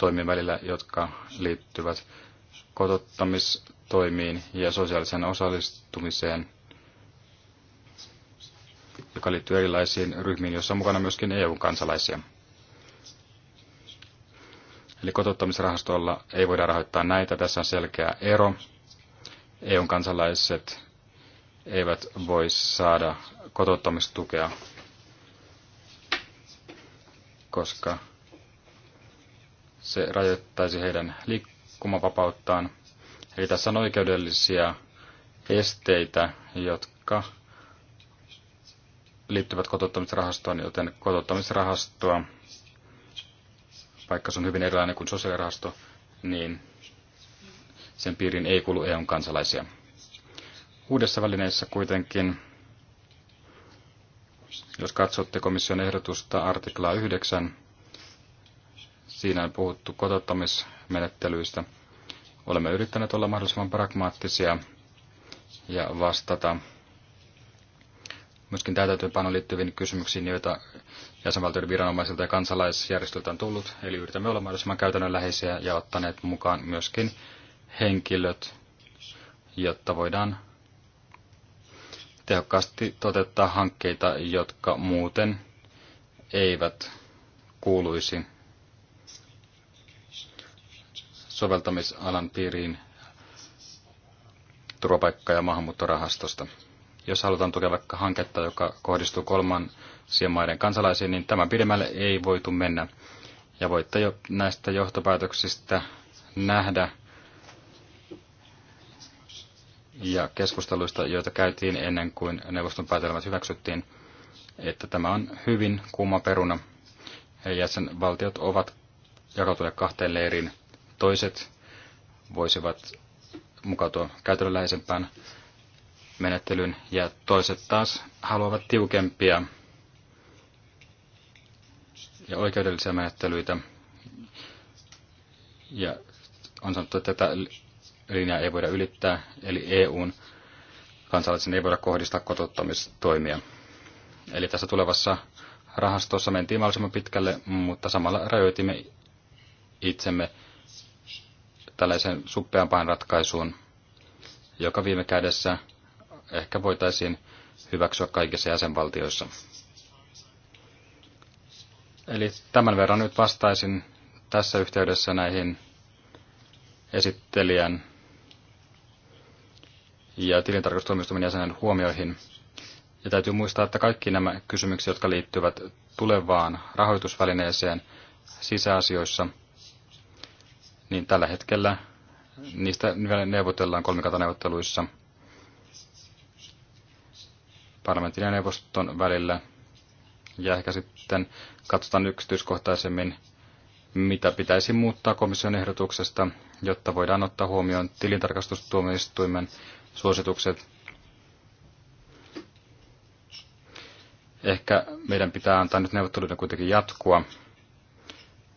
toimien välillä, jotka liittyvät kotottamistoimiin ja sosiaaliseen osallistumiseen, joka liittyy erilaisiin ryhmiin, joissa on mukana myöskin EU-kansalaisia. Eli kotouttamisrahastolla ei voida rahoittaa näitä. Tässä on selkeä ero. EUn kansalaiset eivät voi saada kotouttamistukea, koska se rajoittaisi heidän liikkumavapauttaan. Eli tässä on oikeudellisia esteitä, jotka liittyvät kotouttamisrahastoon, joten kotouttamisrahastoa, vaikka se on hyvin erilainen kuin sosiaalirahasto, niin sen piiriin ei kuulu EUn kansalaisia. Uudessa välineessä kuitenkin, jos katsotte komission ehdotusta artiklaa 9, Siinä on puhuttu kotottamismenettelyistä. Olemme yrittäneet olla mahdollisimman pragmaattisia ja vastata myöskin täytäntöönpanoon liittyviin kysymyksiin, joita jäsenvaltioiden viranomaisilta ja kansalaisjärjestöiltä on tullut. Eli yritämme olla mahdollisimman käytännönläheisiä ja ottaneet mukaan myöskin henkilöt, jotta voidaan tehokkaasti toteuttaa hankkeita, jotka muuten eivät kuuluisi soveltamisalan piiriin turvapaikka- ja maahanmuuttorahastosta. Jos halutaan tukea vaikka hanketta, joka kohdistuu kolman maiden kansalaisiin, niin tämän pidemmälle ei voitu mennä. Ja voitte jo näistä johtopäätöksistä nähdä ja keskusteluista, joita käytiin ennen kuin neuvoston päätelmät hyväksyttiin, että tämä on hyvin kuuma peruna. Jäsenvaltiot ovat jakautuneet kahteen leiriin. Toiset voisivat mukautua käytännönläheisempään menettelyyn ja toiset taas haluavat tiukempia ja oikeudellisia menettelyitä. Ja on sanottu, että tätä linjaa ei voida ylittää, eli EUn kansalaisen ei voida kohdistaa kotouttamistoimia. Eli tässä tulevassa rahastossa mentiin mahdollisimman pitkälle, mutta samalla rajoitimme itsemme tällaiseen suppeampaan ratkaisuun, joka viime kädessä ehkä voitaisiin hyväksyä kaikissa jäsenvaltioissa. Eli tämän verran nyt vastaisin tässä yhteydessä näihin esittelijän ja tilintarkastustoimistomen jäsenen huomioihin. Ja täytyy muistaa, että kaikki nämä kysymykset, jotka liittyvät tulevaan rahoitusvälineeseen sisäasioissa – niin tällä hetkellä niistä vielä neuvotellaan kolmikantaneuvotteluissa parlamentin ja neuvoston välillä. Ja ehkä sitten katsotaan yksityiskohtaisemmin, mitä pitäisi muuttaa komission ehdotuksesta, jotta voidaan ottaa huomioon tilintarkastustuomioistuimen suositukset. Ehkä meidän pitää antaa nyt neuvotteluiden kuitenkin jatkua.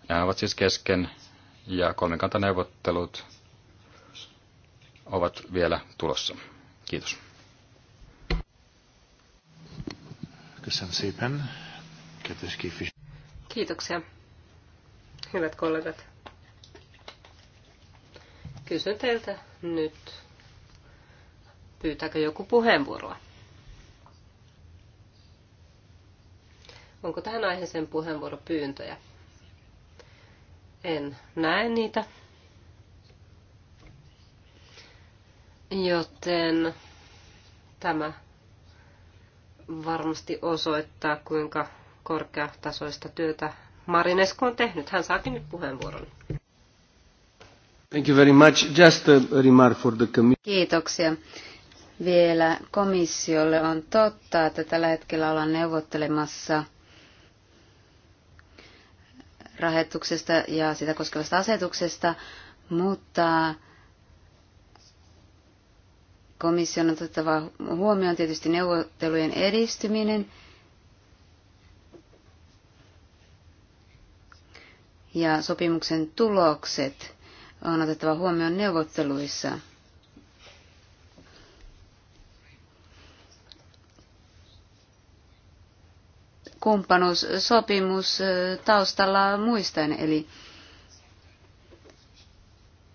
Nämä ovat siis kesken ja kolmikantaneuvottelut ovat vielä tulossa. Kiitos. Kiitoksia. Hyvät kollegat. Kysyn teiltä nyt, pyytääkö joku puheenvuoroa? Onko tähän aiheeseen puheenvuoropyyntöjä? En näe niitä. Joten tämä varmasti osoittaa, kuinka korkeatasoista työtä Marinesko on tehnyt. Hän saakin nyt puheenvuoron. Thank you very much. Just a remark for the committee. Kiitoksia. Vielä komissiolle on totta, että tällä hetkellä ollaan neuvottelemassa – rahoituksesta ja sitä koskevasta asetuksesta, mutta komission on otettava huomioon tietysti neuvottelujen edistyminen ja sopimuksen tulokset on otettava huomioon neuvotteluissa. kumppanuussopimus taustalla muistan. eli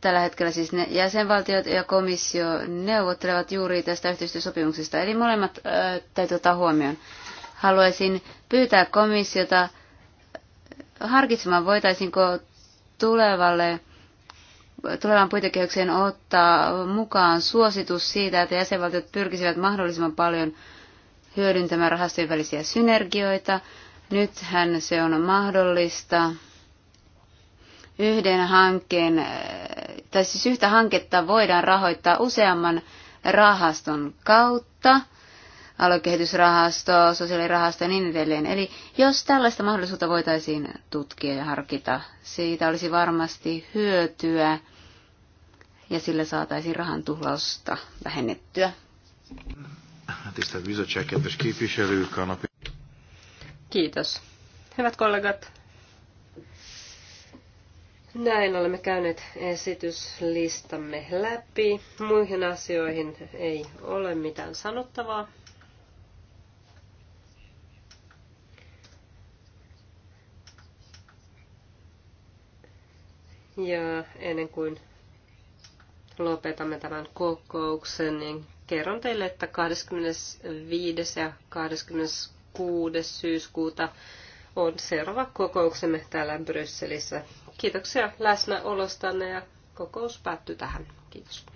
tällä hetkellä siis ne jäsenvaltiot ja komissio neuvottelevat juuri tästä yhteistyösopimuksesta, eli molemmat äh, täytyy ottaa huomioon. Haluaisin pyytää komissiota harkitsemaan, voitaisinko tulevalle tulevan puitekehykseen ottaa mukaan suositus siitä, että jäsenvaltiot pyrkisivät mahdollisimman paljon hyödyntämään rahastojen välisiä synergioita. Nythän se on mahdollista yhden hankkeen, tai siis yhtä hanketta voidaan rahoittaa useamman rahaston kautta, aluekehitysrahasto, sosiaalirahasto ja niin edelleen. Eli jos tällaista mahdollisuutta voitaisiin tutkia ja harkita, siitä olisi varmasti hyötyä ja sillä saataisiin rahan tuhlausta vähennettyä tisztelt bizottság, kedves képviselők, a napi... Kiitos. Hyvät kollegat, näin olemme käyneet esityslistamme läpi. Muihin asioihin ei ole mitään sanottavaa. Ja ennen kuin lopetamme tämän kokouksen, niin kerron teille, että 25. ja 26. syyskuuta on seuraava kokouksemme täällä Brysselissä. Kiitoksia läsnäolostanne ja kokous päättyy tähän. Kiitos.